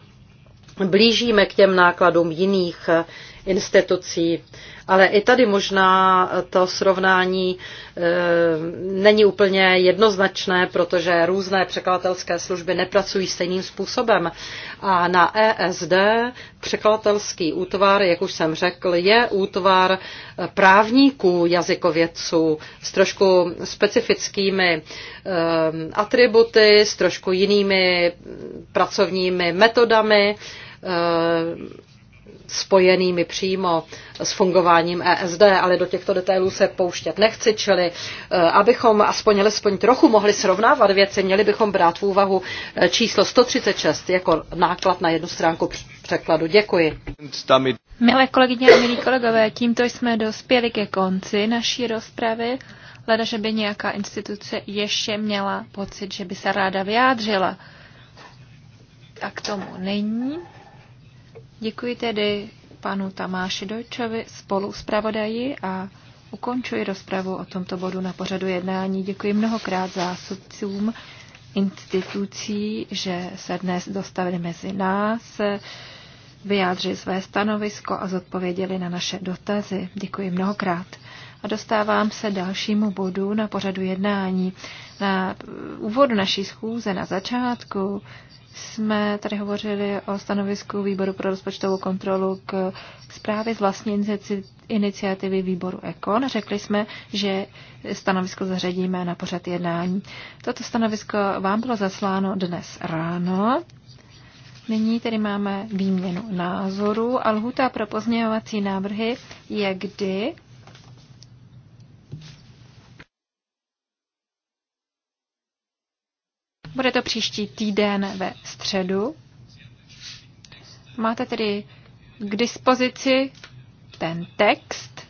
blížíme k těm nákladům jiných institucí. Ale i tady možná to srovnání eh, není úplně jednoznačné, protože různé překladatelské služby nepracují stejným způsobem. A na ESD překladatelský útvar, jak už jsem řekl, je útvar právníků, jazykovědců s trošku specifickými eh, atributy, s trošku jinými pracovními metodami eh, spojenými přímo s fungováním ESD, ale do těchto detailů se pouštět nechci, čili eh, abychom aspoň alespoň trochu mohli srovnávat věci, měli bychom brát v úvahu eh, číslo 136 jako náklad na jednu stránku překladu. Děkuji. Milé kolegyně a milí kolegové, tímto jsme dospěli ke konci naší rozpravy. Hleda, že by nějaká instituce ještě měla pocit, že by se ráda vyjádřila. A k tomu není. Děkuji tedy panu Tamáši Dojčovi spolu zpravodaji a ukončuji rozpravu o tomto bodu na pořadu jednání. Děkuji mnohokrát zásudcům institucí, že se dnes dostavili mezi nás, vyjádřili své stanovisko a zodpověděli na naše dotazy. Děkuji mnohokrát. A dostávám se dalšímu bodu na pořadu jednání. Na úvodu naší schůze na začátku jsme tady hovořili o stanovisku výboru pro rozpočtovou kontrolu k zprávě z vlastní iniciativy výboru EKON. Řekli jsme, že stanovisko zařadíme na pořad jednání. Toto stanovisko vám bylo zasláno dnes ráno. Nyní tedy máme výměnu názoru a lhuta pro pozměňovací návrhy je kdy? Bude to příští týden ve středu. Máte tedy k dispozici ten text.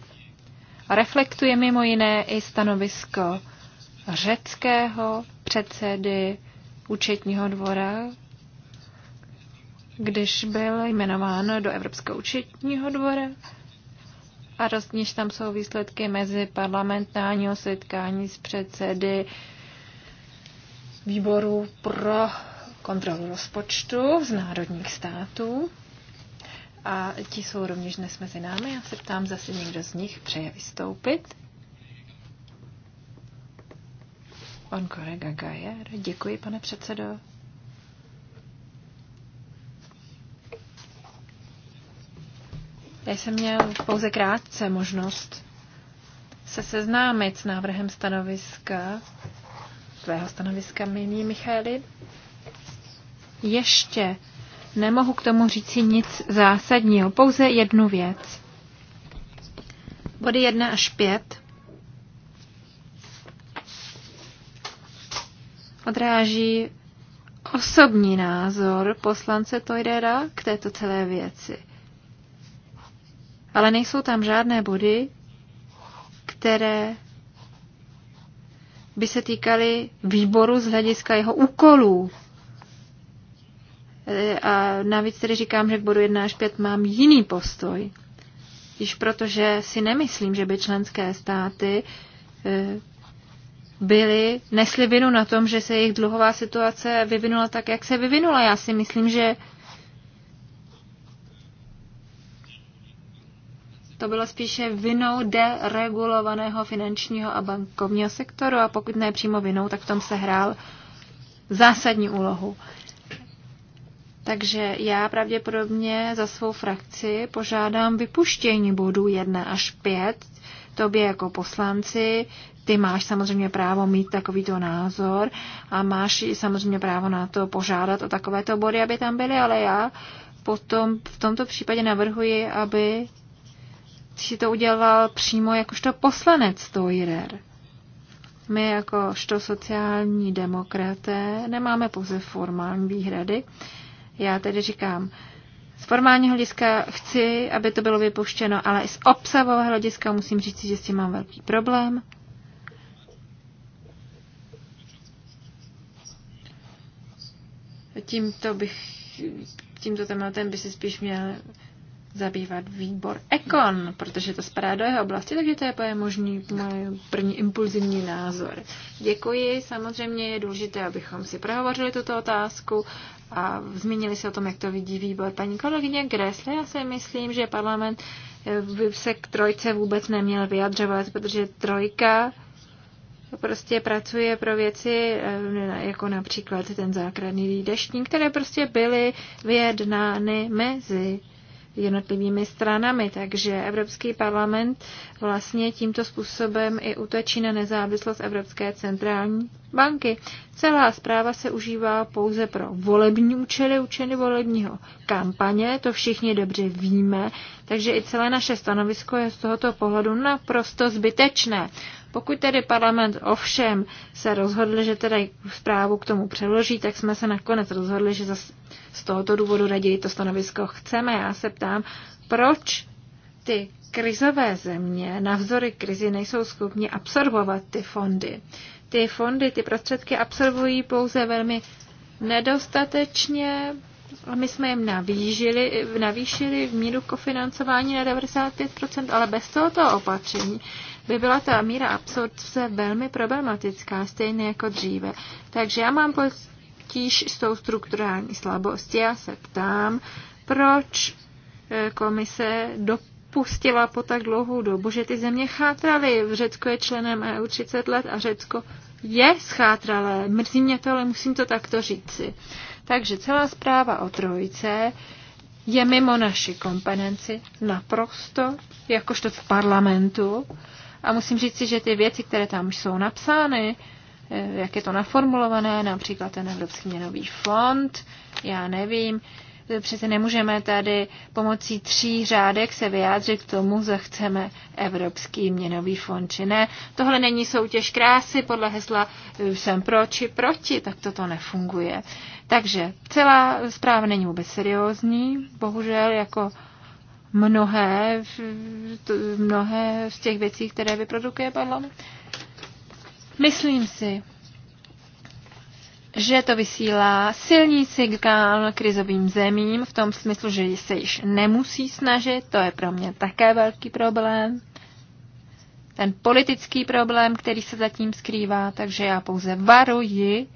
Reflektuje mimo jiné i stanovisko řeckého předsedy účetního dvora, když byl jmenován do Evropského účetního dvora a rozněž tam jsou výsledky mezi parlamentárního setkání s předsedy výboru pro kontrolu rozpočtu z národních států. A ti jsou rovněž dnes mezi námi. Já se ptám, zase někdo z nich přeje vystoupit. Pan kolega Gajer. Děkuji, pane předsedo. Já jsem měl pouze krátce možnost se seznámit s návrhem stanoviska tvého stanoviska, milí Michaeli. Ještě nemohu k tomu říci nic zásadního, pouze jednu věc. Body 1 až 5 odráží osobní názor poslance Tojdera k této celé věci. Ale nejsou tam žádné body, které by se týkaly výboru z hlediska jeho úkolů. E, a navíc tedy říkám, že k bodu 1 až 5 mám jiný postoj. Již protože si nemyslím, že by členské státy e, byly, nesli vinu na tom, že se jejich dluhová situace vyvinula tak, jak se vyvinula. Já si myslím, že to bylo spíše vinou deregulovaného finančního a bankovního sektoru a pokud ne přímo vinou, tak v tom se hrál zásadní úlohu. Takže já pravděpodobně za svou frakci požádám vypuštění bodů 1 až 5. Tobě jako poslanci, ty máš samozřejmě právo mít takovýto názor a máš samozřejmě právo na to požádat o takovéto body, aby tam byly, ale já potom v tomto případě navrhuji, aby si to udělal přímo jakožto poslanec Toirer. My jakožto sociální demokraté nemáme pouze formální výhrady. Já tedy říkám, z formálního hlediska chci, aby to bylo vypuštěno, ale i z obsahového hlediska musím říct, že s tím mám velký problém. Tímto bych, tímto tématem by si spíš měl zabývat výbor Ekon, protože to spadá do jeho oblasti, takže to je moje možný můj první impulzivní názor. Děkuji, samozřejmě je důležité, abychom si prohovořili tuto otázku a zmínili se o tom, jak to vidí výbor. Paní kolegyně Gressle, já si myslím, že parlament by se k trojce vůbec neměl vyjadřovat, protože trojka prostě pracuje pro věci, eh, jako například ten základní deštník, které prostě byly vyjednány mezi jednotlivými stranami. Takže Evropský parlament vlastně tímto způsobem i utečí na nezávislost Evropské centrální banky. Celá zpráva se užívá pouze pro volební účely, účely volebního kampaně, to všichni dobře víme, takže i celé naše stanovisko je z tohoto pohledu naprosto zbytečné. Pokud tedy parlament ovšem se rozhodl, že tedy zprávu k tomu přeloží, tak jsme se nakonec rozhodli, že z tohoto důvodu raději to stanovisko chceme. Já se ptám, proč ty krizové země vzory krizi nejsou schopni absorbovat ty fondy. Ty fondy, ty prostředky absorbují pouze velmi nedostatečně a my jsme jim navýšili, navýšili v míru kofinancování na 95%, ale bez tohoto opatření by byla ta míra absorpce velmi problematická, stejně jako dříve. Takže já mám potíž s tou strukturální slabostí. Já se ptám, proč eh, komise do pustila po tak dlouhou dobu, že ty země chátraly. Řecko je členem EU 30 let a Řecko je schátralé. Mrzí mě to, ale musím to takto říci. Takže celá zpráva o trojice je mimo naši kompetenci naprosto, jakožto v parlamentu. A musím říct si, že ty věci, které tam jsou napsány, eh, jak je to naformulované, například ten Evropský měnový fond, já nevím, Přece nemůžeme tady pomocí tří řádek se vyjádřit k tomu, že chceme Evropský měnový fond či ne. Tohle není soutěž krásy, podle hesla e, jsem pro či proti, tak toto nefunguje. Takže celá zpráva není vůbec seriózní, bohužel jako mnohé, mnohé z těch věcí, které vyprodukuje parlament. Myslím si, že to vysílá silný signál krizovým zemím v tom smyslu, že se již nemusí snažit, to je pro mě také velký problém. Ten politický problém, který se zatím skrývá, takže já pouze varuji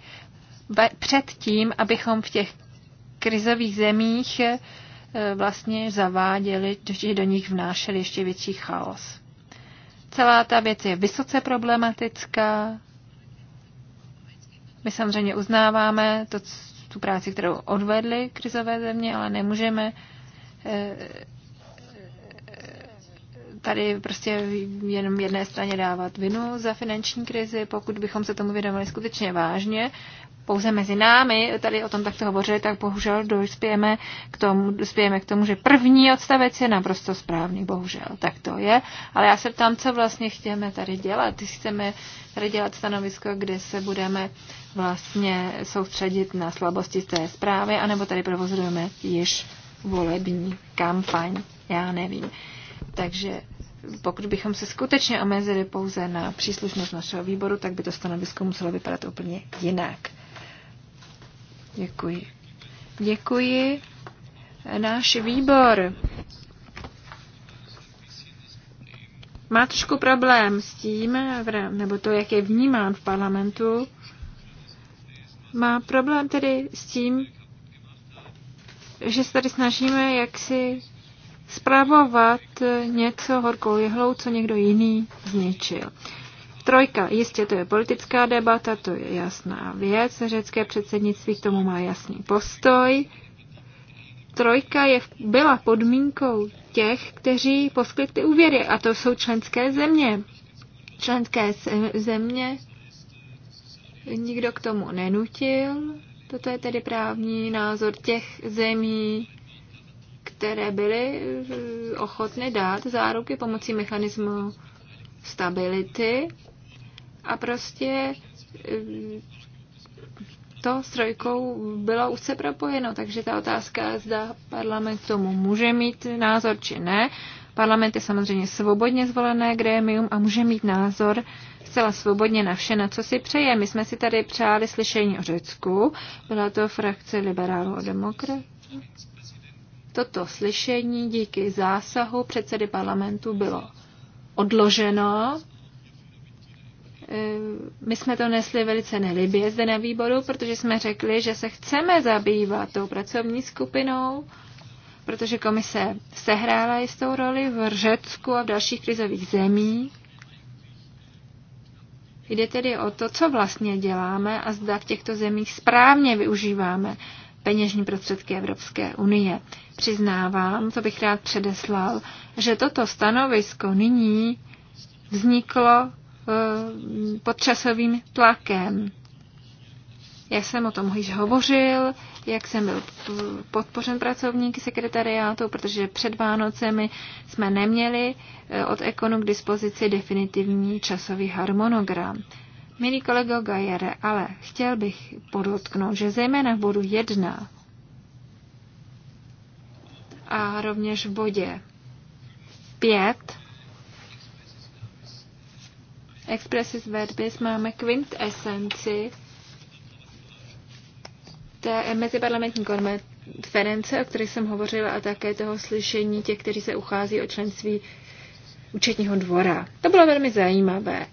před tím, abychom v těch krizových zemích eh, vlastně zaváděli, že do nich vnášeli ještě větší chaos. Celá ta věc je vysoce problematická, my samozřejmě uznáváme to, tu práci, kterou odvedly krizové země, ale nemůžeme eh, eh, tady prostě jenom jedné straně dávat vinu za finanční krizi, pokud bychom se tomu vědomili skutečně vážně, pouze mezi námi tady o tom takto hovořili, tak bohužel dospějeme k tomu, dospějeme k tomu, že první odstavec je naprosto správný, bohužel, tak to je. Ale já se ptám, co vlastně chceme tady dělat. Chceme tady dělat stanovisko, kde se budeme vlastně soustředit na slabosti té zprávy, anebo tady provozujeme již volební kampaň, já nevím. Takže pokud bychom se skutečně omezili pouze na příslušnost našeho výboru, tak by to stanovisko muselo vypadat úplně jinak. Děkuji. Děkuji. Náš výbor má trošku problém s tím, nebo to, jak je vnímán v parlamentu, má problém tedy s tím, že se tady snažíme jaksi zpravovat něco horkou jehlou, co někdo jiný zničil. Trojka, jistě to je politická debata, to je jasná věc, řecké předsednictví k tomu má jasný postoj. Trojka je, byla podmínkou těch, kteří poskytli úvěry, a to jsou členské země. Členské země nikdo k tomu nenutil. Toto je tedy právní názor těch zemí, které byly eh, ochotny dát záruky pomocí mechanismu stability a prostě eh, to s trojkou bylo se propojeno, takže ta otázka, zda parlament k tomu může mít názor či ne. Parlament je samozřejmě svobodně zvolené grémium a může mít názor, zcela svobodně na vše, na co si přeje. My jsme si tady přáli slyšení o Řecku, byla to frakce liberálů a demokratů. Toto slyšení díky zásahu předsedy parlamentu bylo odloženo. E, my jsme to nesli velice nelibě zde na výboru, protože jsme řekli, že se chceme zabývat tou pracovní skupinou, protože komise sehrála jistou roli v Řecku a v dalších krizových zemích. Jde tedy o to, co vlastně děláme a zda v těchto zemích správně využíváme peněžní prostředky Evropské unie. Přiznávám, to bych rád předeslal, že toto stanovisko nyní vzniklo eh, pod časovým tlakem. Jak jsem o tom již hovořil, jak jsem byl podpořen pracovníky sekretariátu, protože před Vánocemi jsme neměli e, od Ekonu k dispozici definitivní časový harmonogram. Milý kolego Gajere, ale chtěl bych podotknout, že zejména v bodu 1 a rovněž v bodě 5 expressis verbis máme quint té meziparlamentní konference, o které jsem hovořila, a také toho slyšení těch, kteří se uchází o členství účetního dvora. To bylo velmi zajímavé.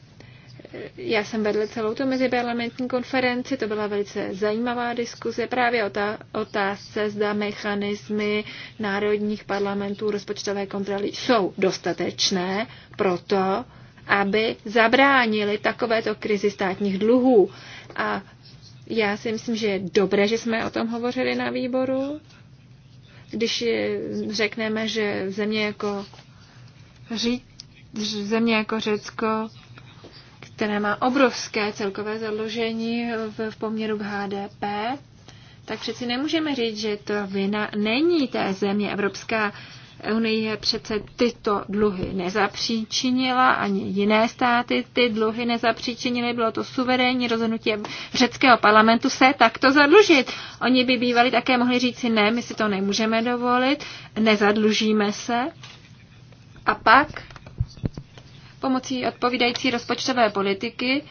Já jsem vedla celou tu meziparlamentní konferenci, to byla velice zajímavá diskuze právě o ta otázce, zda mechanismy národních parlamentů rozpočtové kontroly jsou dostatečné pro to, aby zabránili takovéto krizi státních dluhů. A já si myslím, že je dobré, že jsme o tom hovořili na výboru. Když řekneme, že země jako, ří, země jako Řecko, které má obrovské celkové zadlužení v, v poměru k HDP, tak přeci nemůžeme říct, že to vina není té země. Evropská Unie přece tyto dluhy nezapříčinila, ani jiné státy ty dluhy nezapříčinily, bylo to suverénní rozhodnutí řeckého parlamentu se takto zadlužit. Oni by bývali také mohli říci, ne, my si to nemůžeme dovolit, nezadlužíme se. A pak pomocí odpovídající rozpočtové politiky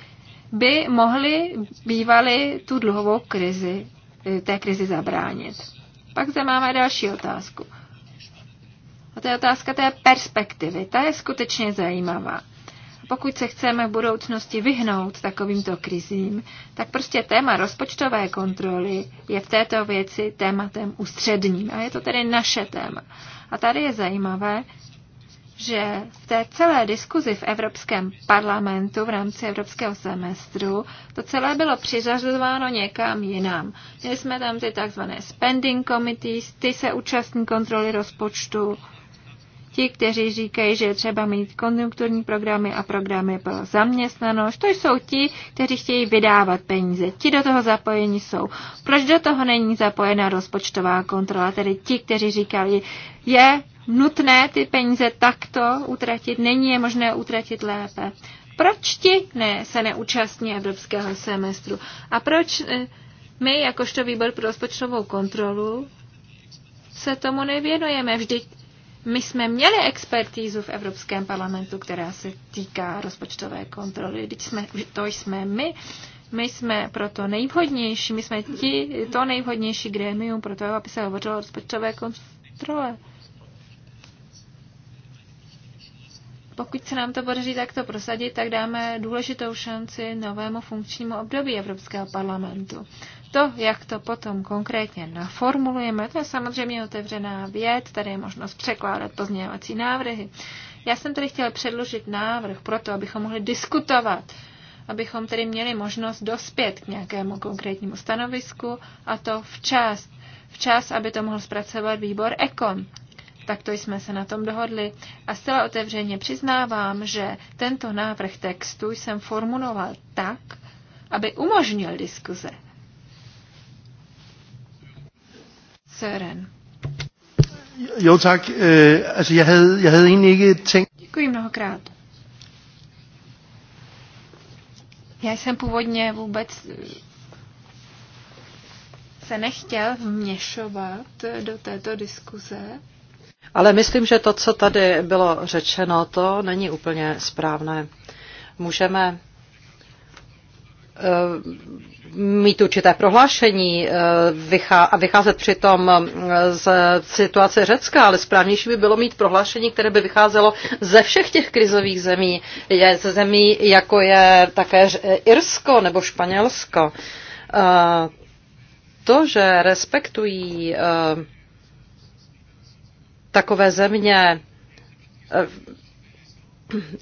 by mohli bývali tu dluhovou krizi, té krizi zabránit. Pak zde máme další otázku. A to je otázka té perspektivy. Ta je skutečně zajímavá. Pokud se chceme v budoucnosti vyhnout takovýmto krizím, tak prostě téma rozpočtové kontroly je v této věci tématem ústředním. A je to tedy naše téma. A tady je zajímavé, že v té celé diskuzi v Evropském parlamentu v rámci Evropského semestru to celé bylo přiřazováno někam jinam. Měli jsme tam ty takzvané spending committees, ty se účastní kontroly rozpočtu, Ti, kteří říkají, že je třeba mít konjunkturní programy a programy pro zaměstnanost, to jsou ti, kteří chtějí vydávat peníze. Ti do toho zapojení jsou. Proč do toho není zapojena rozpočtová kontrola? Tedy ti, kteří říkali, je nutné ty peníze takto utratit, není je možné utratit lépe. Proč ti ne, se neúčastní evropského semestru? A proč eh, my, jakožto výbor pro rozpočtovou kontrolu, se tomu nevěnujeme. Vždyť my jsme měli expertízu v Evropském parlamentu, která se týká rozpočtové kontroly. Když jsme, to jsme my. My jsme proto nejvhodnější, my jsme ti, to nejvhodnější grémium pro to, aby se hovořilo o rozpočtové kontrole. Pokud se nám to podaří takto prosadit, tak dáme důležitou šanci novému funkčnímu období Evropského parlamentu. To, jak to potom konkrétně naformulujeme, to je samozřejmě otevřená věc, tady je možnost překládat pozměňovací návrhy. Já jsem tady chtěl předložit návrh proto, abychom mohli diskutovat, abychom tedy měli možnost dospět k nějakému konkrétnímu stanovisku a to včas, včas, aby to mohl zpracovat výbor Ekon. Takto jsme se na tom dohodli a zcela otevřeně přiznávám, že tento návrh textu jsem formuloval tak, aby umožnil diskuze, Søren. Jo tak, uh, altså jeg havde, jeg havde egentlig ikke tænkt... Děkuji mnohokrát. Já jsem původně vůbec eh, se nechtěl vměšovat do této diskuze. Ale myslím, že to, co tady bylo řečeno, to není úplně správné. Můžeme Eh, mít určité prohlášení eh, a vycházet přitom eh, z situace Řecka, ale správnější by bylo mít prohlášení, které by vycházelo ze všech těch krizových zemí, je ze zemí, jako je také Irsko nebo Španělsko. To, že respektují takové země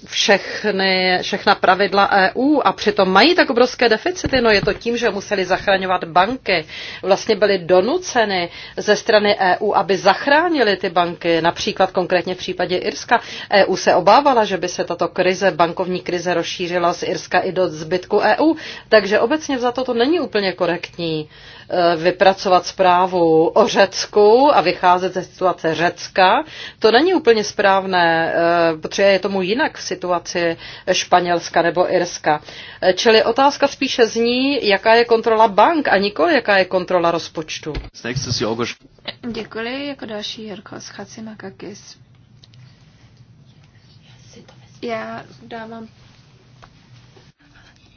všechny, všechna pravidla EU a přitom mají tak obrovské deficity. No je to tím, že museli zachraňovat banky. Vlastně byly donuceny ze strany EU, aby zachránili ty banky. Například konkrétně v případě Irska. EU se obávala, že by se tato krize, bankovní krize rozšířila z Irska i do zbytku EU. Takže obecně za to to není úplně korektní. Eh, vypracovat zprávu o Řecku a vycházet ze situace Řecka. To není úplně správné, eh, protože je tomu jinak v situaci Španělska nebo Irska. Eh, čili otázka spíše zní, jaká je kontrola bank a nikoli jaká je kontrola rozpočtu. Děkuji, jako další Jirko z Kakis. Já dávám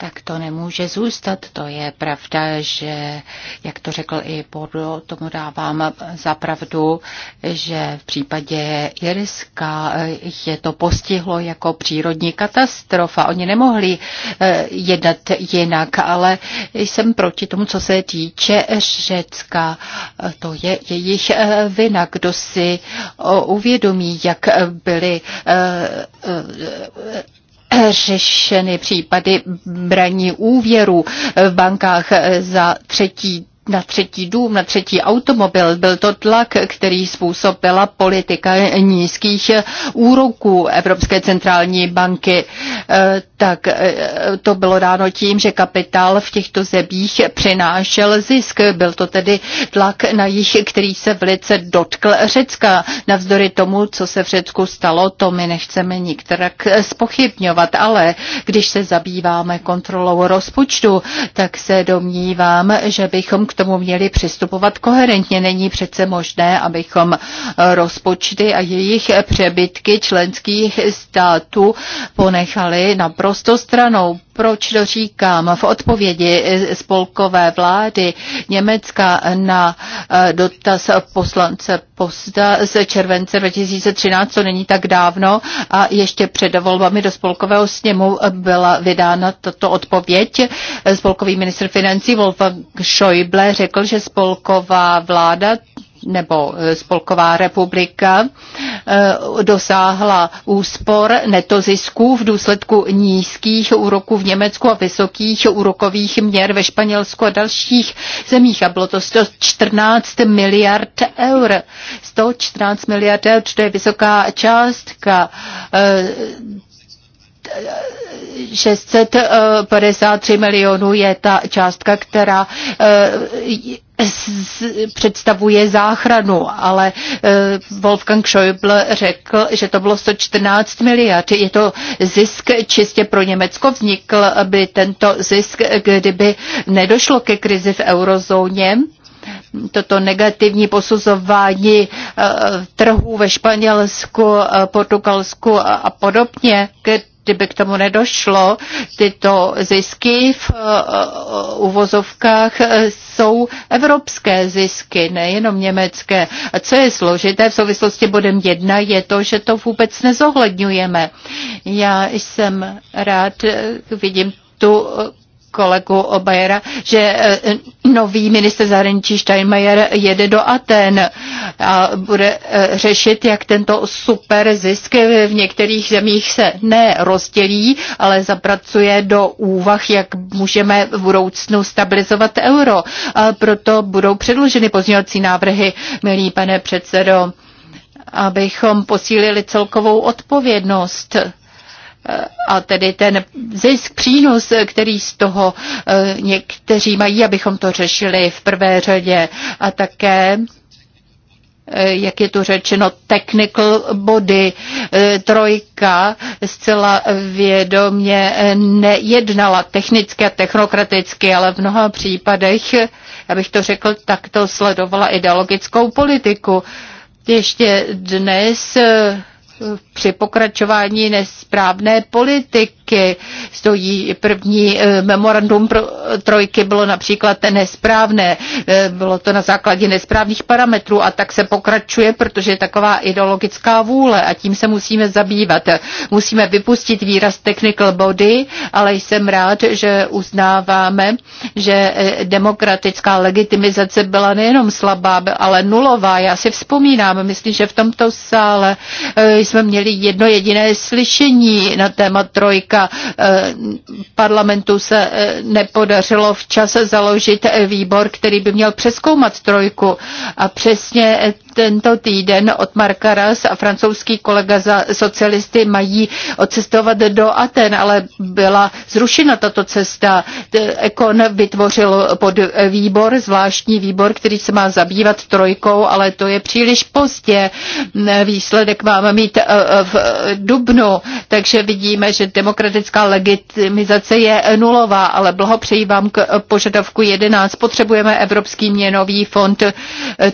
tak to nemůže zůstat. To je pravda, že, jak to řekl i Podlo, tomu dávám za pravdu, že v případě Jiriska eh, je to postihlo jako přírodní katastrofa. Oni nemohli eh, jednat jinak, ale jsem proti tomu, co se týče Řecka. To je jejich eh, vina, kdo si uvědomí, jak byli řešeny případy braní úvěru v bankách za třetí na třetí dům, na třetí automobil. Byl to tlak, který způsobila politika nízkých úroků Evropské centrální banky. Eh, tak eh, to bylo dáno tím, že kapitál v těchto zemích přinášel zisk. Byl to tedy tlak na jich, který se velice dotkl Řecka. Navzdory tomu, co se v Řecku stalo, to my nechceme nikterak spochybňovat, ale když se zabýváme kontrolou rozpočtu, tak se domnívám, že bychom k tomu měli přistupovat koherentně. Není přece možné, abychom rozpočty a jejich přebytky členských států ponechali naprosto naprosto stranou. Proč to říkám? V odpovědi spolkové vlády Německa na eh, dotaz poslance Posta z července 2013, co není tak dávno, a ještě před volbami do spolkového sněmu byla vydána tato odpověď. Spolkový ministr financí Wolfgang Schäuble řekl, že spolková vláda nebo eh, Spolková republika eh, dosáhla úspor netozisků v důsledku nízkých úroků v Německu a vysokých úrokových měr ve Španělsku a dalších zemích. A bylo to 114 miliard eur. 114 miliard eur, to je vysoká částka eh, 653 eh, milionů je ta částka, která eh, představuje záchranu, ale eh, Wolfgang Schäuble řekl, že to bylo 114 miliard. Je to zisk čistě pro Německo. Vznikl by tento zisk, kdyby nedošlo ke krizi v eurozóně toto negativní posuzování trhů ve Španělsku, Portugalsku a podobně, kdyby k tomu nedošlo, tyto zisky v eh, eh, uvozovkách eh, jsou evropské zisky, nejenom německé. A co je složité v souvislosti bodem jedna, je to, že to vůbec nezohledňujeme. Já jsem rád, vidím tu kolegu Obajera, že e, nový minister zahraničí Steinmeier jede do Aten a bude e, řešit, jak tento super zisk v některých zemích se nerozdělí, ale zapracuje do úvah, jak můžeme v budoucnu stabilizovat euro. A proto budou předloženy pozdělací návrhy, milý pane předsedo abychom posílili celkovou odpovědnost a tedy ten zisk, přínos, který z toho eh, někteří mají, abychom to řešili v prvé řadě a také eh, jak je tu řečeno, technical body. Eh, trojka zcela vědomě nejednala technicky a technokraticky, ale v mnoha případech, abych to řekl, takto sledovala ideologickou politiku. Ještě dnes při pokračování nesprávné politiky. Stojí první eh, memorandum pro trojky bylo například nesprávné, eh, bylo to na základě nesprávných parametrů a tak se pokračuje, protože je taková ideologická vůle a tím se musíme zabývat. Musíme vypustit výraz technical body, ale jsem rád, že uznáváme, že eh, demokratická legitimizace byla nejenom slabá, ale nulová. Já si vzpomínám, myslím, že v tomto sále jsme měli měli jedno jediné slyšení na téma trojka. E, parlamentu se e, nepodařilo včas založit e, výbor, který by měl přeskoumat trojku. A přesně tento týden od Ras a francouzský kolega za socialisty mají odcestovat do Aten, ale byla zrušena tato cesta. Ekon vytvořil pod výbor, zvláštní výbor, který se má zabývat trojkou, ale to je příliš pozdě. Výsledek máme mít eh, eh, v dubnu, takže vidíme, že demokratická legitimizace je nulová, ale blahopřeji vám k požadavku 11. Potřebujeme Evropský měnový fond.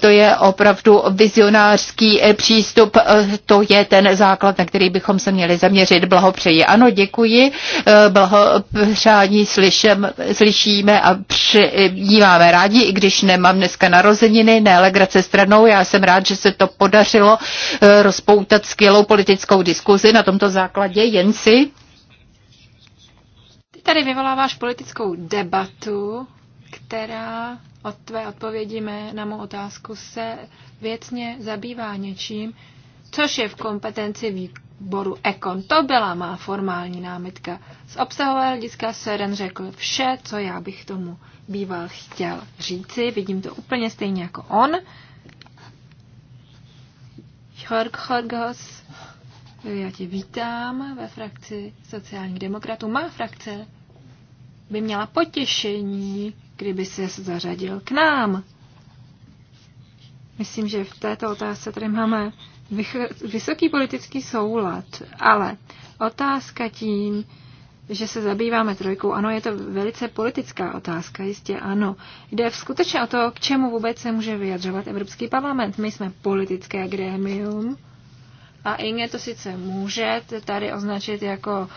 To je opravdu vizionářský eh, přístup, eh, to je ten základ, na který bychom se měli zaměřit. Blahopřeji. Ano, děkuji. Eh, blahopřání slyšem, slyšíme a přijímáme rádi, i když nemám dneska narozeniny, ne legrace stranou. Já jsem rád, že se to podařilo rozpoutat skvělou politickou diskuzi na tomto základě. Jen si tady vyvoláváš politickou debatu, která od tvé odpovědi mé na mou otázku se věcně zabývá něčím, což je v kompetenci výboru Ekon. To byla má formální námitka. Z obsahové hlediska Seren řekl vše, co já bych tomu býval chtěl říci. Vidím to úplně stejně jako on. Jorg Jorgos, já tě vítám ve frakci sociálních demokratů. Má frakce by měla potěšení kdyby se zařadil k nám. Myslím, že v této otázce tady máme vysoký politický soulad, ale otázka tím, že se zabýváme trojkou, ano, je to velice politická otázka, jistě ano. Jde skutečně o to, k čemu vůbec se může vyjadřovat Evropský parlament. My jsme politické grémium a Inge to sice může tady označit jako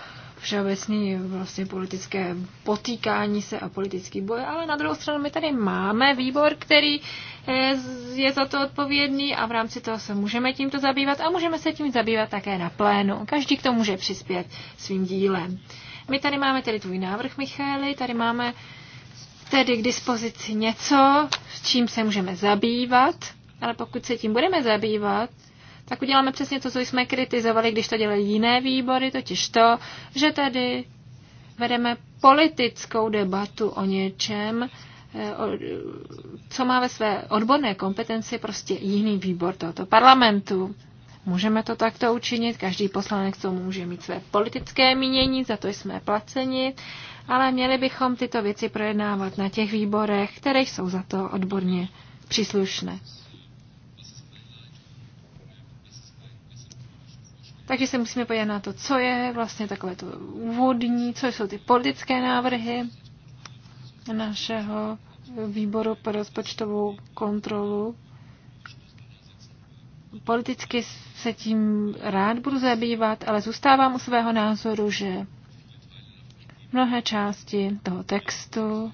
všeobecný vlastně politické potýkání se a politický boj, ale na druhou stranu my tady máme výbor, který eh, je za to odpovědný a v rámci toho se můžeme tímto zabývat a můžeme se tím zabývat také na plénu. Každý k tomu může přispět svým dílem. My tady máme tedy tvůj návrh, Michaeli, tady máme tedy k dispozici něco, s čím se můžeme zabývat, ale pokud se tím budeme zabývat, tak uděláme přesně to, co jsme kritizovali, když to dělají jiné výbory, totiž to, že tady vedeme politickou debatu o něčem, eh, co má ve své odborné kompetenci prostě jiný výbor tohoto parlamentu. Můžeme to takto učinit, každý poslanec to může mít své politické mínění, za to jsme placeni, ale měli bychom tyto věci projednávat na těch výborech, které jsou za to odborně příslušné. Takže se musíme podívat na to, co je vlastně takové to úvodní, co jsou ty politické návrhy našeho výboru pro rozpočtovou kontrolu. Politicky se tím rád budu zabývat, ale zůstávám u svého názoru, že mnohé části toho textu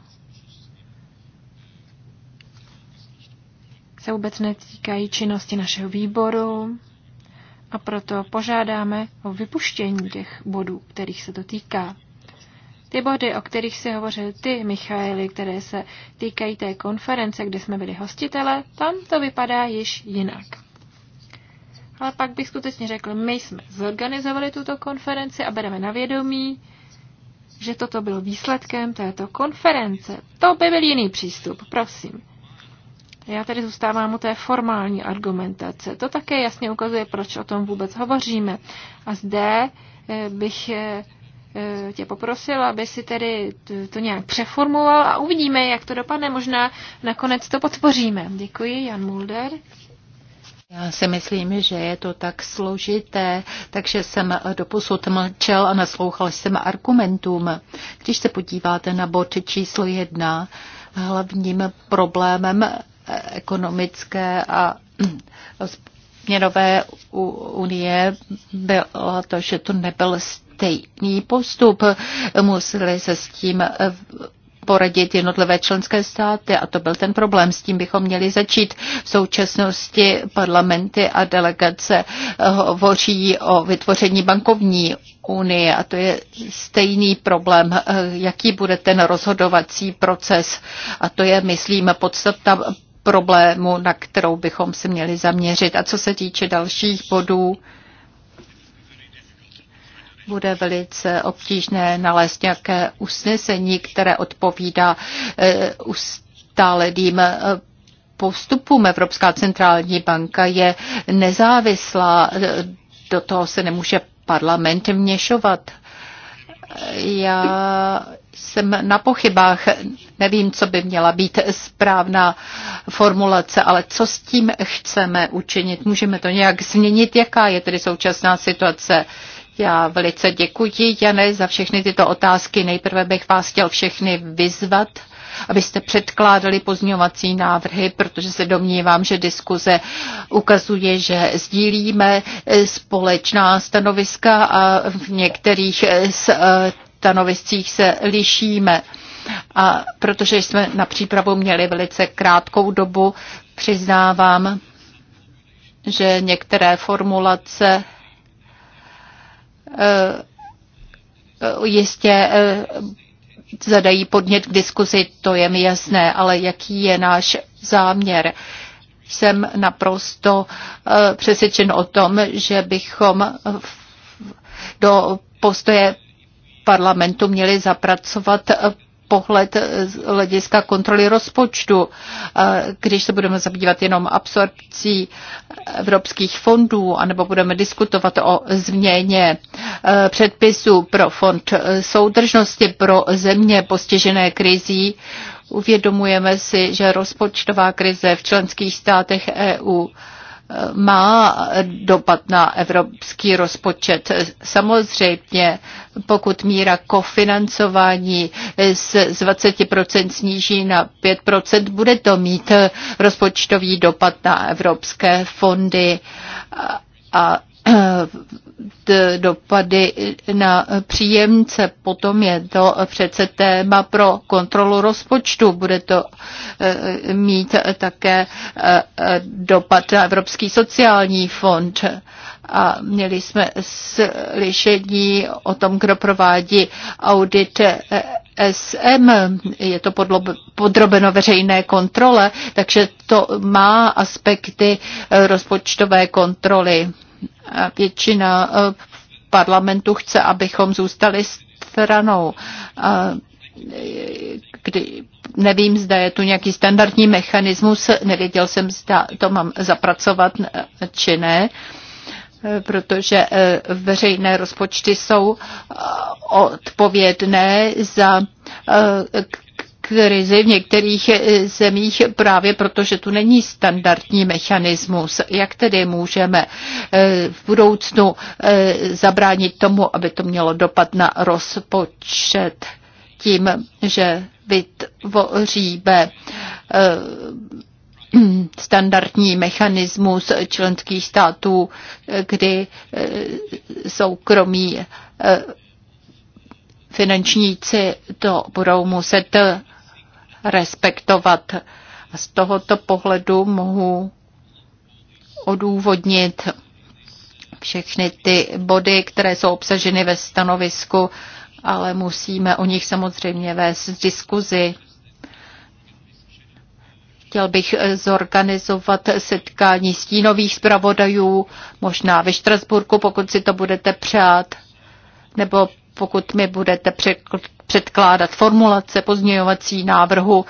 se vůbec netýkají činnosti našeho výboru a proto požádáme o vypuštění těch bodů, kterých se to týká. Ty body, o kterých si hovořil ty, Michaeli, které se týkají té konference, kde jsme byli hostitele, tam to vypadá již jinak. Ale pak bych skutečně řekl, my jsme zorganizovali tuto konferenci a bereme na vědomí, že toto bylo výsledkem této konference. To by byl jiný přístup, prosím. Já tady zůstávám u té formální argumentace. To také jasně ukazuje, proč o tom vůbec hovoříme. A zde eh, bych eh, eh, tě poprosil, aby si tedy to nějak přeformuloval a uvidíme, jak to dopadne. Možná nakonec to podpoříme. Děkuji, Jan Mulder. Já si myslím, že je to tak složité, takže jsem doposud mlčel a naslouchal jsem argumentům. Když se podíváte na bod číslo jedna, hlavním problémem ekonomické a měnové unie bylo to, že to nebyl stejný postup. Museli se s tím eh, poradit jednotlivé členské státy a to byl ten problém. S tím bychom měli začít. V současnosti parlamenty a delegace hovoří o vytvoření bankovní unie a to je stejný problém, eh, jaký bude ten rozhodovací proces. A to je, myslím, podstata problému, na kterou bychom se měli zaměřit. A co se týče dalších bodů, bude velice obtížné nalézt nějaké usnesení, které odpovídá eh, ustáleným eh, postupům. Evropská centrální banka je nezávislá, eh, do toho se nemůže parlament měšovat. Já jsem na pochybách. Nevím, co by měla být správná formulace, ale co s tím chceme učinit? Můžeme to nějak změnit? Jaká je tedy současná situace? Já velice děkuji, Jane, za všechny tyto otázky. Nejprve bych vás chtěl všechny vyzvat, abyste předkládali pozňovací návrhy, protože se domnívám, že diskuze ukazuje, že sdílíme společná stanoviska a v některých z eh, stanoviscích se lišíme. A protože jsme na přípravu měli velice krátkou dobu, přiznávám, že některé formulace eh, jistě eh, zadají podnět k diskuzi, to je mi jasné, ale jaký je náš záměr? Jsem naprosto eh, přesvědčen o tom, že bychom do postoje parlamentu měli zapracovat pohled z hlediska kontroly rozpočtu, když se budeme zabývat jenom absorpcí evropských fondů, anebo budeme diskutovat o změně e, předpisů pro fond soudržnosti pro země postižené krizí, uvědomujeme si, že rozpočtová krize v členských státech EU má dopad na evropský rozpočet. Samozřejmě, pokud míra kofinancování z 20% sníží na 5%, bude to mít rozpočtový dopad na evropské fondy a Eh, dopady na příjemce. Potom je to přece téma pro kontrolu rozpočtu. Bude to eh, mít také eh, dopad na Evropský sociální fond. A měli jsme slyšení o tom, kdo provádí audit SM, je to podrobeno veřejné kontrole, takže to má aspekty rozpočtové kontroly. Většina eh, parlamentu chce, abychom zůstali stranou. Eh, kdy, nevím, zda je tu nějaký standardní mechanismus, nevěděl jsem, zda to mám zapracovat eh, či ne protože veřejné rozpočty jsou odpovědné za krizi v některých eh, zemích právě proto, že tu není standardní mechanismus. Jak tedy můžeme eh, v budoucnu eh, zabránit tomu, aby to mělo dopad na rozpočet tím, že vytvoříme standardní mechanismus členských států, kdy soukromí finančníci to budou muset respektovat. A z tohoto pohledu mohu odůvodnit všechny ty body, které jsou obsaženy ve stanovisku, ale musíme o nich samozřejmě vést diskuzi. Chtěl bych zorganizovat setkání stínových zpravodajů, možná ve Štrasburku, pokud si to budete přát, nebo pokud mi budete předkládat formulace pozměňovací návrhu,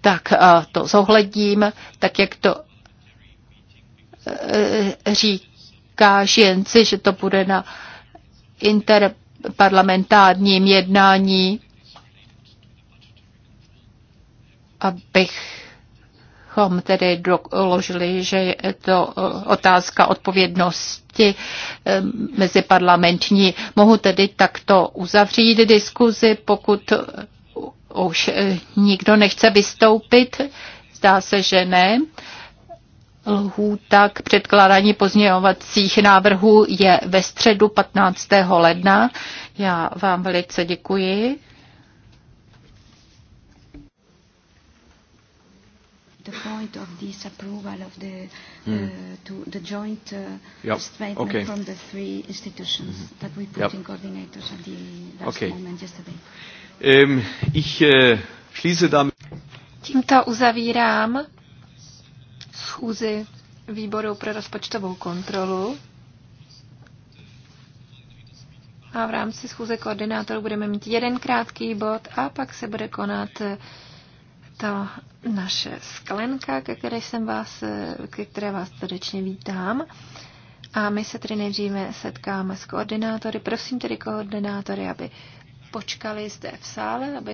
tak eh, to zohledím, tak jak to eh, říká Žienci, že to bude na interparlamentárním jednání, abych bychom tedy doložili, že je to e, otázka odpovědnosti e, meziparlamentní. Mohu tedy takto uzavřít diskuzi, pokud už e, nikdo nechce vystoupit. Zdá se, že ne. Lhů tak předkládání pozměňovacích návrhů je ve středu 15. ledna. Já vám velice děkuji the point of this approval of the mm. uh, to the joint uh, yep. statement okay. from the three institutions mm-hmm. that we put yep. in coordinators at the last okay. moment yesterday. Um, ich uh, schließe damit. Tímto uzavírám schůzi výboru pro rozpočtovou kontrolu. A v rámci schůze koordinátorů budeme mít jeden krátký bod a pak se bude konat uh, to naše sklenka, ke které, jsem vás, ke které vás srdečně vítám. A my se tedy nejdříve setkáme s koordinátory. Prosím tedy koordinátory, aby počkali zde v sále, aby